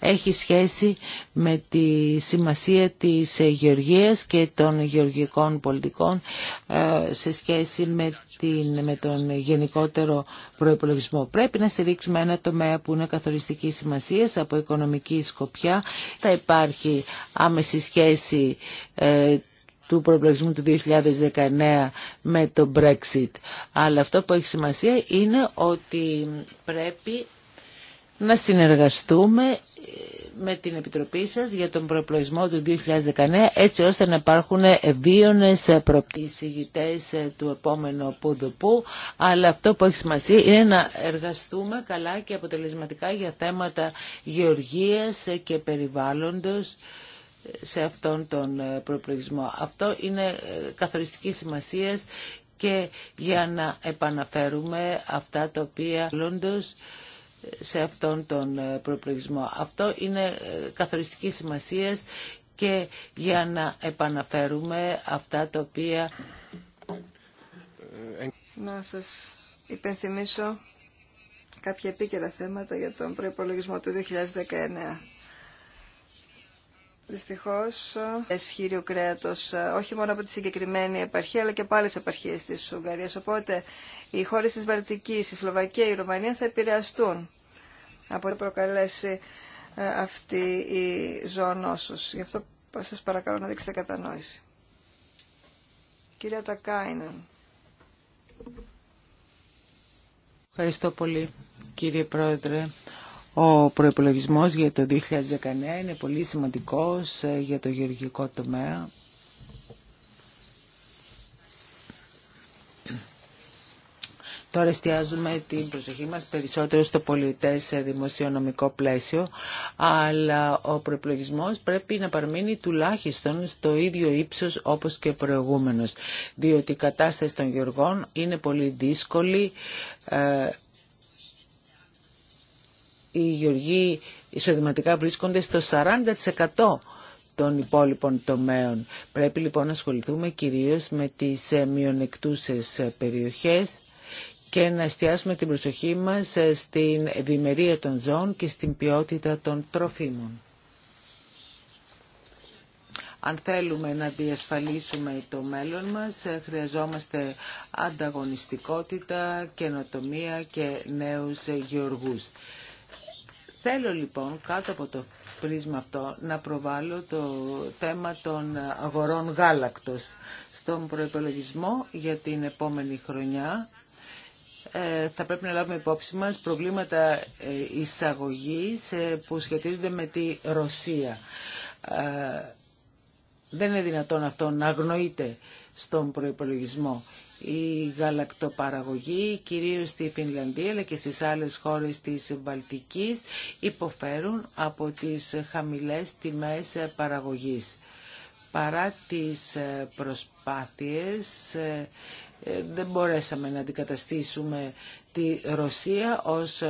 έχει σχέση με τη σημασία της ε, γεωργίας και των γεωργικών πολιτικών ε, σε σχέση με, την, με τον γενικότερο προϋπολογισμό. Πρέπει να στηρίξουμε ένα τομέα που είναι καθοριστική σημασία από οικονομική σκοπιά. Θα υπάρχει άμεση σχέση του προεπλογισμού του 2019 με το Brexit. Αλλά αυτό που έχει σημασία είναι ότι πρέπει να συνεργαστούμε ε, με την Επιτροπή σας για τον προεπλογισμό του 2019 έτσι ώστε να υπάρχουν ευβίωνες προπτήσεις ε, του επόμενου πουδουπού αλλά αυτό που έχει σημασία είναι να εργαστούμε καλά και αποτελεσματικά για θέματα γεωργίας ε, και περιβάλλοντος σε αυτόν τον ε, προπλογισμό. Αυτό είναι ε, καθοριστική σημασία και για να επαναφέρουμε αυτά τα οποία λόντως ε, σε αυτόν τον προπολογισμό. Αυτό είναι καθοριστική σημασία και για να επαναφέρουμε αυτά τα οποία... Να σας υπενθυμίσω κάποια επίκαιρα θέματα για τον προϋπολογισμό του 2019. Δυστυχώς, εσχύριο κρέατος, ε, όχι μόνο από τη συγκεκριμένη επαρχία, αλλά και από άλλες επαρχίες της Ουγγαρίας. Οπότε, οι χώρες της Βαλτικής, η Σλοβακία, η Ρουμανία θα επηρεαστούν από το προκαλέσει ε, αυτή η ζωονόσο. Γι' αυτό σα παρακαλώ να δείξετε κατανόηση. Κυρία Τακάινεν. Ευχαριστώ πολύ κύριε Πρόεδρε. Ο προϋπολογισμός για το 2019 είναι πολύ σημαντικός ε, για το γεωργικό τομέα. Τώρα εστιάζουμε την προσοχή μας περισσότερο στο πολιτές ε, δημοσιονομικό πλαίσιο, αλλά ο προεπλογισμός πρέπει να παραμείνει τουλάχιστον στο ίδιο ύψος όπως και προηγούμενος, διότι η κατάσταση των γεωργών είναι πολύ δύσκολη, ε, οι γεωργοί εισοδηματικά βρίσκονται στο 40% των υπόλοιπων τομέων. Πρέπει λοιπόν να ασχοληθούμε κυρίως με τις ε, μειονεκτούσες ε, περιοχές και να εστιάσουμε την προσοχή μας ε, στην ευημερία των ζώων και στην ποιότητα των τροφίμων. Αν θέλουμε να διασφαλίσουμε το μέλλον μας, χρειαζόμαστε ανταγωνιστικότητα, καινοτομία και νέους γεωργούς. Θέλω λοιπόν κάτω από το πρίσμα αυτό να προβάλλω το θέμα των αγορών γάλακτος στον προϋπολογισμό για την επόμενη χρονιά. Ε, θα πρέπει να λάβουμε υπόψη μας προβλήματα ε, εισαγωγής ε, που σχετίζονται με τη Ρωσία. Δεν είναι δυνατόν αυτό να αγνοείται στον προϋπολογισμό η γαλακτοπαραγωγή, κυρίως στη Φινλανδία αλλά και στις άλλες χώρες της Βαλτικής, υποφέρουν από τις χαμηλές τιμές παραγωγής. Παρά τις ε, προσπάθειες ε, ε, δεν μπορέσαμε να αντικαταστήσουμε τη Ρωσία ως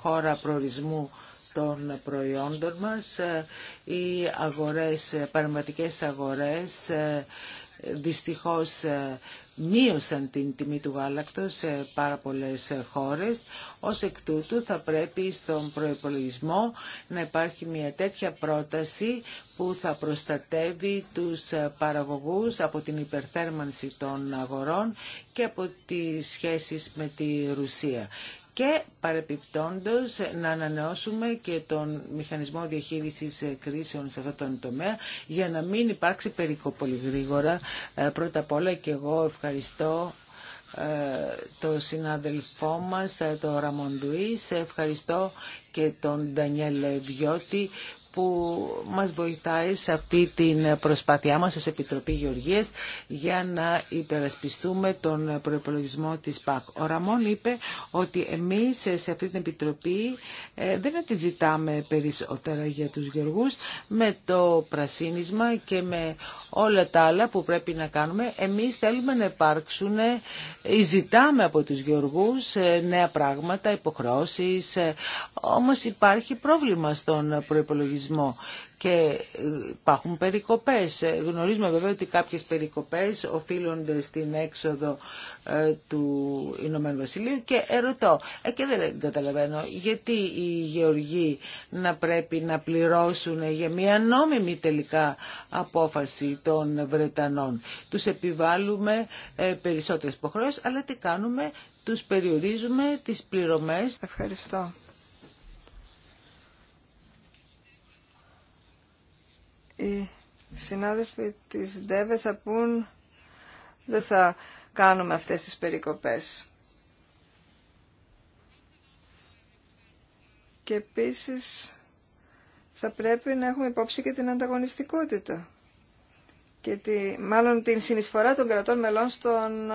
χώρα προορισμού των προϊόντων μας. Οι αγορές, πραγματικές αγορές δυστυχώς μείωσαν την τιμή του γάλακτο σε πάρα πολλές χώρες. Ως εκ τούτου θα πρέπει στον προϋπολογισμό να υπάρχει μια τέτοια πρόταση που θα προστατεύει τους παραγωγούς από την υπερθέρμανση των αγορών και από τις σχέσεις με τη Ρουσία και παρεπιπτόντως να ανανεώσουμε και τον μηχανισμό διαχείρισης κρίσεων σε αυτό τον τομέα για να μην υπάρξει περίκο πολύ γρήγορα. Ε, πρώτα απ' όλα και εγώ ευχαριστώ ε, το συνάδελφό μας, ε, το Ραμοντουή. Σε ευχαριστώ και τον Ντανιέλ Βιώτη που μας βοηθάει σε αυτή την προσπάθειά μας ως Επιτροπή Γεωργίας για να υπερασπιστούμε τον προεπολογισμό της ΠΑΚ. Ο Ραμόν είπε ότι εμείς σε αυτή την Επιτροπή ε, δεν αντιζητάμε περισσότερα για τους γεωργούς με το πρασίνισμα και με όλα τα άλλα που πρέπει να κάνουμε. Εμείς θέλουμε να υπάρξουν, ε, ζητάμε από τους γεωργούς ε, νέα πράγματα, υποχρεώσεις, όμως υπάρχει πρόβλημα στον προπολογισμό και ε, υπάρχουν περικοπές. Ε, γνωρίζουμε βέβαια ότι κάποιες περικοπές οφείλονται στην έξοδο ε, του Ηνωμένου Βασιλείου και ερωτώ, ε, και δεν καταλαβαίνω, γιατί οι γεωργοί να πρέπει να πληρώσουν για μια νόμιμη τελικά απόφαση των Βρετανών. Τους επιβάλλουμε περισσότερες υποχρεώσεις, αλλά τι κάνουμε, τους περιορίζουμε τις πληρωμές. Ευχαριστώ. οι συνάδελφοι της ΔΕΒΕ θα πούν δεν θα κάνουμε αυτές τις περικοπές. Και επίσης θα πρέπει να έχουμε υπόψη και την ανταγωνιστικότητα και τη, μάλλον την συνεισφορά των κρατών μελών στον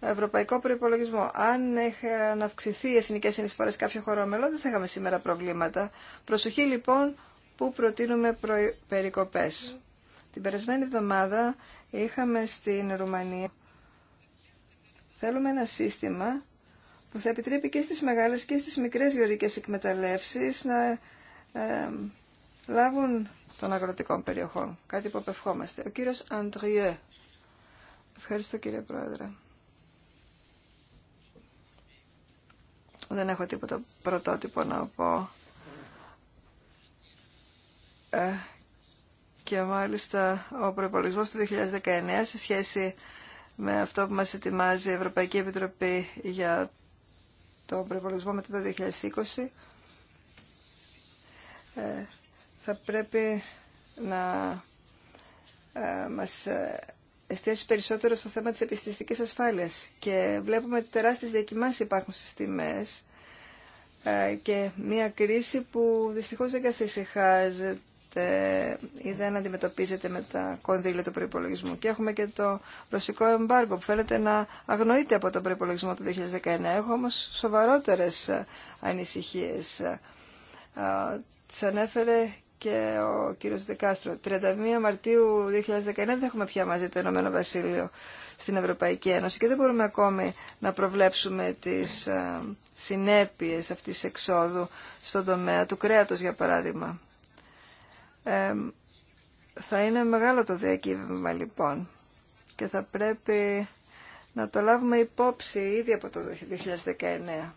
ευρωπαϊκό προπολογισμό. Αν είχαν αυξηθεί οι εθνικές συνεισφορές κάποιο χώρο μελών δεν θα είχαμε σήμερα προβλήματα. Προσοχή λοιπόν που προτείνουμε προ... περικοπές. Την περασμένη εβδομάδα είχαμε στην Ρουμανία θέλουμε ένα σύστημα που θα επιτρέπει και στις μεγάλες και στις μικρές γεωρικές εκμεταλλεύσεις να λάβουν των αγροτικών περιοχών. Κάτι που απευχόμαστε. Ο κύριος Αντριέ. Ευχαριστώ κύριε Πρόεδρε. Δεν έχω τίποτα πρωτότυπο να πω ε, και μάλιστα ο προπολογισμό του 2019 σε σχέση με αυτό που μας ετοιμάζει η Ευρωπαϊκή Επιτροπή για τον προπολογισμό μετά το 2020 ε, θα πρέπει να ε, μας εστιάσει περισσότερο στο θέμα της επιστηστικής ασφάλειας και βλέπουμε ότι τεράστιες διακοιμάσεις υπάρχουν στις τιμές και μια κρίση που δυστυχώς δεν καθυσυχάζεται ή δεν αντιμετωπίζεται με τα κονδύλια του προπολογισμού. Και έχουμε και το ρωσικό εμπάργκο που φαίνεται να αγνοείται από τον προϋπολογισμό του 2019. Έχω όμως σοβαρότερες ανησυχίες. Τις ανέφερε και ο κύριος Δεκάστρο. 31 Μαρτίου 2019 δεν έχουμε πια μαζί το Ηνωμένο Βασίλειο στην Ευρωπαϊκή Ένωση και δεν μπορούμε ακόμη να προβλέψουμε τις συνέπειες αυτής εξόδου στον τομέα του κρέατος, για παράδειγμα θα είναι μεγάλο το διακύβευμα λοιπόν και θα πρέπει να το λάβουμε υπόψη ήδη από το 2019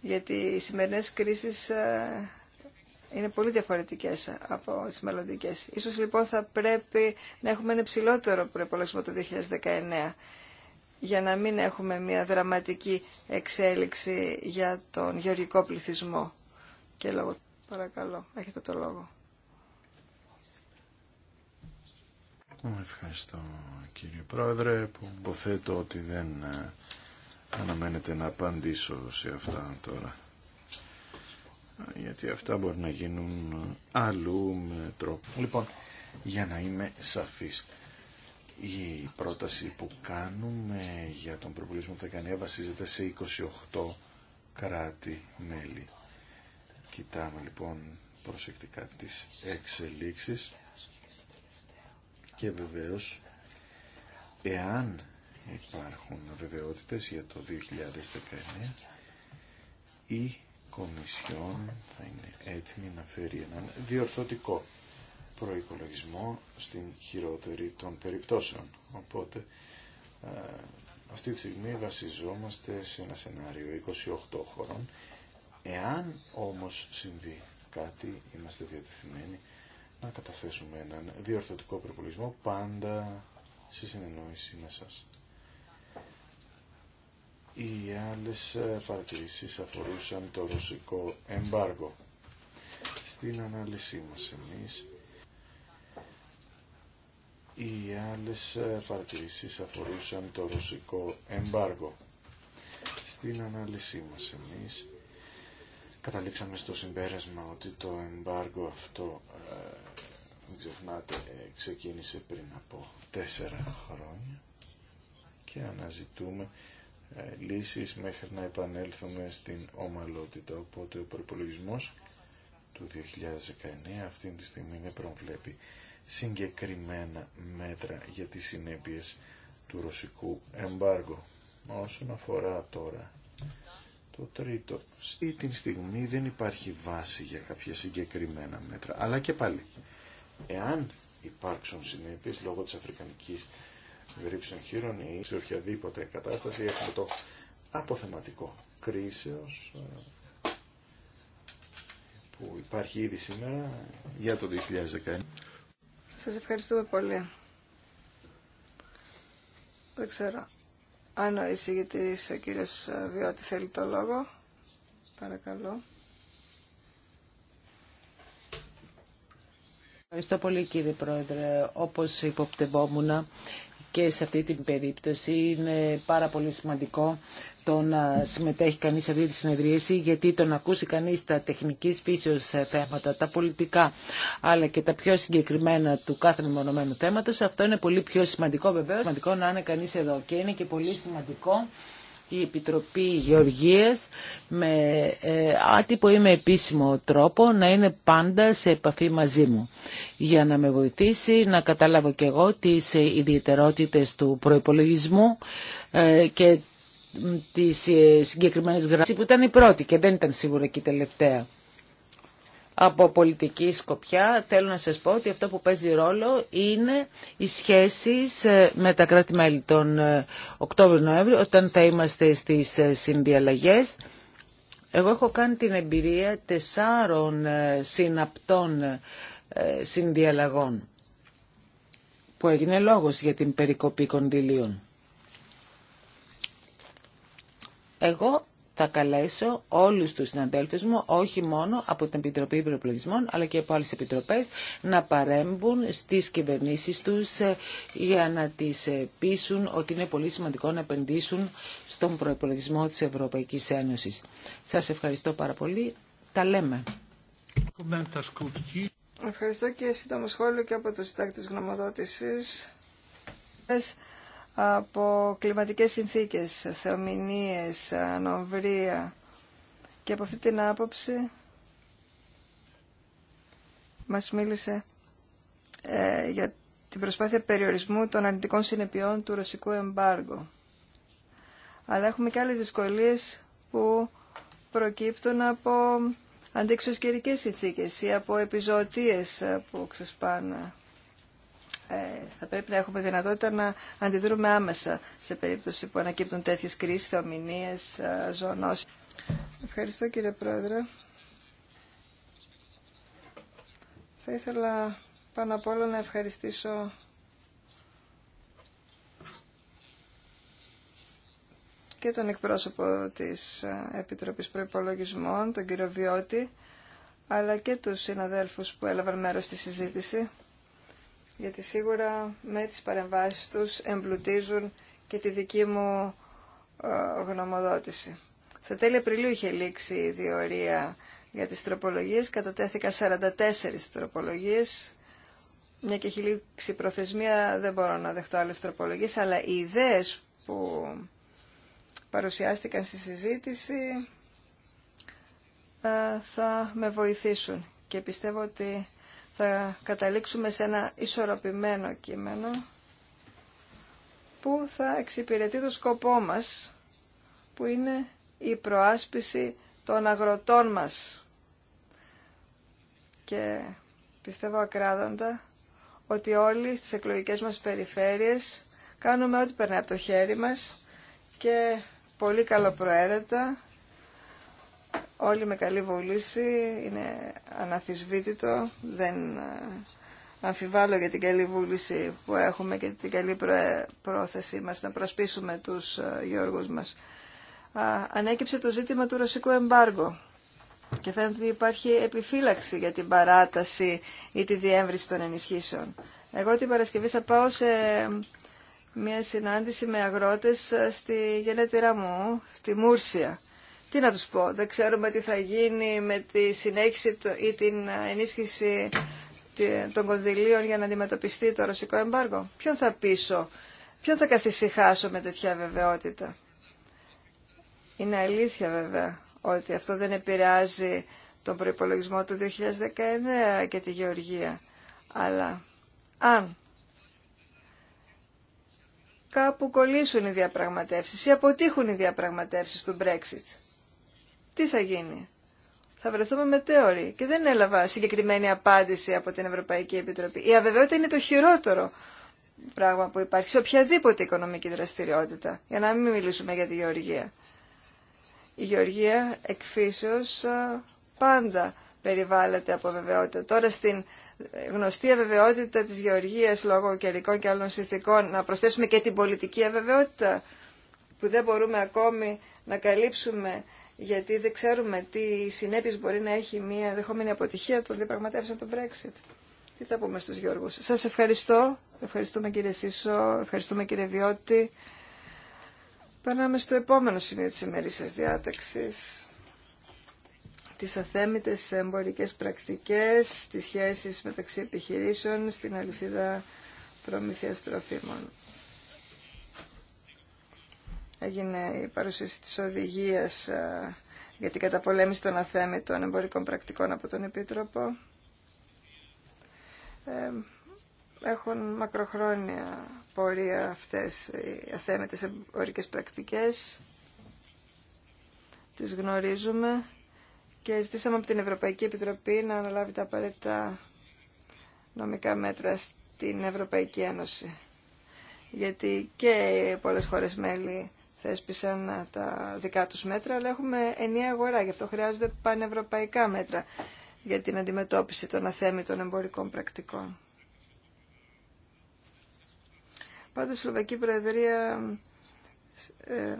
γιατί οι σημερινές κρίσεις ε, είναι πολύ διαφορετικές από τις μελλοντικές Ίσως λοιπόν θα πρέπει να έχουμε ένα ψηλότερο προϋπολογισμό το 2019 για να μην έχουμε μια δραματική εξέλιξη για τον γεωργικό πληθυσμό. Και λόγω. Παρακαλώ, έχετε το λόγο. Ευχαριστώ κύριε Πρόεδρε που υποθέτω ότι δεν ε, αναμένεται να απαντήσω σε αυτά τώρα. Γιατί αυτά μπορεί να γίνουν ε, αλλού με τρόπο. Λοιπόν, για να είμαι σαφής. Η πρόταση που κάνουμε για τον προπολισμό τα κάνει βασίζεται σε 28 κράτη-μέλη. Κοιτάμε λοιπόν προσεκτικά τις εξελίξεις και βεβαίως εάν υπάρχουν βεβαιότητες για το 2019 η Κομισιόν θα είναι έτοιμη να φέρει έναν διορθωτικό προϋπολογισμό στην χειρότερη των περιπτώσεων. Οπότε αυτή τη στιγμή βασιζόμαστε σε ένα σενάριο 28 χωρών. Εάν όμως συμβεί κάτι είμαστε διατεθειμένοι να καταθέσουμε έναν διορθωτικό προπολογισμό πάντα σε συνεννόηση με σας. Οι άλλες ε, παρατηρήσεις αφορούσαν το ρωσικό εμπάργο. Στην ανάλυση μας εμείς, οι άλλες ε, παρατηρήσεις αφορούσαν το ρωσικό εμπάργο. Στην ανάλυση μας εμείς, καταλήξαμε στο συμπέρασμα ότι το εμπάργο αυτό ε, μην ε, ξεκίνησε πριν από τέσσερα χρόνια και αναζητούμε ε, λύσεις μέχρι να επανέλθουμε στην ομαλότητα. Οπότε ο προπολογισμό του 2019 αυτή τη στιγμή δεν προβλέπει συγκεκριμένα μέτρα για τις συνέπειες του ρωσικού εμπάργου. Όσον αφορά τώρα το τρίτο, στη την στιγμή δεν υπάρχει βάση για κάποια συγκεκριμένα μέτρα, αλλά και πάλι Εάν υπάρξουν συνέπειες λόγω της αφρικανικής γρήψης χείρων ή σε οποιαδήποτε κατάσταση έχουμε το αποθεματικό κρίσεως ε, που υπάρχει ήδη σήμερα για το 2019. Σας ευχαριστούμε πολύ. Δεν ξέρω αν ο εισηγητής ο κύριος Βιώτη θέλει το λόγο. Παρακαλώ. Ευχαριστώ πολύ κύριε Πρόεδρε. Όπως υποπτευόμουν και σε αυτή την περίπτωση είναι πάρα πολύ σημαντικό το να συμμετέχει κανείς σε αυτή τη συνεδρίαση γιατί το να ακούσει κανείς τα τεχνικής φύσεως θέματα, τα πολιτικά αλλά και τα πιο συγκεκριμένα του κάθε μονομένου θέματος αυτό είναι πολύ πιο σημαντικό βεβαίως σημαντικό να είναι κανείς εδώ και είναι και πολύ σημαντικό η Επιτροπή Γεωργίας με ε, άτυπο ή με επίσημο τρόπο να είναι πάντα σε επαφή μαζί μου για να με βοηθήσει να καταλάβω και εγώ τις ε, ιδιαιτερότητες του προϋπολογισμού ε, και τις συγκεκριμένες γραμμές που ήταν η πρώτη και δεν ήταν σίγουρα και η τελευταία από πολιτική σκοπιά θέλω να σας πω ότι αυτό που παίζει ρόλο είναι οι σχέσεις ε, με τα κράτη-μέλη τον ε, Οκτώβριο-Νοέμβριο όταν θα είμαστε στις ε, συνδιαλλαγές. Εγώ έχω κάνει την εμπειρία τεσσάρων συναπτών συνδιαλλαγών που έγινε λόγος για την περικοπή κονδυλίων. Εγώ θα καλέσω όλους τους συναντέλφου μου, όχι μόνο από την Επιτροπή Υπεροπλογισμών, αλλά και από άλλε επιτροπές, να παρέμβουν στις κυβερνήσει τους ε, για να τι ε, πείσουν ότι είναι πολύ σημαντικό να επενδύσουν στον προπολογισμό της Ευρωπαϊκής Ένωσης. Σας ευχαριστώ πάρα πολύ. Τα λέμε. Ευχαριστώ και σύντομο σχόλιο και από το συντάκτη γνωμοδότηση από κλιματικές συνθήκες, θεομηνίες, ανοβρία. Και από αυτή την άποψη μας μίλησε ε, για την προσπάθεια περιορισμού των αρνητικών συνεπειών του ρωσικού εμπάργου. Αλλά έχουμε και άλλες δυσκολίες που προκύπτουν από αντίξωες καιρικές συνθήκες ή από επιζωτίες ε, που ξεσπάνε. Ε, θα πρέπει να έχουμε δυνατότητα να αντιδρούμε άμεσα σε περίπτωση που ανακύπτουν τέτοιες κρίσεις, θεομηνίε, ε, ζωνώσει. Ευχαριστώ κύριε Πρόεδρε. Θα ήθελα πάνω απ' όλα να ευχαριστήσω και τον εκπρόσωπο της ε, Επιτροπής Προϋπολογισμών, τον κύριο Βιώτη, αλλά και τους συναδέλφους που έλαβαν μέρος στη συζήτηση γιατί σίγουρα με τις παρεμβάσεις τους εμπλουτίζουν και τη δική μου ε, γνωμοδότηση. Στα τέλη Απριλίου είχε λήξει η διορία για τις τροπολογίες, κατατέθηκα 44 τροπολογίες, μια και έχει λήξει προθεσμία, δεν μπορώ να δεχτώ άλλες τροπολογίες, αλλά οι ιδέες που παρουσιάστηκαν στη συζήτηση ε, θα με βοηθήσουν και πιστεύω ότι θα καταλήξουμε σε ένα ισορροπημένο κείμενο που θα εξυπηρετεί το σκοπό μας, που είναι η προάσπιση των αγροτών μας. Και πιστεύω ακράδαντα ότι όλοι στις εκλογικές μας περιφέρειες κάνουμε ό,τι περνάει από το χέρι μας και πολύ καλοπροαίρετα όλοι με καλή βούληση, είναι αναφυσβήτητο, δεν ε, αμφιβάλλω για την καλή βούληση που έχουμε και την καλή πρόθεσή μας να προσπίσουμε τους ε, γιώργους μας. Ανέκυψε το ζήτημα του ρωσικού εμπάργου και φαίνεται ότι υπάρχει επιφύλαξη για την παράταση ή τη διέμβριση των ενισχύσεων. Εγώ την Παρασκευή θα πάω σε μια συνάντηση με αγρότες ε, στη γενέτειρά μου, στη Μούρσια τι να τους πω, δεν ξέρουμε τι θα γίνει με τη συνέχιση ή την ενίσχυση των κονδυλίων για να αντιμετωπιστεί το ρωσικό εμπάργο. Ποιον θα πείσω, ποιον θα καθησυχάσω με τέτοια βεβαιότητα. Είναι αλήθεια βέβαια ότι αυτό δεν επηρεάζει τον προϋπολογισμό του 2019 και τη γεωργία. Αλλά αν κάπου κολλήσουν οι διαπραγματεύσεις ή αποτύχουν οι διαπραγματεύσεις του Brexit, τι θα γίνει. Θα βρεθούμε μετέωροι και δεν έλαβα συγκεκριμένη απάντηση από την Ευρωπαϊκή Επιτροπή. Η αβεβαιότητα είναι το χειρότερο πράγμα που υπάρχει σε οποιαδήποτε οικονομική δραστηριότητα, για να μην μιλήσουμε για τη γεωργία. Η γεωργία εκφύσεως πάντα περιβάλλεται από αβεβαιότητα. Τώρα στην γνωστή αβεβαιότητα της γεωργίας λόγω καιρικών και άλλων συνθήκων να προσθέσουμε και την πολιτική αβεβαιότητα που δεν μπορούμε ακόμη να καλύψουμε γιατί δεν ξέρουμε τι συνέπειες μπορεί να έχει μια δεχόμενη αποτυχία των διαπραγματεύσεων του Brexit. Τι θα πούμε στους Γιώργους. Σας ευχαριστώ. Ευχαριστούμε κύριε Σίσο, ευχαριστούμε κύριε Βιώτη. Περνάμε στο επόμενο σημείο της ημερήσια διάταξης. Τις αθέμητες εμπορικές πρακτικές, τις σχέσεις μεταξύ επιχειρήσεων στην αλυσίδα προμήθειας τροφίμων έγινε η παρουσίαση της οδηγίας ε, για την καταπολέμηση των αθέμητων εμπορικών πρακτικών από τον Επίτροπο. Ε, έχουν μακροχρόνια πορεία αυτές οι αθέμητες εμπορικές πρακτικές. Τις γνωρίζουμε και ζητήσαμε από την Ευρωπαϊκή Επιτροπή να αναλάβει τα απαραίτητα νομικά μέτρα στην Ευρωπαϊκή Ένωση. Γιατί και πολλές χώρες μέλη θέσπισαν ε, τα δικά τους μέτρα, αλλά έχουμε ενιαία αγορά, γι' αυτό χρειάζονται πανευρωπαϊκά μέτρα για την αντιμετώπιση των αθέμητων εμπορικών πρακτικών. Πάντως η Σλοβακή Προεδρία ε,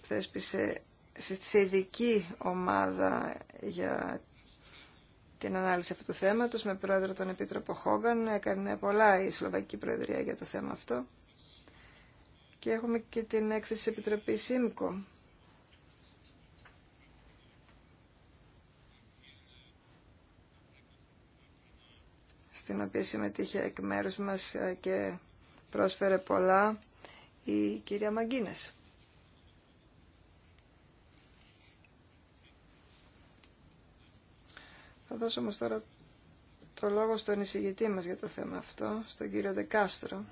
θέσπισε σε ειδική ομάδα για την ανάλυση αυτού του θέματος με πρόεδρο τον Επίτροπο Χόγκαν. Έκανε πολλά η Σλοβακή Προεδρία για το θέμα αυτό. Και έχουμε και την έκθεση της Επιτροπής ΣΥΜΚΟ. στην οποία συμμετείχε εκ μέρους μας ε, και πρόσφερε πολλά η κυρία Μαγκίνες. Θα δώσω όμως τώρα το λόγο στον εισηγητή μας για το θέμα αυτό, στον κύριο Δεκάστρο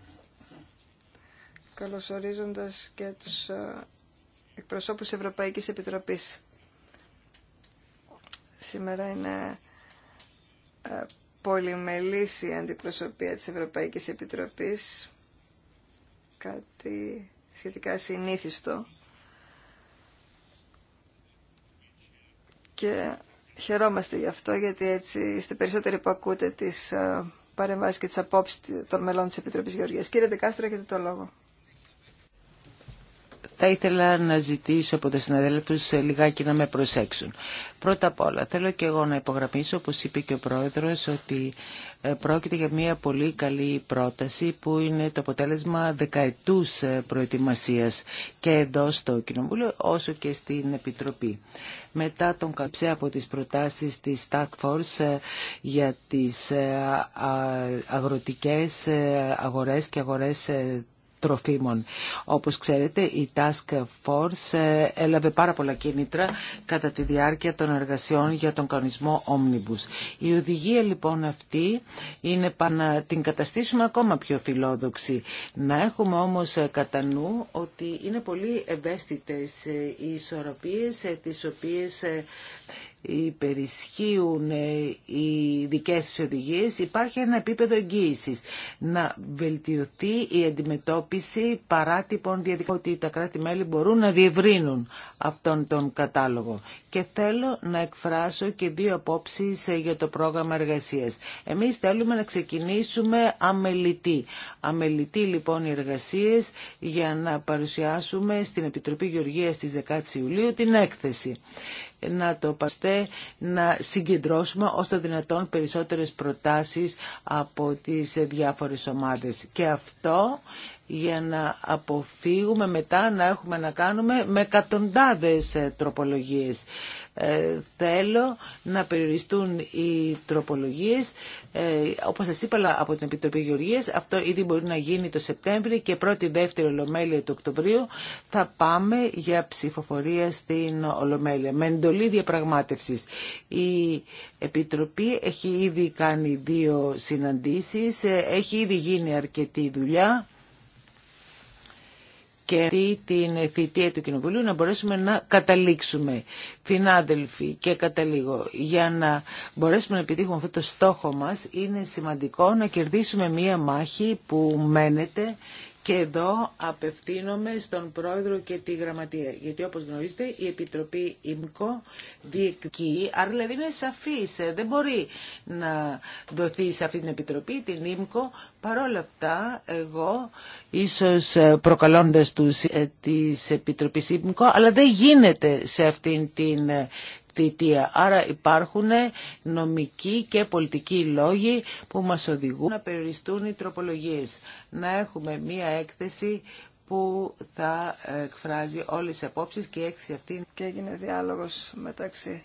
καλωσορίζοντας και τους ε, εκπροσώπους Ευρωπαϊκής Επιτροπής. Σήμερα είναι ε, πολυμελής η αντιπροσωπεία της Ευρωπαϊκής Επιτροπής, κάτι σχετικά συνήθιστο. Και χαιρόμαστε γι' αυτό, γιατί έτσι είστε περισσότεροι που ακούτε τις ε, παρεμβάσεις και τις απόψεις των μελών της Επιτροπής Γεωργίας. Κύριε Δεκάστρο, έχετε το λόγο θα ήθελα να ζητήσω από τα συναδέλφους ε, λιγάκι να με προσέξουν. Πρώτα απ' όλα, θέλω και εγώ να υπογραμμίσω, όπως είπε και ο Πρόεδρος, ότι ε, πρόκειται για μια πολύ καλή πρόταση που είναι το αποτέλεσμα δεκαετούς ε, προετοιμασίας και εδώ στο Κοινοβούλιο όσο και στην Επιτροπή. Μετά τον καψέ από τις προτάσεις της Task Force για τις αγροτικές αγορές και αγορές τροφίμων. Όπως ξέρετε η Task Force ε, έλαβε πάρα πολλά κίνητρα κατά τη διάρκεια των εργασιών για τον κανονισμό Omnibus. Η οδηγία λοιπόν αυτή είναι να την καταστήσουμε ακόμα πιο φιλόδοξη. Να έχουμε όμως ε, κατά νου ότι είναι πολύ ευαίσθητες ε, οι ισορροπίες τις οποίες υπερισχύουν ε, οι δικές τους οδηγίες, υπάρχει ένα επίπεδο εγγύησης. Να βελτιωθεί η αντιμετώπιση παράτυπων διαδικασιών ότι τα κράτη-μέλη μπορούν να διευρύνουν αυτόν τον κατάλογο και θέλω να εκφράσω και δύο απόψεις ε, για το πρόγραμμα εργασίας. Εμείς θέλουμε να ξεκινήσουμε αμελητή. Αμελητή λοιπόν οι εργασίες για να παρουσιάσουμε στην Επιτροπή Γεωργίας της 10 Ιουλίου την έκθεση να το παστέ να συγκεντρώσουμε όσο δυνατόν περισσότερες προτάσεις από τις διάφορες ομάδες. Και αυτό για να αποφύγουμε μετά να έχουμε να κάνουμε με εκατοντάδες ε, τροπολογίες. Ε, θέλω να περιοριστούν οι τροπολογίες. Ε, όπως σας είπα από την Επιτροπή Γεωργίας, αυτό ήδη μπορεί να γίνει το Σεπτέμβριο και πρώτη-δεύτερη Ολομέλεια του Οκτωβρίου θα πάμε για ψηφοφορία στην Ολομέλεια με εντολή διαπραγμάτευσης. Η Επιτροπή έχει ήδη κάνει δύο συναντήσεις, ε, έχει ήδη γίνει αρκετή δουλειά και την θητεία του Κοινοβουλίου να μπορέσουμε να καταλήξουμε φινάδελφοι και καταλήγω για να μπορέσουμε να επιτύχουμε αυτό το στόχο μας είναι σημαντικό να κερδίσουμε μία μάχη που μένεται και εδώ απευθύνομαι στον πρόεδρο και τη γραμματεία. Γιατί όπως γνωρίζετε η Επιτροπή ΙΜΚΟ διεκδικεί, άρα δηλαδή είναι σαφής, ε, δεν μπορεί να δοθεί σε αυτή την Επιτροπή, την ΙΜΚΟ. Παρόλα αυτά εγώ ίσως ε, προκαλώντας τους ε, της Επιτροπής ΙΜΚΟ, αλλά δεν γίνεται σε αυτήν την θητεία. Άρα υπάρχουν νομικοί και πολιτικοί λόγοι που μας οδηγούν να περιοριστούν οι τροπολογίες. Να έχουμε μία έκθεση που θα εκφράζει όλες τις απόψεις και η έκθεση αυτή. Και έγινε διάλογος μεταξύ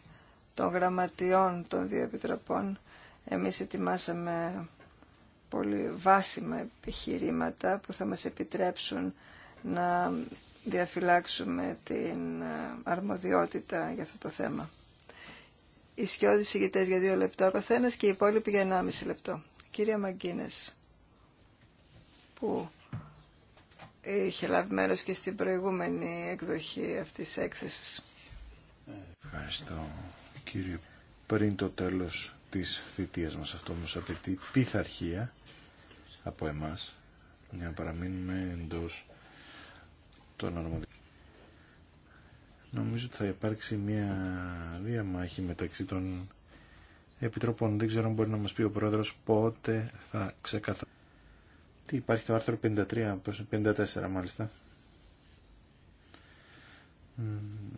των γραμματιών των δύο επιτροπών. Εμείς ετοιμάσαμε πολύ βάσιμα επιχειρήματα που θα μας επιτρέψουν να διαφυλάξουμε την αρμοδιότητα για αυτό το θέμα οι σκιώδεις για δύο λεπτά ο καθένας και οι υπόλοιποι για 1,5 λεπτό. Κυρία Μαγκίνες, που είχε λάβει μέρο και στην προηγούμενη εκδοχή αυτής τη έκθεσης. Ευχαριστώ κύριε. Πριν το τέλο της θητείας μας αυτό όμως απαιτεί πειθαρχία από εμάς για να παραμείνουμε εντό των αρμοδιών. Νομίζω ότι θα υπάρξει μια διαμάχη μεταξύ των επιτροπών. Δεν ξέρω αν μπορεί να μας πει ο πρόεδρος πότε θα ξεκαθαρίσει. Τι υπάρχει το άρθρο 53, 54 μάλιστα.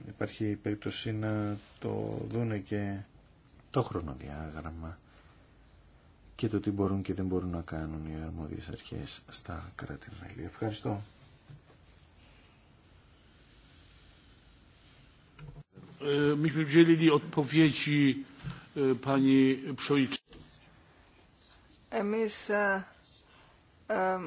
Υπάρχει περίπτωση να το δούνε και το χρονοδιάγραμμα και το τι μπορούν και δεν μπορούν να κάνουν οι αρμόδιες αρχές στα κράτη-μέλη. Ευχαριστώ. E, myśmy e, Εμείς ε, ε,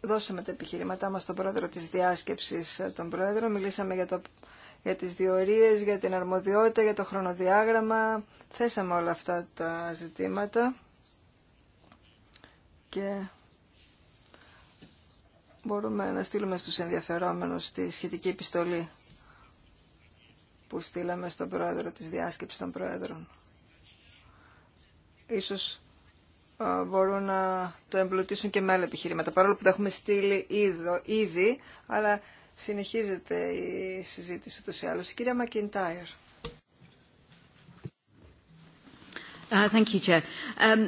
δώσαμε τα επιχειρήματά μας στον πρόεδρο της διάσκεψης ε, των πρόεδρων. Μιλήσαμε για, το, για τις διορίες, για την αρμοδιότητα, για το χρονοδιάγραμμα. Θέσαμε όλα αυτά τα ζητήματα και μπορούμε να στείλουμε στους ενδιαφερόμενους τη σχετική επιστολή που στείλαμε στον πρόεδρο της διάσκεψης των πρόεδρων. Ίσως ε, μπορούν να το εμπλουτίσουν και με άλλα επιχειρήματα, παρόλο που τα έχουμε στείλει ήδη, αλλά συνεχίζεται η συζήτηση τους ή άλλως. Η κυρία Μακιντάιρ. Uh, thank you, Chair. Um,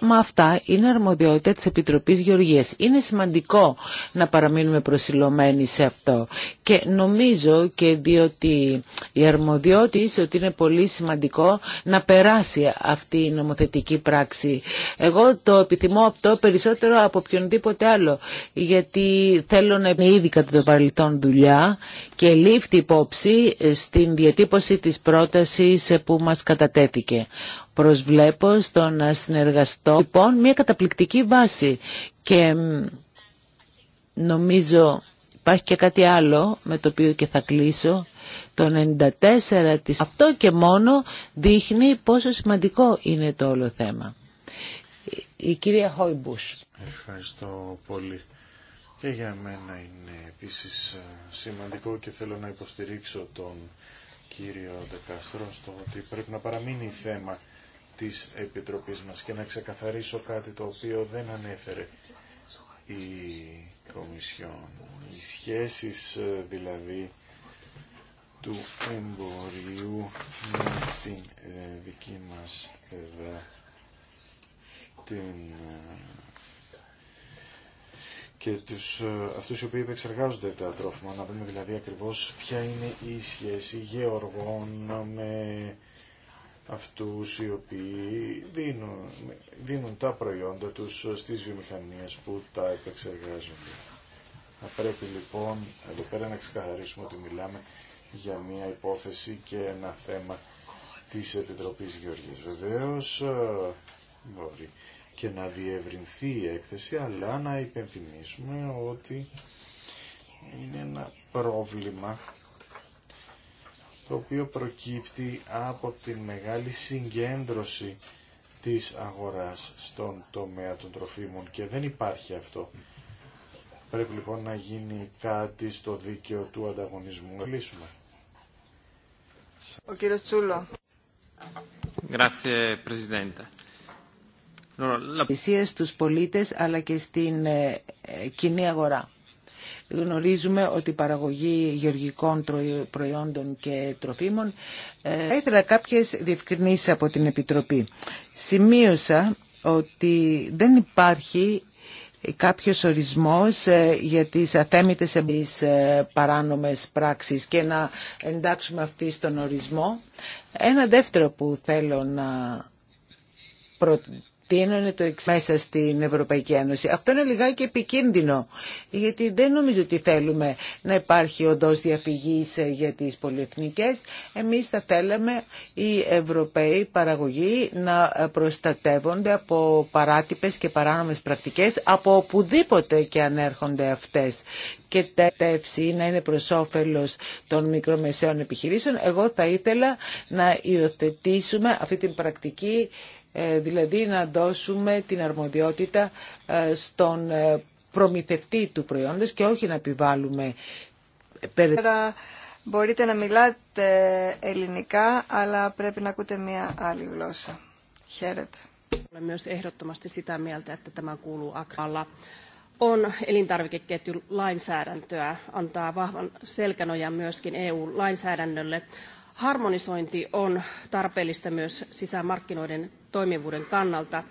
Μα αυτά είναι αρμοδιότητα της Επιτροπής Γεωργίας. Είναι σημαντικό να παραμείνουμε προσιλωμένοι σε αυτό. Και νομίζω και διότι η αρμοδιότητα ότι είναι πολύ σημαντικό να περάσει αυτή η νομοθετική πράξη. Εγώ το επιθυμώ αυτό περισσότερο από οποιονδήποτε άλλο. Γιατί θέλω να είμαι ήδη κατά το παρελθόν δουλειά και λήφθη υπόψη στην διατύπωση της πρότασης που μας κατατέθηκε. Προσβλέπω στο να συνεργαστώ λοιπόν μια καταπληκτική βάση και νομίζω υπάρχει και κάτι άλλο με το οποίο και θα κλείσω. Το 94% της... αυτό και μόνο δείχνει πόσο σημαντικό είναι το όλο θέμα. Η κυρία Χόιμπους. Ευχαριστώ πολύ. Και για μένα είναι επίσης ε, σημαντικό και θέλω να υποστηρίξω τον κύριο Δεκάστρο στο ότι πρέπει να παραμείνει θέμα της Επιτροπής μας και να ξεκαθαρίσω κάτι το οποίο δεν ανέφερε η Κομισιόν. Οι σχέσεις ε, δηλαδή του εμπορίου με την ε, δική μας την, ε, και τους, αυτούς οι οποίοι επεξεργάζονται τα τρόφιμα, να δούμε δηλαδή ακριβώς ποια είναι η σχέση γεωργών με αυτούς οι οποίοι δίνουν, δίνουν τα προϊόντα τους στις βιομηχανίες που τα επεξεργάζονται. Θα πρέπει λοιπόν εδώ πέρα να ξεκαθαρίσουμε ότι μιλάμε για μια υπόθεση και ένα θέμα της Επιτροπής Γεωργίας. Βεβαίως ε, μπορεί και να διευρυνθεί η έκθεση, αλλά να υπενθυμίσουμε ότι είναι ένα πρόβλημα το οποίο προκύπτει από την μεγάλη συγκέντρωση της αγοράς στον τομέα των τροφίμων και δεν υπάρχει αυτό. Πρέπει λοιπόν να γίνει κάτι στο δίκαιο του ανταγωνισμού. Κλείσουμε. Ο κύριος Τσούλο. Grazie, Presidente στους πολίτες αλλά και στην ε, ε, κοινή αγορά. Γνωρίζουμε ότι η παραγωγή γεωργικών προϊόντων και τροφίμων ε, Θα ήθελα κάποιες διευκρινήσεις από την Επιτροπή. Σημείωσα ότι δεν υπάρχει κάποιος ορισμός ε, για τις αθέμητες εμπειρίες ε, παράνομες πράξεις και να εντάξουμε αυτή στον ορισμό. Ένα δεύτερο που θέλω να είναι το εξή μέσα στην Ευρωπαϊκή Ένωση. Αυτό είναι λιγάκι επικίνδυνο, γιατί δεν νομίζω ότι θέλουμε να υπάρχει οδός διαφυγής ε, για τις πολυεθνικές. Εμείς θα θέλαμε οι Ευρωπαίοι παραγωγοί να ε, προστατεύονται από παράτυπες και παράνομες πρακτικές, από οπουδήποτε και αν έρχονται αυτές και τεύση να είναι προ όφελο των μικρομεσαίων επιχειρήσεων. Εγώ θα ήθελα να υιοθετήσουμε αυτή την πρακτική ε, δηλαδή να δώσουμε την αρμοδιότητα ε, στον ε, προμηθευτή του προϊόντος και όχι να επιβάλλουμε Μπορείτε να μιλάτε ελληνικά, αλλά πρέπει να ακούτε μία άλλη γλώσσα. Χαίρετε. Olen myös ehdottomasti sitä mieltä, että tämä kuuluu akralla. On elintarvikeketjun lainsäädäntöä, antaa vahvan selkänojan myöskin EU-lainsäädännölle harmonisointi on tarpeellista myös sisämarkkinoiden toimivuuden kannalta.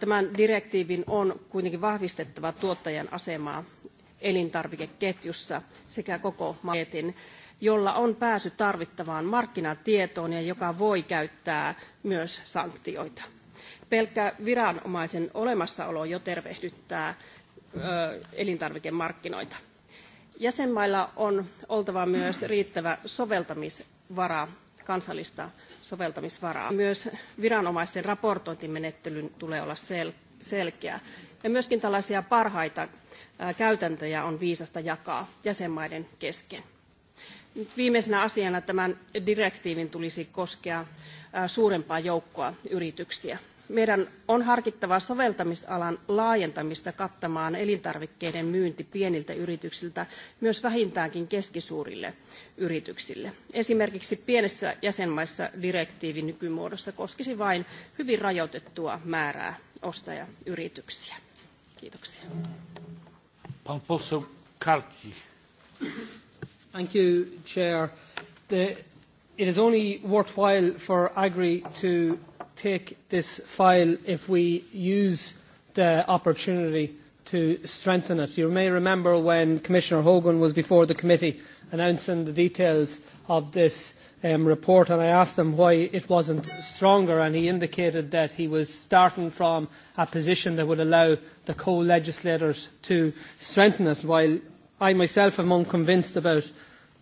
Tämän direktiivin on kuitenkin vahvistettava tuottajan asemaa elintarvikeketjussa sekä koko marketin, jolla on pääsy tarvittavaan markkinatietoon ja joka voi käyttää myös sanktioita. Pelkkä viranomaisen olemassaolo jo tervehdyttää elintarvikemarkkinoita. Jäsenmailla on oltava myös riittävä soveltamis varaa, kansallista soveltamisvaraa. Myös viranomaisten raportointimenettelyn tulee olla selkeä. Ja myöskin tällaisia parhaita käytäntöjä on viisasta jakaa jäsenmaiden kesken. Viimeisenä asiana tämän direktiivin tulisi koskea suurempaa joukkoa yrityksiä meidän on harkittava soveltamisalan laajentamista kattamaan elintarvikkeiden myynti pieniltä yrityksiltä myös vähintäänkin keskisuurille yrityksille. Esimerkiksi pienessä jäsenmaissa direktiivi nykymuodossa koskisi vain hyvin rajoitettua määrää ostajayrityksiä. Kiitoksia. Chair. The, it is only worthwhile for Agri to take this file if we use the opportunity to strengthen it. You may remember when Commissioner Hogan was before the committee announcing the details of this report and I asked him why it wasn't stronger and he indicated that he was starting from a position that would allow the co-legislators to strengthen it while I myself am unconvinced about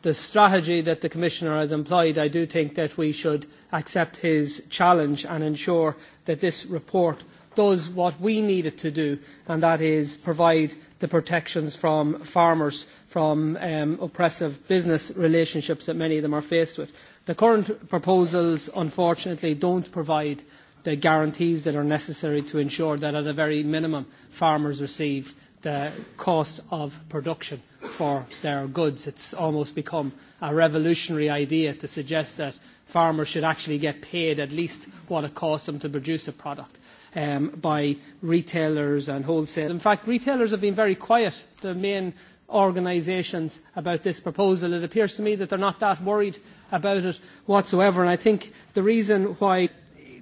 the strategy that the Commissioner has employed, I do think that we should accept his challenge and ensure that this report does what we need it to do, and that is provide the protections from farmers from oppressive business relationships that many of them are faced with. The current proposals, unfortunately, don't provide the guarantees that are necessary to ensure that, at a very minimum, farmers receive the cost of production for their goods. It's almost become a revolutionary idea to suggest that farmers should actually get paid at least what it costs them to produce a product by retailers and wholesalers. In fact, retailers have been very quiet, the main organisations, about this proposal. It appears to me that they're not that worried about it whatsoever. And I think the reason why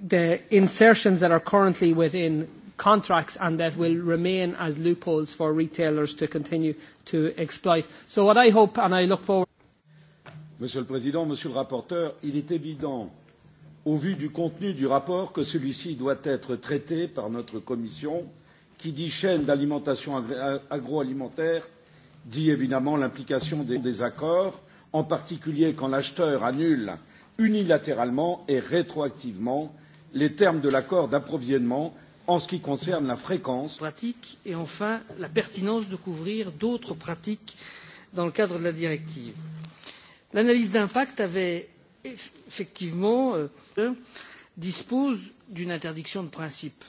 the insertions that are currently within contracts and that will remain as loopholes for retailers to continue to exploit. So what I hope and I look forward. Monsieur le Président, Monsieur le rapporteur, il est évident, au vu du contenu du rapport, que celui-ci doit être traité par notre Commission, qui dit chaîne d'alimentation agroalimentaire, dit évidemment l'implication des accords, en particulier quand l'acheteur annule unilatéralement et rétroactivement les termes de l'accord d'approvisionnement en ce qui concerne la fréquence pratique et enfin la pertinence de couvrir d'autres pratiques dans le cadre de la directive. L'analyse d'impact avait effectivement dispose d'une interdiction de principe.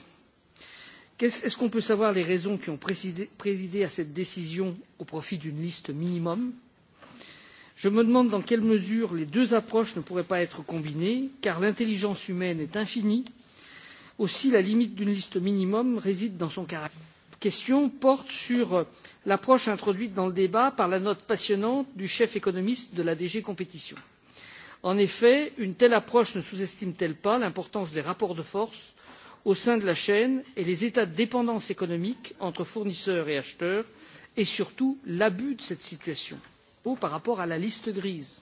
Est-ce qu'on peut savoir les raisons qui ont présidé à cette décision au profit d'une liste minimum Je me demande dans quelle mesure les deux approches ne pourraient pas être combinées, car l'intelligence humaine est infinie Aussi, la limite d'une liste minimum réside dans son caractère. La question porte sur l'approche introduite dans le débat par la note passionnante du chef économiste de la DG Compétition. En effet, une telle approche ne sous-estime t elle pas l'importance des rapports de force au sein de la chaîne et les états de dépendance économique entre fournisseurs et acheteurs et surtout l'abus de cette situation par rapport à la liste grise.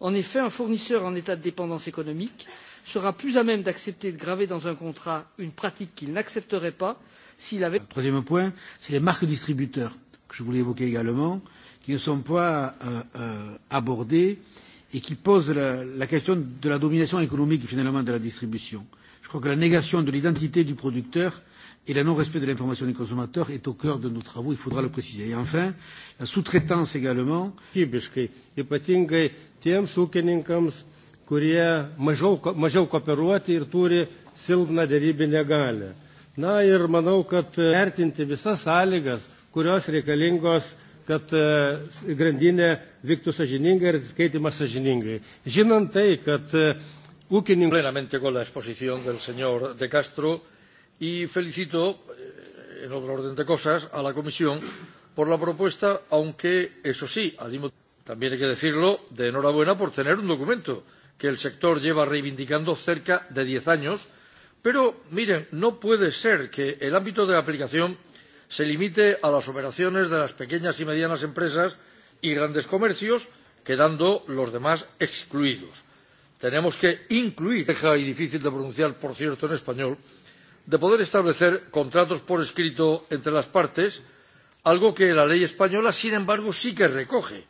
En effet, un fournisseur en état de dépendance économique sera plus à même d'accepter de graver dans un contrat une pratique qu'il n'accepterait pas s'il avait. Troisième point, c'est les marques distributeurs, que je voulais évoquer également, qui ne sont pas abordées et qui posent la question de la domination économique finalement de la distribution. Je crois que la négation de l'identité du producteur et le non respect de l'information des consommateurs est au cœur de nos travaux, il faudra le préciser. Et enfin, la sous traitance également kurie mažiau, mažiau kooperuoti ir turi silpną dėrybinę galę. Na ir manau, kad vertinti visas sąlygas, kurios reikalingos, kad grandinė vyktų sažiningai ir atsiskaitimas sažiningai. Žinant tai, kad ūkininkai. con la exposición del señor De Castro y felicito, en otro orden de cosas, a la Comisión por la propuesta, aunque, eso sí, también hay que decirlo, de enhorabuena por tener un documento que el sector lleva reivindicando cerca de diez años pero miren no puede ser que el ámbito de aplicación se limite a las operaciones de las pequeñas y medianas empresas y grandes comercios quedando los demás excluidos. tenemos que incluir deja y difícil de pronunciar por cierto en español de poder establecer contratos por escrito entre las partes algo que la ley española sin embargo sí que recoge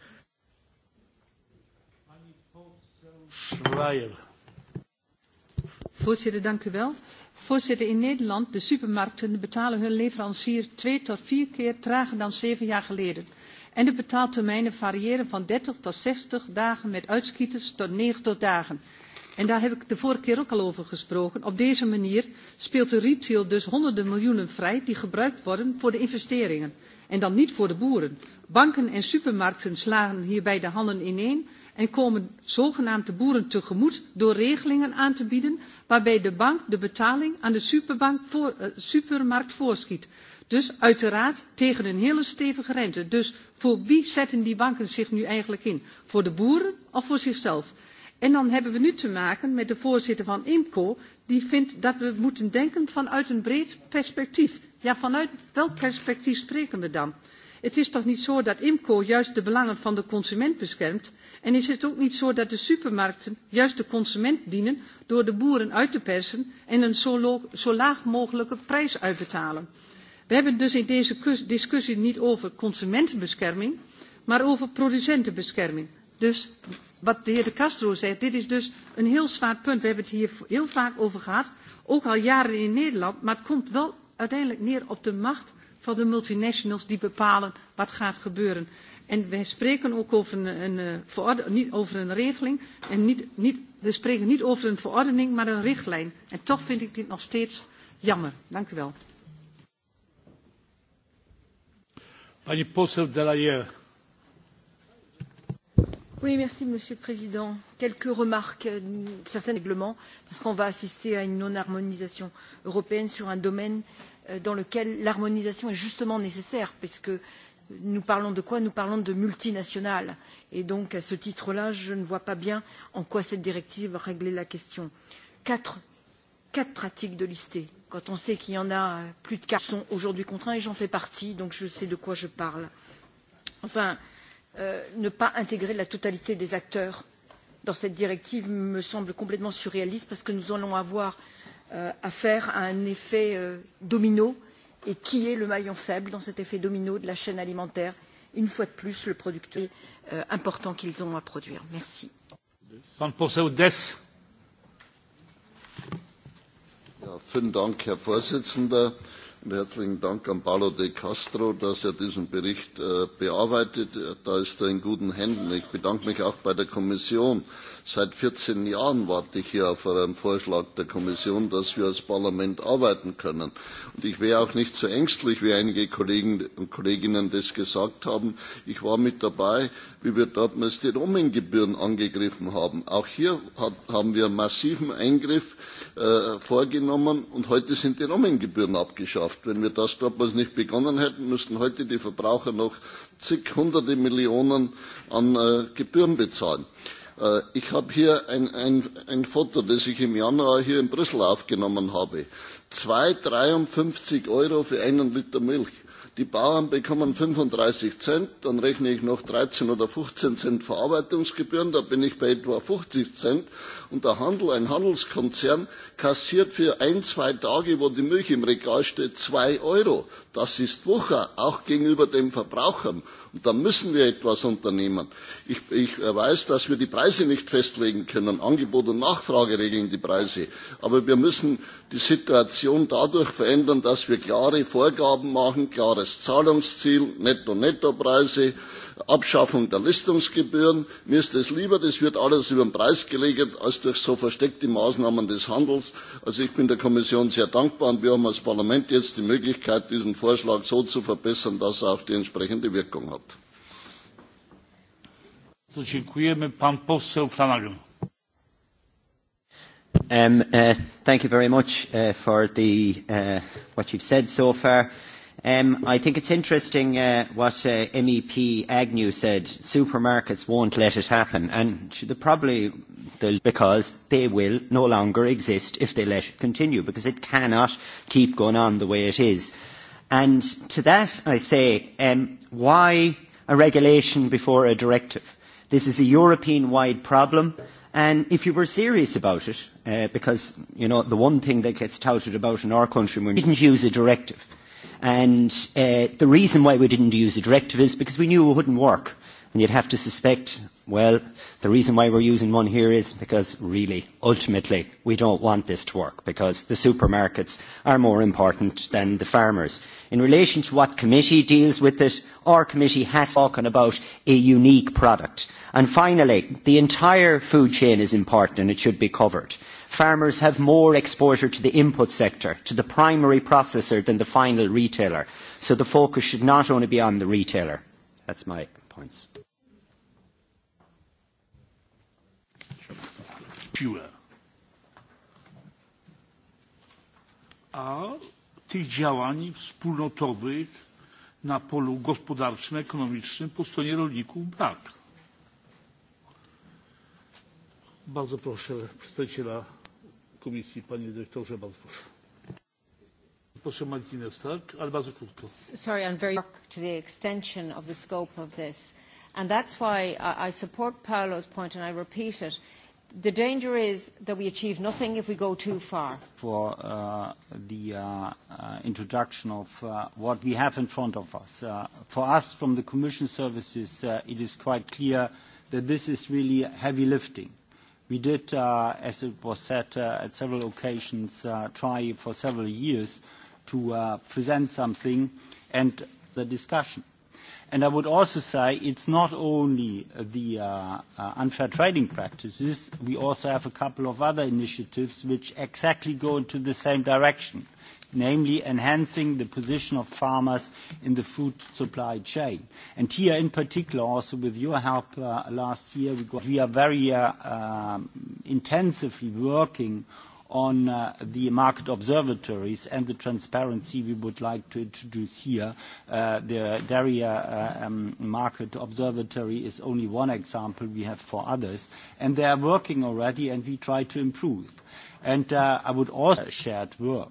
Voorzitter, in Nederland, de supermarkten betalen hun leverancier twee tot vier keer trager dan zeven jaar geleden. En de betaaltermijnen variëren van 30 tot 60 dagen met uitschieters tot 90 dagen. En daar heb ik de vorige keer ook al over gesproken. Op deze manier speelt de retail dus honderden miljoenen vrij die gebruikt worden voor de investeringen. En dan niet voor de boeren. Banken en supermarkten slagen hierbij de handen ineen en komen zogenaamd de boeren tegemoet door regelingen aan te bieden waarbij de bank de betaling aan de supermarkt voorschiet. Dus uiteraard tegen een hele stevige rente. Dus voor wie zetten die banken zich nu eigenlijk in? Voor de boeren of voor zichzelf? En dan hebben we nu te maken met de voorzitter van IMCO, die vindt dat we moeten denken vanuit een breed perspectief. Ja, vanuit welk perspectief spreken we dan? Het is toch niet zo dat IMCO juist de belangen van de consument beschermt en is het ook niet zo dat de supermarkten juist de consument dienen door de boeren uit te persen en een zo laag mogelijke prijs uit te betalen? We hebben het dus in deze discussie niet over consumentenbescherming, maar over producentenbescherming. Dus wat de heer De Castro zegt, dit is dus een heel zwaar punt. We hebben het hier heel vaak over gehad, ook al jaren in Nederland, maar het komt wel uiteindelijk neer op de macht van de multinationals die bepalen wat gaat gebeuren. En wij spreken ook over een, een, niet over een regeling. En niet, niet, we spreken niet over een verordening, maar een richtlijn. En toch vind ik dit nog steeds jammer. Dank u wel. Oui, merci Monsieur le Président. Quelques remarques, certains règlements, parce qu'on va assister à une non-harmonisation européenne sur un domaine dans lequel l'harmonisation est justement nécessaire, puisque nous parlons de quoi Nous parlons de multinationales. Et donc, à ce titre-là, je ne vois pas bien en quoi cette directive va régler la question. Quatre pratiques de lister, quand on sait qu'il y en a plus de quatre, sont aujourd'hui contraints, et j'en fais partie, donc je sais de quoi je parle. Enfin, ne pas intégrer la totalité des acteurs dans cette directive me semble complètement surréaliste, parce que nous allons avoir affaire à un effet domino et qui est le maillon faible dans cet effet domino de la chaîne alimentaire une fois de plus le producteur important qu'ils ont à produire. Merci. Herzlichen Dank an Paolo de Castro, dass er diesen Bericht bearbeitet. Da ist er in guten Händen. Ich bedanke mich auch bei der Kommission. Seit 14 Jahren warte ich hier auf einen Vorschlag der Kommission, dass wir als Parlament arbeiten können. Und ich wäre auch nicht so ängstlich, wie einige Kollegen und Kolleginnen das gesagt haben. Ich war mit dabei, wie wir damals die Roaming-Gebühren angegriffen haben. Auch hier haben wir einen massiven Eingriff vorgenommen und heute sind die roaming abgeschafft Wenn wir das damals nicht begonnen hätten, müssten heute die Verbraucher noch zig hunderte Millionen an Gebühren bezahlen. Ich habe hier ein Foto, das ich im Januar hier in Brüssel aufgenommen habe. 2,53 Euro für einen Liter Milch. Die Bauern bekommen 35 Cent, dann rechne ich noch 13 oder 15 Cent Verarbeitungsgebühren, da bin ich bei etwa 50 Cent und der Handel, ein Handelskonzern, kassiert für ein, zwei Tage, wo die Milch im Regal steht, zwei Euro. Das ist Wucher, auch gegenüber den Verbrauchern. Und da müssen wir etwas unternehmen. Ich weiß, dass wir die Preise nicht festlegen können. Angebot und Nachfrage regeln die Preise. Aber wir müssen die Situation dadurch verändern, dass wir klare Vorgaben machen, klares Zahlungsziel, Netto-Netto-Preise Abschaffung der Listungsgebühren. Mir ist das lieber, das wird alles über den Preis gelegt, als durch so versteckte Maßnahmen des Handels. Also ich bin der Kommission sehr dankbar und wir haben als Parlament jetzt die Möglichkeit, diesen Vorschlag so zu verbessern, dass er auch die entsprechende Wirkung hat. I think it's interesting what MEP Agnew said. Supermarkets won't let it happen, and probably because they will no longer exist if they let it continue, because it cannot keep going on the way it is. And to that I say, why a regulation before a directive? This is a European-wide problem, and if you were serious about it, because, you know, the one thing that gets touted about in our country, we didn't use a directive And the reason why we didn't use a directive is because we knew it wouldn't work. And you'd have to suspect, well, the reason why we're using one here is because really, ultimately, we don't want this to work because the supermarkets are more important than the farmers. In relation to what committee deals with it, our committee has spoken about a unique product. And finally, the entire food chain is important and it should be covered farmers have more exposure to the input sector, to the primary processor than the final retailer. So the focus should not only be on the retailer. That's my points. A tych działań wspólnotowych na polu gospodarczym, ekonomicznym po stronie rolników brak. Bardzo proszę przedstawiciela Komisji. Panie Dyrektorze, Sorry, I'm very to the extension of the scope of this. And that's why I support Paolo's point and I repeat it. The danger is that we achieve nothing if we go too far. For the introduction of what we have in front of us. For us, from the Commission services, it is quite clear that this is really heavy lifting. We did, as it was said at several occasions, try for several years to present something and the discussion. I would also say it's not only the unfair trading practices. We also have a couple of other initiatives which exactly go into the same direction namely enhancing the position of farmers in the food supply chain. And here in particular, also with your help last year, we are very intensively working on the market observatories and the transparency we would like to introduce here. The dairy market observatory is only one example. We have for others, and they are working already, and we try to improve. And I would also shared work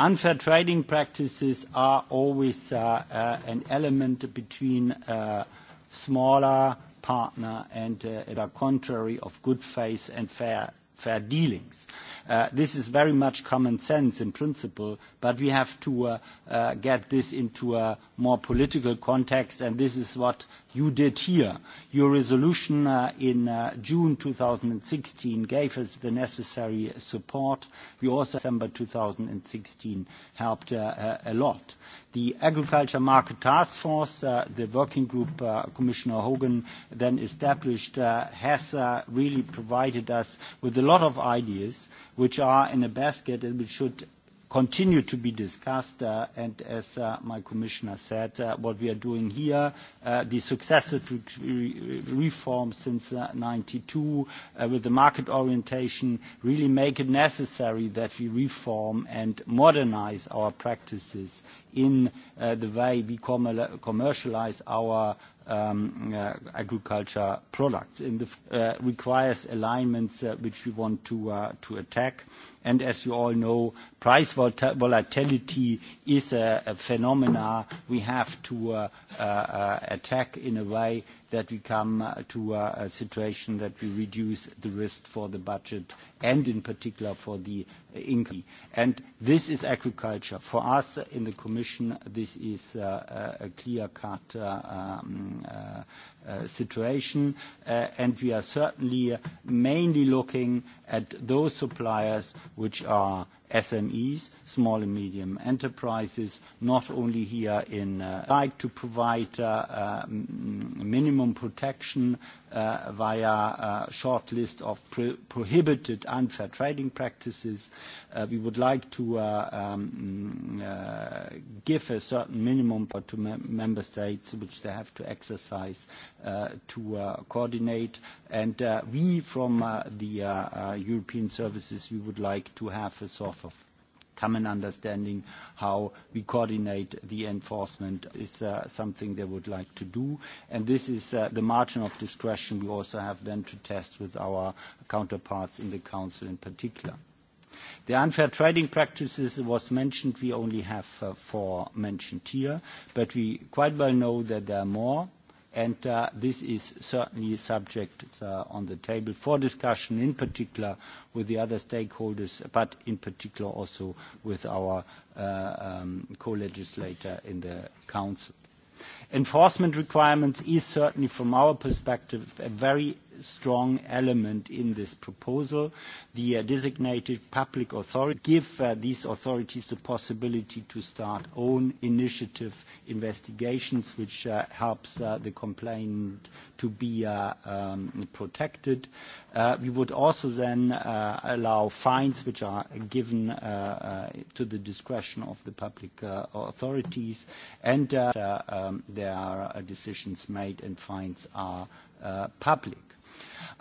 Unfair trading practices are always an element between smaller partner and at contrary of good faith and fair dealings. This is very much common sense in principle, but we have to get this into a more political context, and this is what you did here. Your resolution in June 2016 gave us the necessary support. We also, December 2016, helped a lot. The Agriculture Market Task Force, the working group Commissioner Hogan then established, has really provided us with a lot of ideas which are in a basket and which should continue to be discussed and as my commissioner said what we are doing here the successive reforms since 1992 with the market orientation really make it necessary that we reform and modernize our practices in the way we commercialize our agriculture products It requires alignments which we want to attack And as you all know, price volatility is a phenomenon we have to attack in a way that we come to a situation that we reduce the risk for the budget and in particular for the income. And this is agriculture. For us in the Commission, this is a clear-cut situation, and we are certainly mainly looking at those suppliers which are SMEs, small and medium enterprises, not only here in like to provide minimum protection via a short list of prohibited unfair trading practices. We would like to give a certain minimum to member states which they have to exercise to coordinate. And we, from the European services, we would like to have a sort of common understanding how we coordinate the enforcement is something they would like to do. And this is the margin of discretion we also have then to test with our counterparts in the Council in particular. The unfair trading practices was mentioned. We only have four mentioned here, but we quite well know that there are more and this is certainly subject on the table for discussion in particular with the other stakeholders but in particular also with our co-legislator in the council enforcement requirements is certainly, from our perspective, a very strong element in this proposal. The designated public authority give these authorities the possibility to start own initiative investigations, which helps the complainant to be protected. We would also then allow fines, which are given to the discretion of the public authorities, and there are decisions made and fines are public.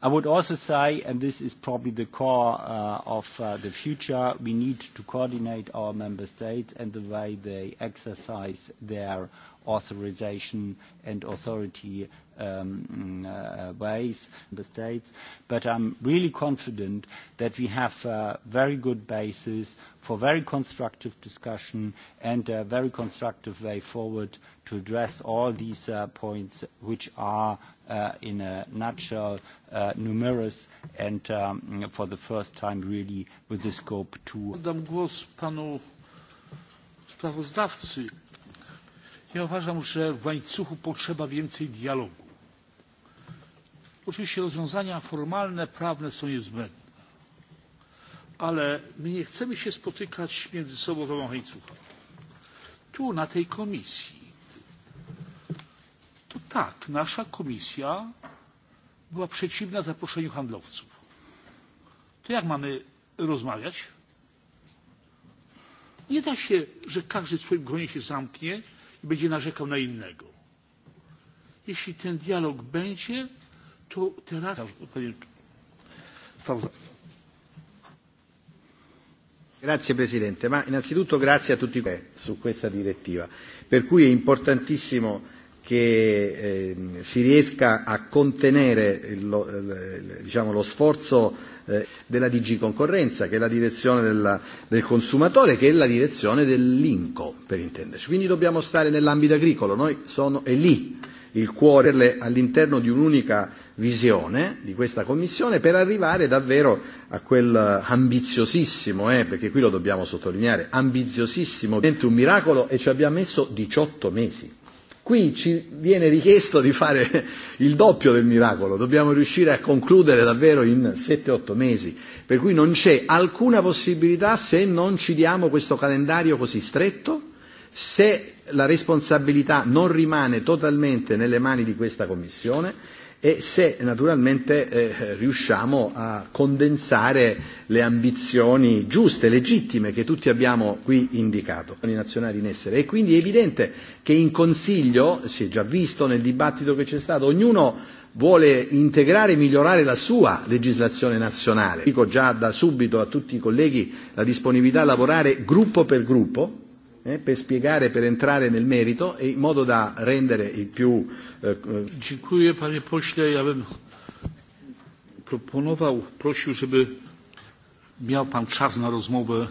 I would also say, and this is probably the core of the future, we need to coordinate our member states and the way they exercise their authorization and authority ways in the States. But I'm really confident that we have a very good basis for very constructive discussion and a very constructive way forward to address all these points, which are, in a nutshell, numerous and, for the first time, really with the scope to. Ja uważam, że w łańcuchu potrzeba więcej dialogu. Oczywiście rozwiązania formalne, prawne są niezbędne, ale my nie chcemy się spotykać między sobą w ramach Tu, na tej komisji. To tak, nasza komisja była przeciwna zaproszeniu handlowców. To jak mamy rozmawiać? Nie da się, że każdy w swoim gronie się zamknie i będzie narzekał na innego. Jeśli ten dialog będzie, to teraz... Grazie Presidente, ma innanzitutto grazie a tutti su questa direttiva, per cui è importantissimo che si riesca a contenere lo, diciamo, lo sforzo della DG Concorrenza, che è la direzione del consumatore, che è la direzione dell'INCO, per intenderci. Quindi dobbiamo stare nell'ambito agricolo, noi sono, è lì il cuore all'interno di un'unica visione di questa Commissione per arrivare davvero a quel ambiziosissimo, eh, perché qui lo dobbiamo sottolineare, ambiziosissimo, un miracolo e ci abbiamo messo 18 mesi Qui ci viene richiesto di fare il doppio del miracolo, dobbiamo riuscire a concludere davvero in 7-8 mesi, per cui non c'è alcuna possibilità se non ci diamo questo calendario così stretto, se la responsabilità non rimane totalmente nelle mani di questa Commissione e se naturalmente riusciamo a condensare le ambizioni giuste, legittime che tutti abbiamo qui indicato, i nazionali in essere. E quindi è evidente che in Consiglio, si è già visto nel dibattito che c'è stato, ognuno vuole integrare e migliorare la sua legislazione nazionale. Dico già da subito a tutti i colleghi la disponibilità a lavorare gruppo per gruppo per spiegare, per entrare nel merito e in modo da rendere il più. Dziękuję panie pośle. Ja bym proponował, prosił, żeby miał pan czas na rozmowę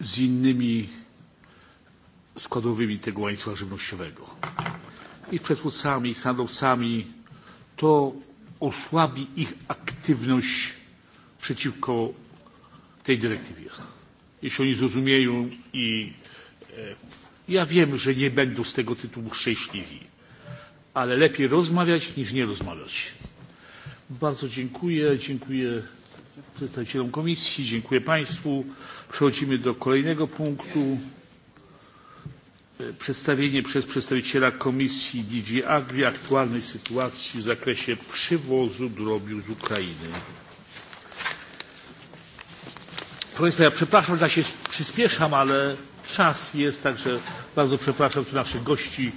z innymi składowymi tego łańcucha żywnościowego. I przetwórcami, i handlowcami. To osłabi ich aktywność przeciwko tej dyrektywie. Jeśli oni zrozumieją i Ja wiem, że nie będą z tego tytułu szczęśliwi, ale lepiej rozmawiać niż nie rozmawiać. Bardzo dziękuję. Dziękuję przedstawicielom komisji, dziękuję Państwu. Przechodzimy do kolejnego punktu. Przedstawienie przez przedstawiciela komisji DG Agri aktualnej sytuacji w zakresie przywozu drobiu z Ukrainy. Proszę Państwa, ja przepraszam, że się przyspieszam, ale czas jest, także bardzo przepraszam tu naszych gości.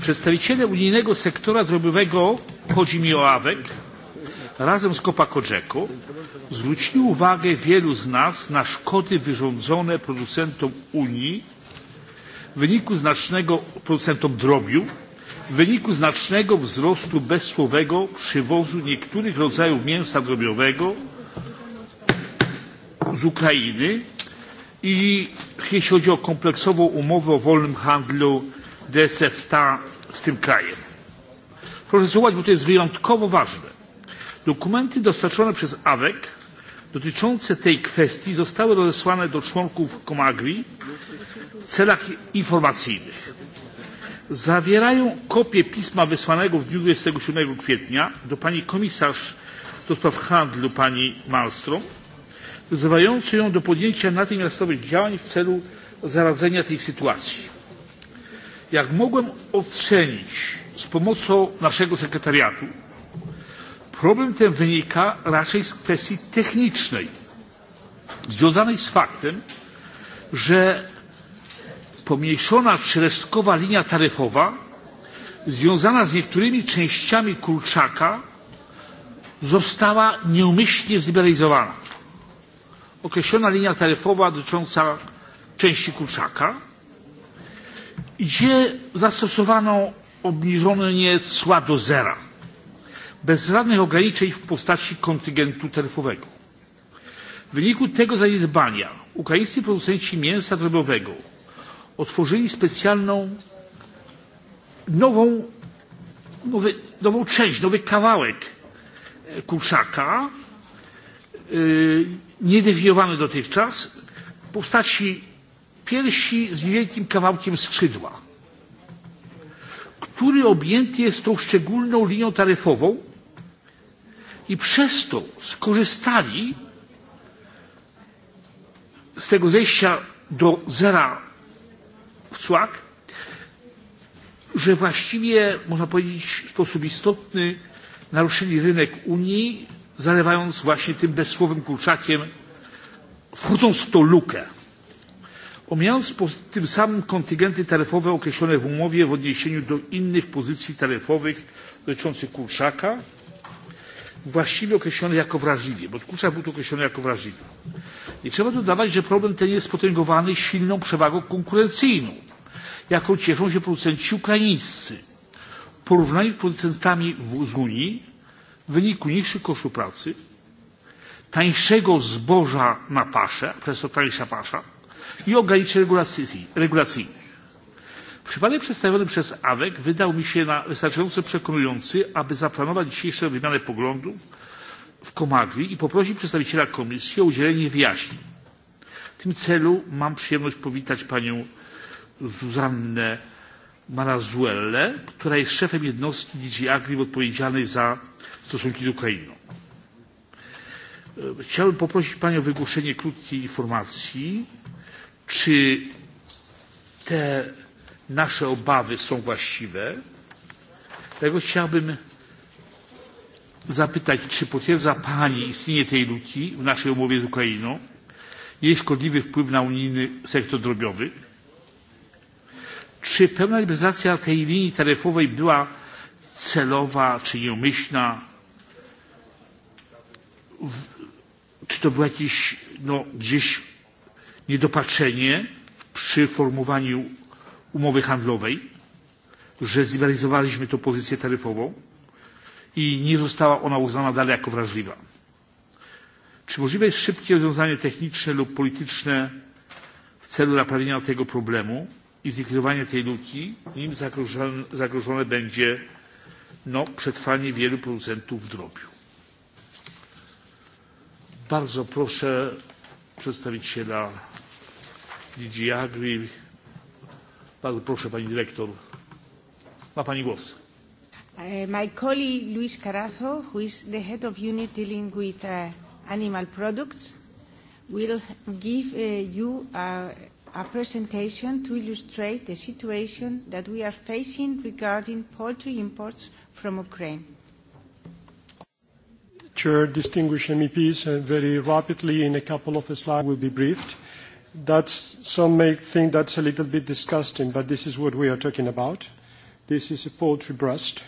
Przedstawiciele unijnego sektora drobiowego chodzi mi o Awek razem z Copa Cogeco zwrócili uwagę wielu z nas na szkody wyrządzone producentom Unii w wyniku znacznego producentom drobiu w wyniku znacznego wzrostu bezsłowego przywozu niektórych rodzajów mięsa drobiowego z Ukrainy i jeśli chodzi o kompleksową umowę o wolnym handlu DSFTA z tym krajem. Proszę słuchać, bo to jest wyjątkowo ważne. Dokumenty dostarczone przez AWEC dotyczące tej kwestii zostały rozesłane do członków Comagri w celach informacyjnych. Zawierają kopię pisma wysłanego w dniu 27 kwietnia do pani komisarz do spraw handlu pani Malmström wzywający ją do podjęcia natychmiastowych działań w celu zaradzenia tej sytuacji. Jak mogłem ocenić z pomocą naszego sekretariatu, problem ten wynika raczej z kwestii technicznej, związanej z faktem, że pomniejszona czy linia taryfowa związana z niektórymi częściami kurczaka została nieumyślnie zliberalizowana określona linia taryfowa dotycząca części kurczaka, gdzie zastosowano obniżenie cła do zera, bez żadnych ograniczeń w postaci kontyngentu taryfowego. W wyniku tego zaniedbania ukraińscy producenci mięsa drobiowego otworzyli specjalną nową, nową część, nowy kawałek kurczaka, niedefiniowany dotychczas w postaci piersi z niewielkim kawałkiem skrzydła, który objęty jest tą szczególną linią taryfową i przez to skorzystali z tego zejścia do zera w cłak, że właściwie można powiedzieć w sposób istotny naruszyli rynek Unii zalewając właśnie tym bezsłowym kurczakiem, wchodząc w tą lukę, omijając tym samym kontyngenty taryfowe określone w umowie w odniesieniu do innych pozycji taryfowych dotyczących kurczaka, właściwie określone jako wrażliwie, bo kurczak był określony jako wrażliwy. I trzeba dodawać, że problem ten jest potęgowany silną przewagą konkurencyjną, jaką cieszą się producenci ukraińscy. W porównaniu z producentami z Unii w wyniku niższych kosztów pracy, tańszego zboża na paszę, przez to tańsza pasza i ograniczeń regulacyjnych. Przypadek przedstawiony przez AWEC wydał mi się na wystarczająco przekonujący, aby zaplanować dzisiejszą wymianę poglądów w Komagri i poprosić przedstawiciela Komisji o udzielenie wyjaśnień. W tym celu mam przyjemność powitać panią Zuzannę Marazuelle, która jest szefem jednostki DG Agri odpowiedzialnej za stosunki z Ukrainą. Chciałbym poprosić Panią o wygłoszenie krótkiej informacji, czy te nasze obawy są właściwe. Dlatego chciałbym zapytać, czy potwierdza Pani istnienie tej luki w naszej umowie z Ukrainą, jej szkodliwy wpływ na unijny sektor drobiowy? Czy pełna liberalizacja tej linii taryfowej była celowa czy nieumyślna? Czy to było jakieś no, gdzieś niedopatrzenie przy formułowaniu umowy handlowej, że zliberalizowaliśmy tą pozycję taryfową i nie została ona uznana dalej jako wrażliwa? Czy możliwe jest szybkie rozwiązanie techniczne lub polityczne w celu naprawienia tego problemu? i zlikwidowanie tej luki, nim zagrożone będzie przetrwanie wielu producentów drobiu. Bardzo proszę przedstawiciela DG Agri. Bardzo proszę pani dyrektor. Ma pani głos. My colleague Luis Carazo, who is the head of unit dealing with animal products, will give you a presentation to illustrate the situation that we are facing regarding poultry imports from Ukraine. Chair, distinguished MEPs, very rapidly in a couple of slides will be briefed. some may think that's a little bit disgusting, but this is what we are talking about. This is a poultry breast.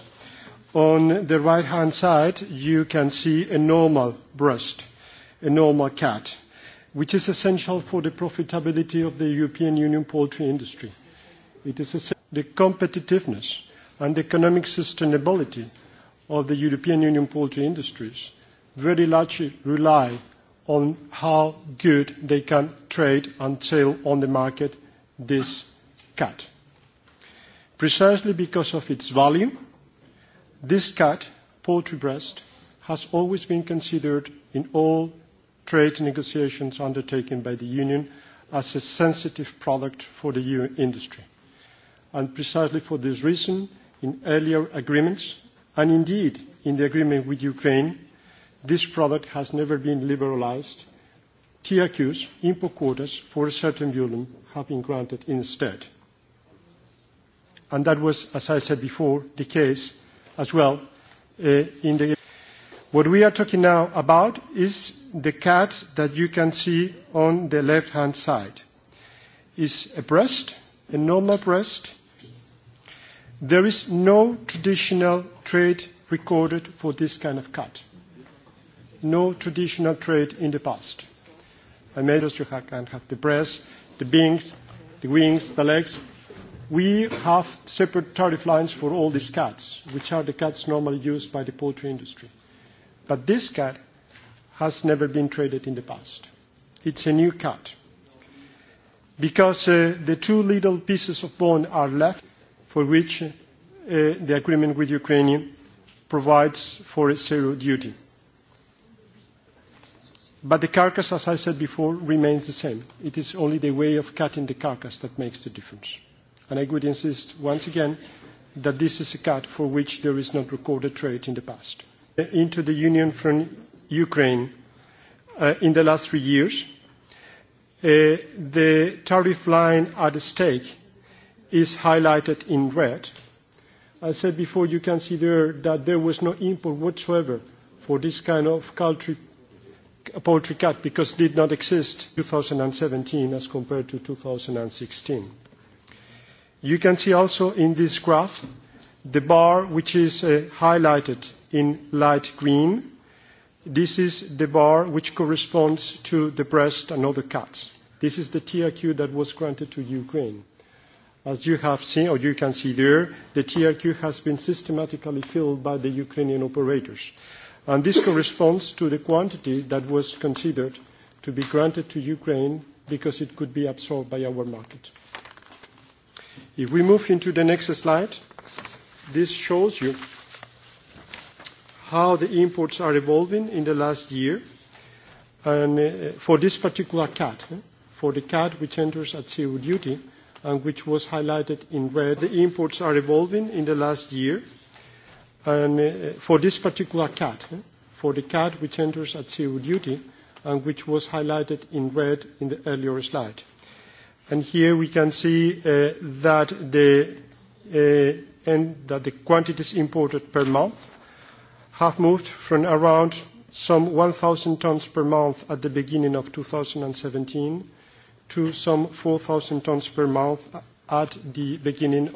On the right-hand side, you can see a normal breast, a normal cat which is essential for the profitability of the European Union poultry industry. It is the competitiveness and economic sustainability of the European Union poultry industries very largely rely on how good they can trade and sell on the market this cat. Precisely because of its value, this cat, poultry breast, has always been considered in all trade negotiations undertaken by the Union as a sensitive product for the EU industry. And precisely for this reason, in earlier agreements, and indeed in the agreement with Ukraine, this product has never been liberalised. TRQs, import quotas for a certain volume have been granted instead. And that was, as I said before, the case as well in the What we are talking now about is the cat that you can see on the left-hand side. It's a breast, a normal breast. There is no traditional trade recorded for this kind of cat. No traditional trade in the past. I made us you can have the breast, the wings, the wings, the legs. We have separate tariff lines for all these cats, which are the cats normally used by the poultry industry. But this cat has never been traded in the past. It's a new cat. Because the two little pieces of bone are left, for which the agreement with Ukraine provides for a zero duty. But the carcass, as I said before, remains the same. It is only the way of cutting the carcass that makes the difference. And I would insist once again that this is a cat for which there is not recorded trade in the past into the Union from Ukraine in the last three years. The tariff line at stake is highlighted in red. I said before, you can see there that there was no import whatsoever for this kind of poultry cut because it did not exist in 2017 as compared to 2016. You can see also in this graph the bar which is highlighted in light green. This is the bar which corresponds to the breast and other cuts. This is the TRQ that was granted to Ukraine. As you have seen, or you can see there, the TRQ has been systematically filled by the Ukrainian operators. And this corresponds to the quantity that was considered to be granted to Ukraine because it could be absorbed by our market. If we move into the next slide, this shows you how the imports are evolving in the last year and for this particular cat, for the cat which enters at zero duty and which was highlighted in red. The imports are evolving in the last year and for this particular cat, for the cat which enters at zero duty and which was highlighted in red in the earlier slide. And here we can see that the quantities imported per month have moved from around some 1,000 tons per month at the beginning of 2017 to some 4,000 tons per month at the beginning,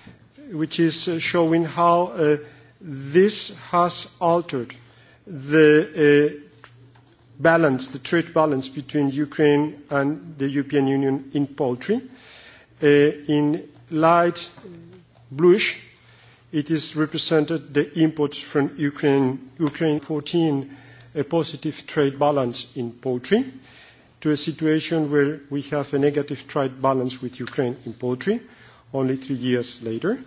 which is showing how this has altered the balance, the trade balance between Ukraine and the European Union in poultry. In light bluish It is represented the imports from Ukraine, Ukraine 14, a positive trade balance in poultry, to a situation where we have a negative trade balance with Ukraine in poultry, only three years later.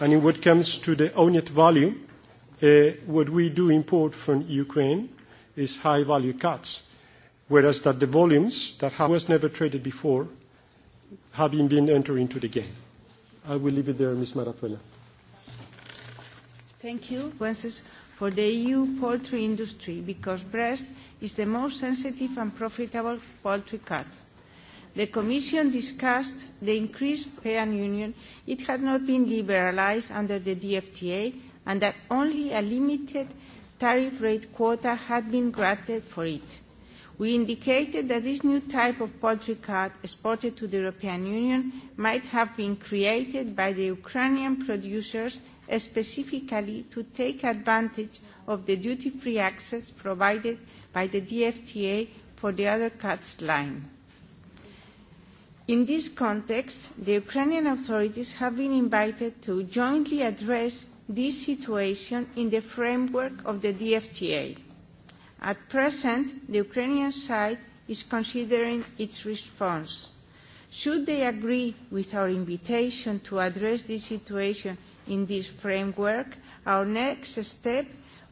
And in what comes to the unit value, what we do import from Ukraine is high-value cuts, whereas that the volumes that was never traded before have been entered into the game. I will leave it there, Ms. Marazuela. Thank you, Wences, for the EU poultry industry, because breast is the most sensitive and profitable poultry cut. The Commission discussed the increased pan union. It had not been liberalised under the DFTA and that only a limited tariff rate quota had been granted for it. We indicated that this new type of poultry cut exported to the European Union might have been created by the Ukrainian producers specifically to take advantage of the duty-free access provided by the DFTA for the other cuts line. In this context, the Ukrainian authorities have been invited to jointly address this situation in the framework of the DFTA. At present, the Ukrainian side is considering its response. Should they agree with our invitation to address this situation in this framework, our next step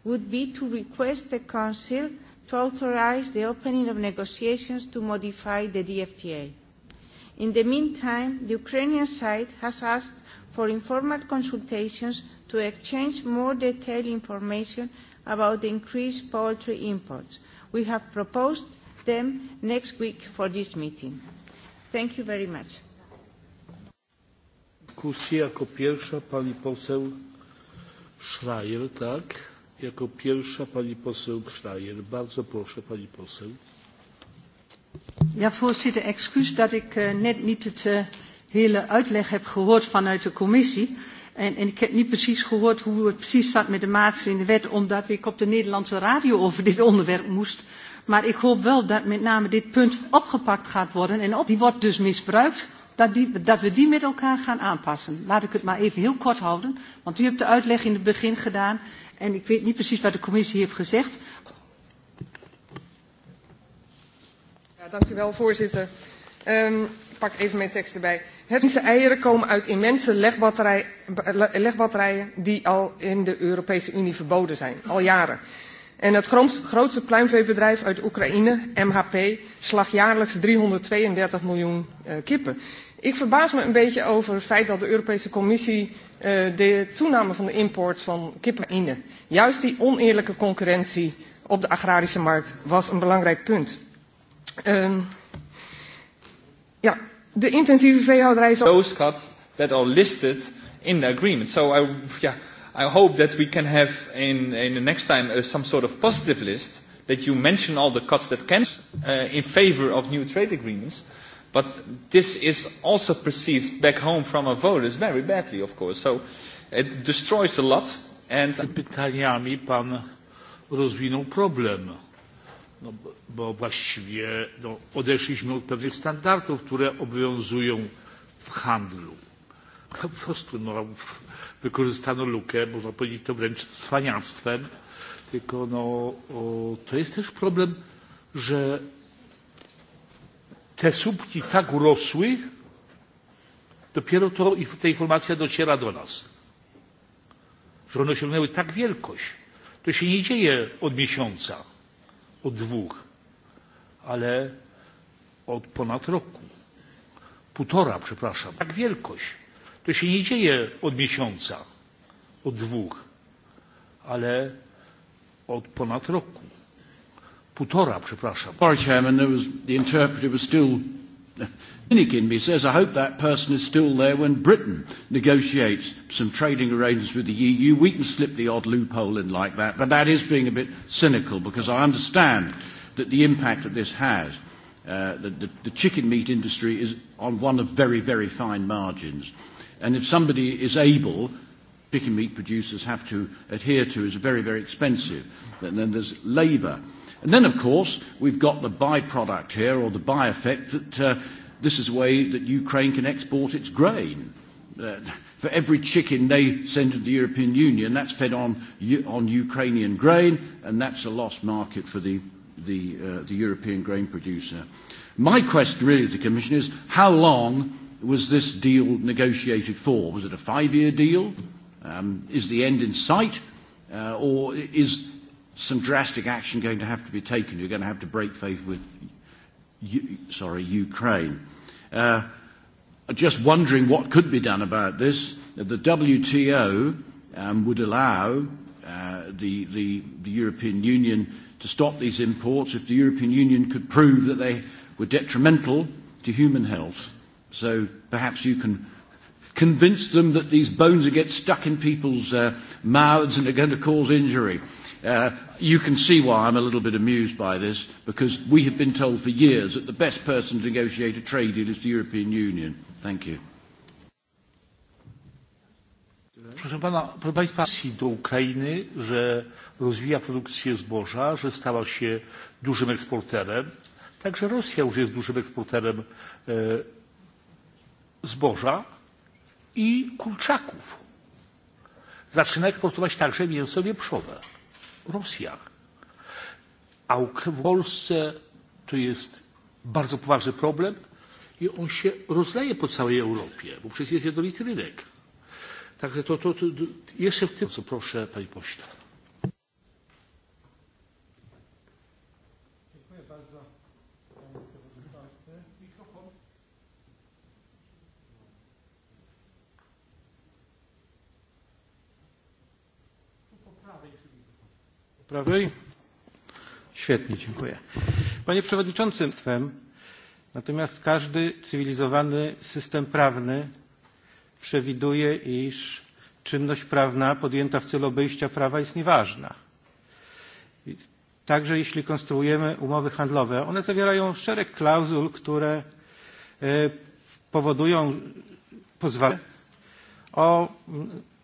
would be to request the Council to authorize the opening of negotiations to modify the DFTA. In the meantime, the Ukrainian side has asked for informal consultations to exchange more detailed information about the increased poultry imports. We have proposed them next week for this meeting. Thank you very much dyskusję. Jako pierwsza pani poseł Schreier, tak? Jako pierwsza pani poseł Schreier. Bardzo proszę pani poseł. Ja, voorzitter, excuus dat ik net niet het hele uitleg heb gehoord vanuit de commissie. En, en ik heb niet precies gehoord hoe het precies zat met de maatregelen in de wet, omdat ik op de Nederlandse radio over dit onderwerp moest. Maar ik hoop wel dat met name dit punt opgepakt gaat worden. En die wordt dus misbruikt dat, dat we die met elkaar gaan aanpassen. Laat ik het maar even heel kort houden, want u hebt de uitleg in het begin gedaan en ik weet niet precies wat de commissie heeft gezegd. Ja, dank u wel, voorzitter. Um, ik pak even mijn tekst erbij. Hetnische eieren komen uit immense legbatterij, legbatterijen die al in de Europese Unie verboden zijn, al jaren. En het grootste pluimveebedrijf uit Oekraïne, MHP, slag jaarlijks 332 miljoen kippen. Ik verbaas me een beetje over het feit dat de Europese Commissie de toename van de import van kippenine. Juist die oneerlijke concurrentie op de agrarische markt was een belangrijk punt. Ja, de intensieve veehouderij... Those cuts that are listed in the agreement. So I, yeah, I hope that we can have in, in the next time some sort of positive list that you mention all the cuts that can in favor of new trade agreements But this is also perceived back home from our voters very badly, of course. So it destroys a lot. And pytaniami pan rozwinął problem. No, bo właściwie no, odeszliśmy od pewnych standardów, które obowiązują w handlu. Po prostu no, wykorzystano lukę, można powiedzieć to wręcz cwaniactwem, tylko no, o, to jest też problem, że te słupki tak urosły, dopiero to, ta informacja dociera do nas, że one osiągnęły tak wielkość. To się nie dzieje od miesiąca, od dwóch, ale od ponad roku. Półtora, przepraszam. Tak wielkość. To się nie dzieje od miesiąca, od dwóch, ale od ponad roku. Sorry, Chairman, the interpreter was still cynic in me says, I hope that person is still there when Britain negotiates some trading arrangements with the EU. We can slip the odd loophole in like that, but that is being a bit cynical because I understand that the impact that this has. that The chicken meat industry is on one of very, very fine margins. And if somebody is able, chicken meat producers have to adhere to, is very, very expensive. And then there's labour And then, of course, we've got the byproduct here, or the by effect, that this is a way that Ukraine can export its grain. For every chicken they send to the European Union, that's fed on on Ukrainian grain, and that's a lost market for the European grain producer. My question really to the Commission is, how long was this deal negotiated for? Was it a five-year deal? Is the end in sight? Or is some drastic action going to have to be taken. You're going to have to break faith with, sorry, Ukraine. Just wondering what could be done about this. The WTO would allow the European Union to stop these imports if the European Union could prove that they were detrimental to human health. So perhaps you can convince them that these bones are get stuck in people's mouths and are going to cause injury. You can see why I'm a little bit amused by this, because we have been told for years that the best person to negotiate a trade deal is the European Union. Thank you. Proszę pana, proszę państwa, do Ukrainy, że rozwija produkcję zboża, że stała się dużym eksporterem. Także Rosja już jest dużym eksporterem zboża i kurczaków. Zaczyna eksportować także mięso wieprzowe Rosja. A w Polsce to jest bardzo poważny problem i on się rozleje po całej Europie, bo przecież jest jednolity rynek. Także to, jeszcze w tym, co proszę, Pani pośle. Świetnie, dziękuję. Panie Przewodniczący, natomiast każdy cywilizowany system prawny przewiduje, iż czynność prawna podjęta w celu obejścia prawa jest nieważna. Także jeśli konstruujemy umowy handlowe, one zawierają szereg klauzul, które powodują, pozwalają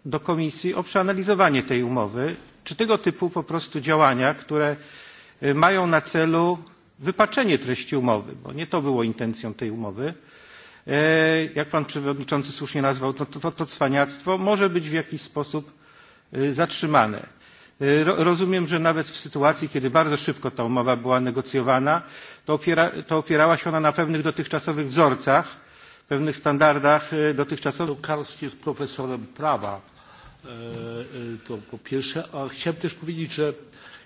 do Komisji o przeanalizowanie tej umowy czy tego typu po prostu działania, które mają na celu wypaczenie treści umowy, bo nie to było intencją tej umowy. Jak pan przewodniczący słusznie nazwał, to cwaniactwo może być w jakiś sposób zatrzymane. Rozumiem, że nawet w sytuacji, kiedy bardzo szybko ta umowa była negocjowana, to opierała się ona na pewnych dotychczasowych wzorcach, pewnych standardach dotychczasowych. Karski jest profesorem prawa To po pierwsze, a chciałem też powiedzieć, że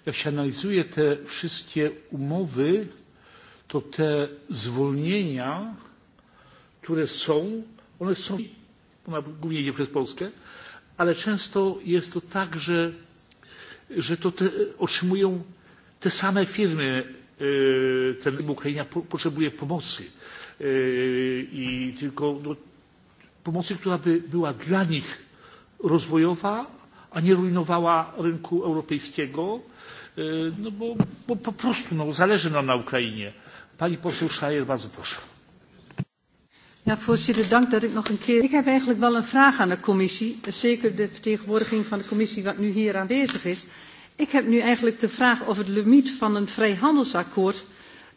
jak się analizuje te wszystkie umowy, to te zwolnienia, które są, one są głównie nie przez Polskę, ale często jest to tak, że, że to te, otrzymują te same firmy, ten Ukraina potrzebuje pomocy i tylko pomocy, która by była dla nich rozwojowa, a nie rujnowała rynku europejskiego, no bo, po prostu no, zależy nam na Ukrainie. Pani poseł bardzo proszę. Ja, dank dat ik nog een keer... Ik heb eigenlijk wel een vraag aan de commissie, zeker de vertegenwoordiging van de commissie wat nu hier aanwezig is. Ik heb nu eigenlijk de vraag of het limiet van een vrijhandelsakkoord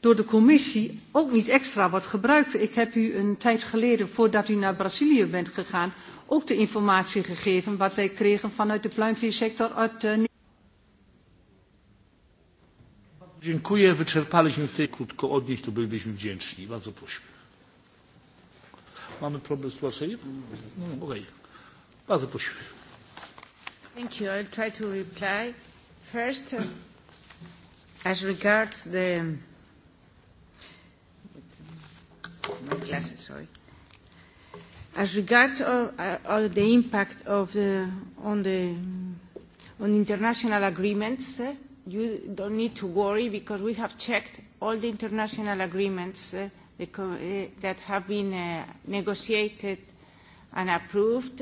door de commissie ook niet extra wordt gebruikt. Ik heb u een tijd geleden, voordat u naar Brazilië bent gegaan, ook de informatie gegeven wat wij kregen vanuit de pluimveesector uit. Dziękuję. Wyczerpaliśmy tutaj krótko odnieść, to bylibyśmy wdzięczni. Bardzo prosimy. Mamy problem z tłumaczeniem? No, okej. Bardzo prosimy. Thank you. I'll try to reply. First, as regards the my sorry. As regards the impact of the on the on international agreements, you don't need to worry because we have checked all the international agreements that have been negotiated and approved,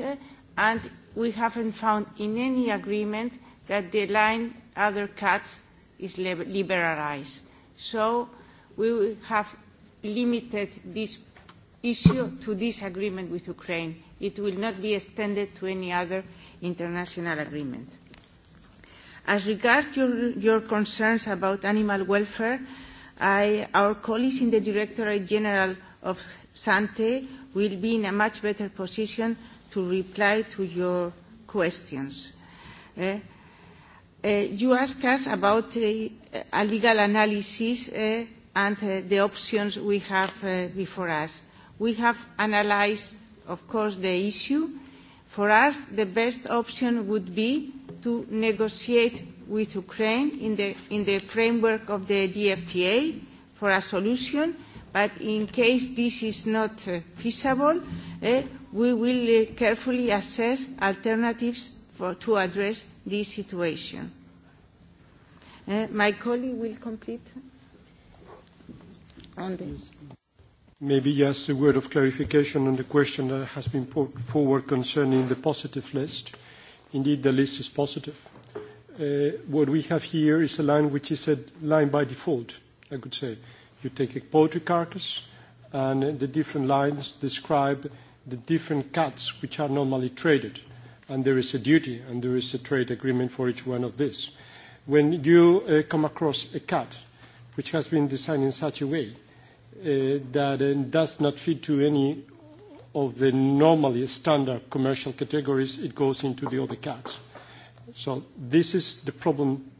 and we haven't found in any agreement that the line other cuts is liberalised. So we have limited this issue to this agreement with Ukraine. It will not be extended to any other international agreement. As regards your concerns about animal welfare, our colleagues in the Directorate General of Sante will be in a much better position to reply to your questions. You asked us about a legal analysis and the options we have before us. We have analyzed, of course, the issue. For us, the best option would be to negotiate with Ukraine in the framework of the DFTA for a solution, but in case this is not feasible, we will carefully assess alternatives to address this situation. My colleague will complete on Maybe just a word of clarification on the question that has been put forward concerning the positive list. Indeed, the list is positive. What we have here is a line which is a line by default, I could say. You take a poultry carcass, and the different lines describe the different cuts which are normally traded, and there is a duty, and there is a trade agreement for each one of these. When you come across a cut which has been designed in such a way that does not fit to any of the normally standard commercial categories, it goes into the other cats. So this is the problem,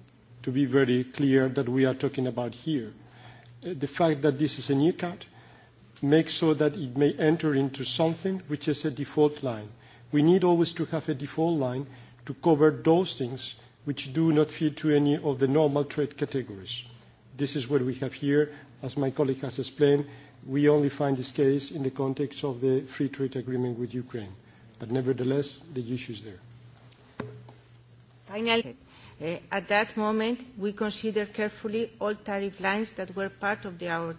to be very clear, that we are talking about here. The fact that this is a new cat makes so that it may enter into something which is a default line. We need always to have a default line to cover those things which do not fit to any of the normal trade categories. This is what we have here. As my colleague has explained, we only find this case in the context of the free trade agreement with Ukraine. But nevertheless, the issue is there. Finally, at that moment, we considered carefully all tariff lines that were part of our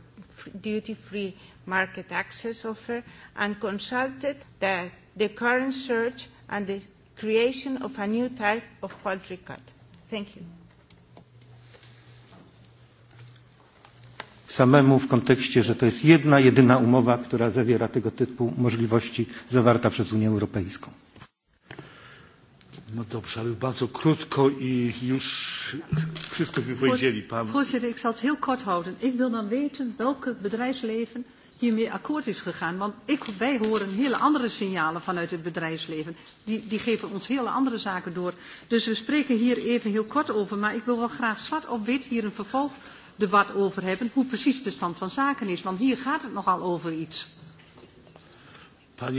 duty-free market access offer and consulted the current search and the creation of a new type of poultry cut. Thank you. samemu w kontekście, że to jest jedna, jedyna umowa, która zawiera tego typu możliwości zawarta przez Unię Europejską. No dobrze, bardzo krótko i już by powiedzieli. Pan... Voorzitter, ik zal het heel kort houden. Ik wil dan weten welke bedrijfsleven hiermee akkoord is gegaan. Want ik, wij horen hele andere signalen vanuit het bedrijfsleven. Die, die geven ons hele andere zaken door. Dus we spreken hier even heel kort over. Maar ik wil wel graag zwart op wit hier een vervolg debat over hebben, hoe precies de stand van zaken is. Want hier gaat het nogal over iets.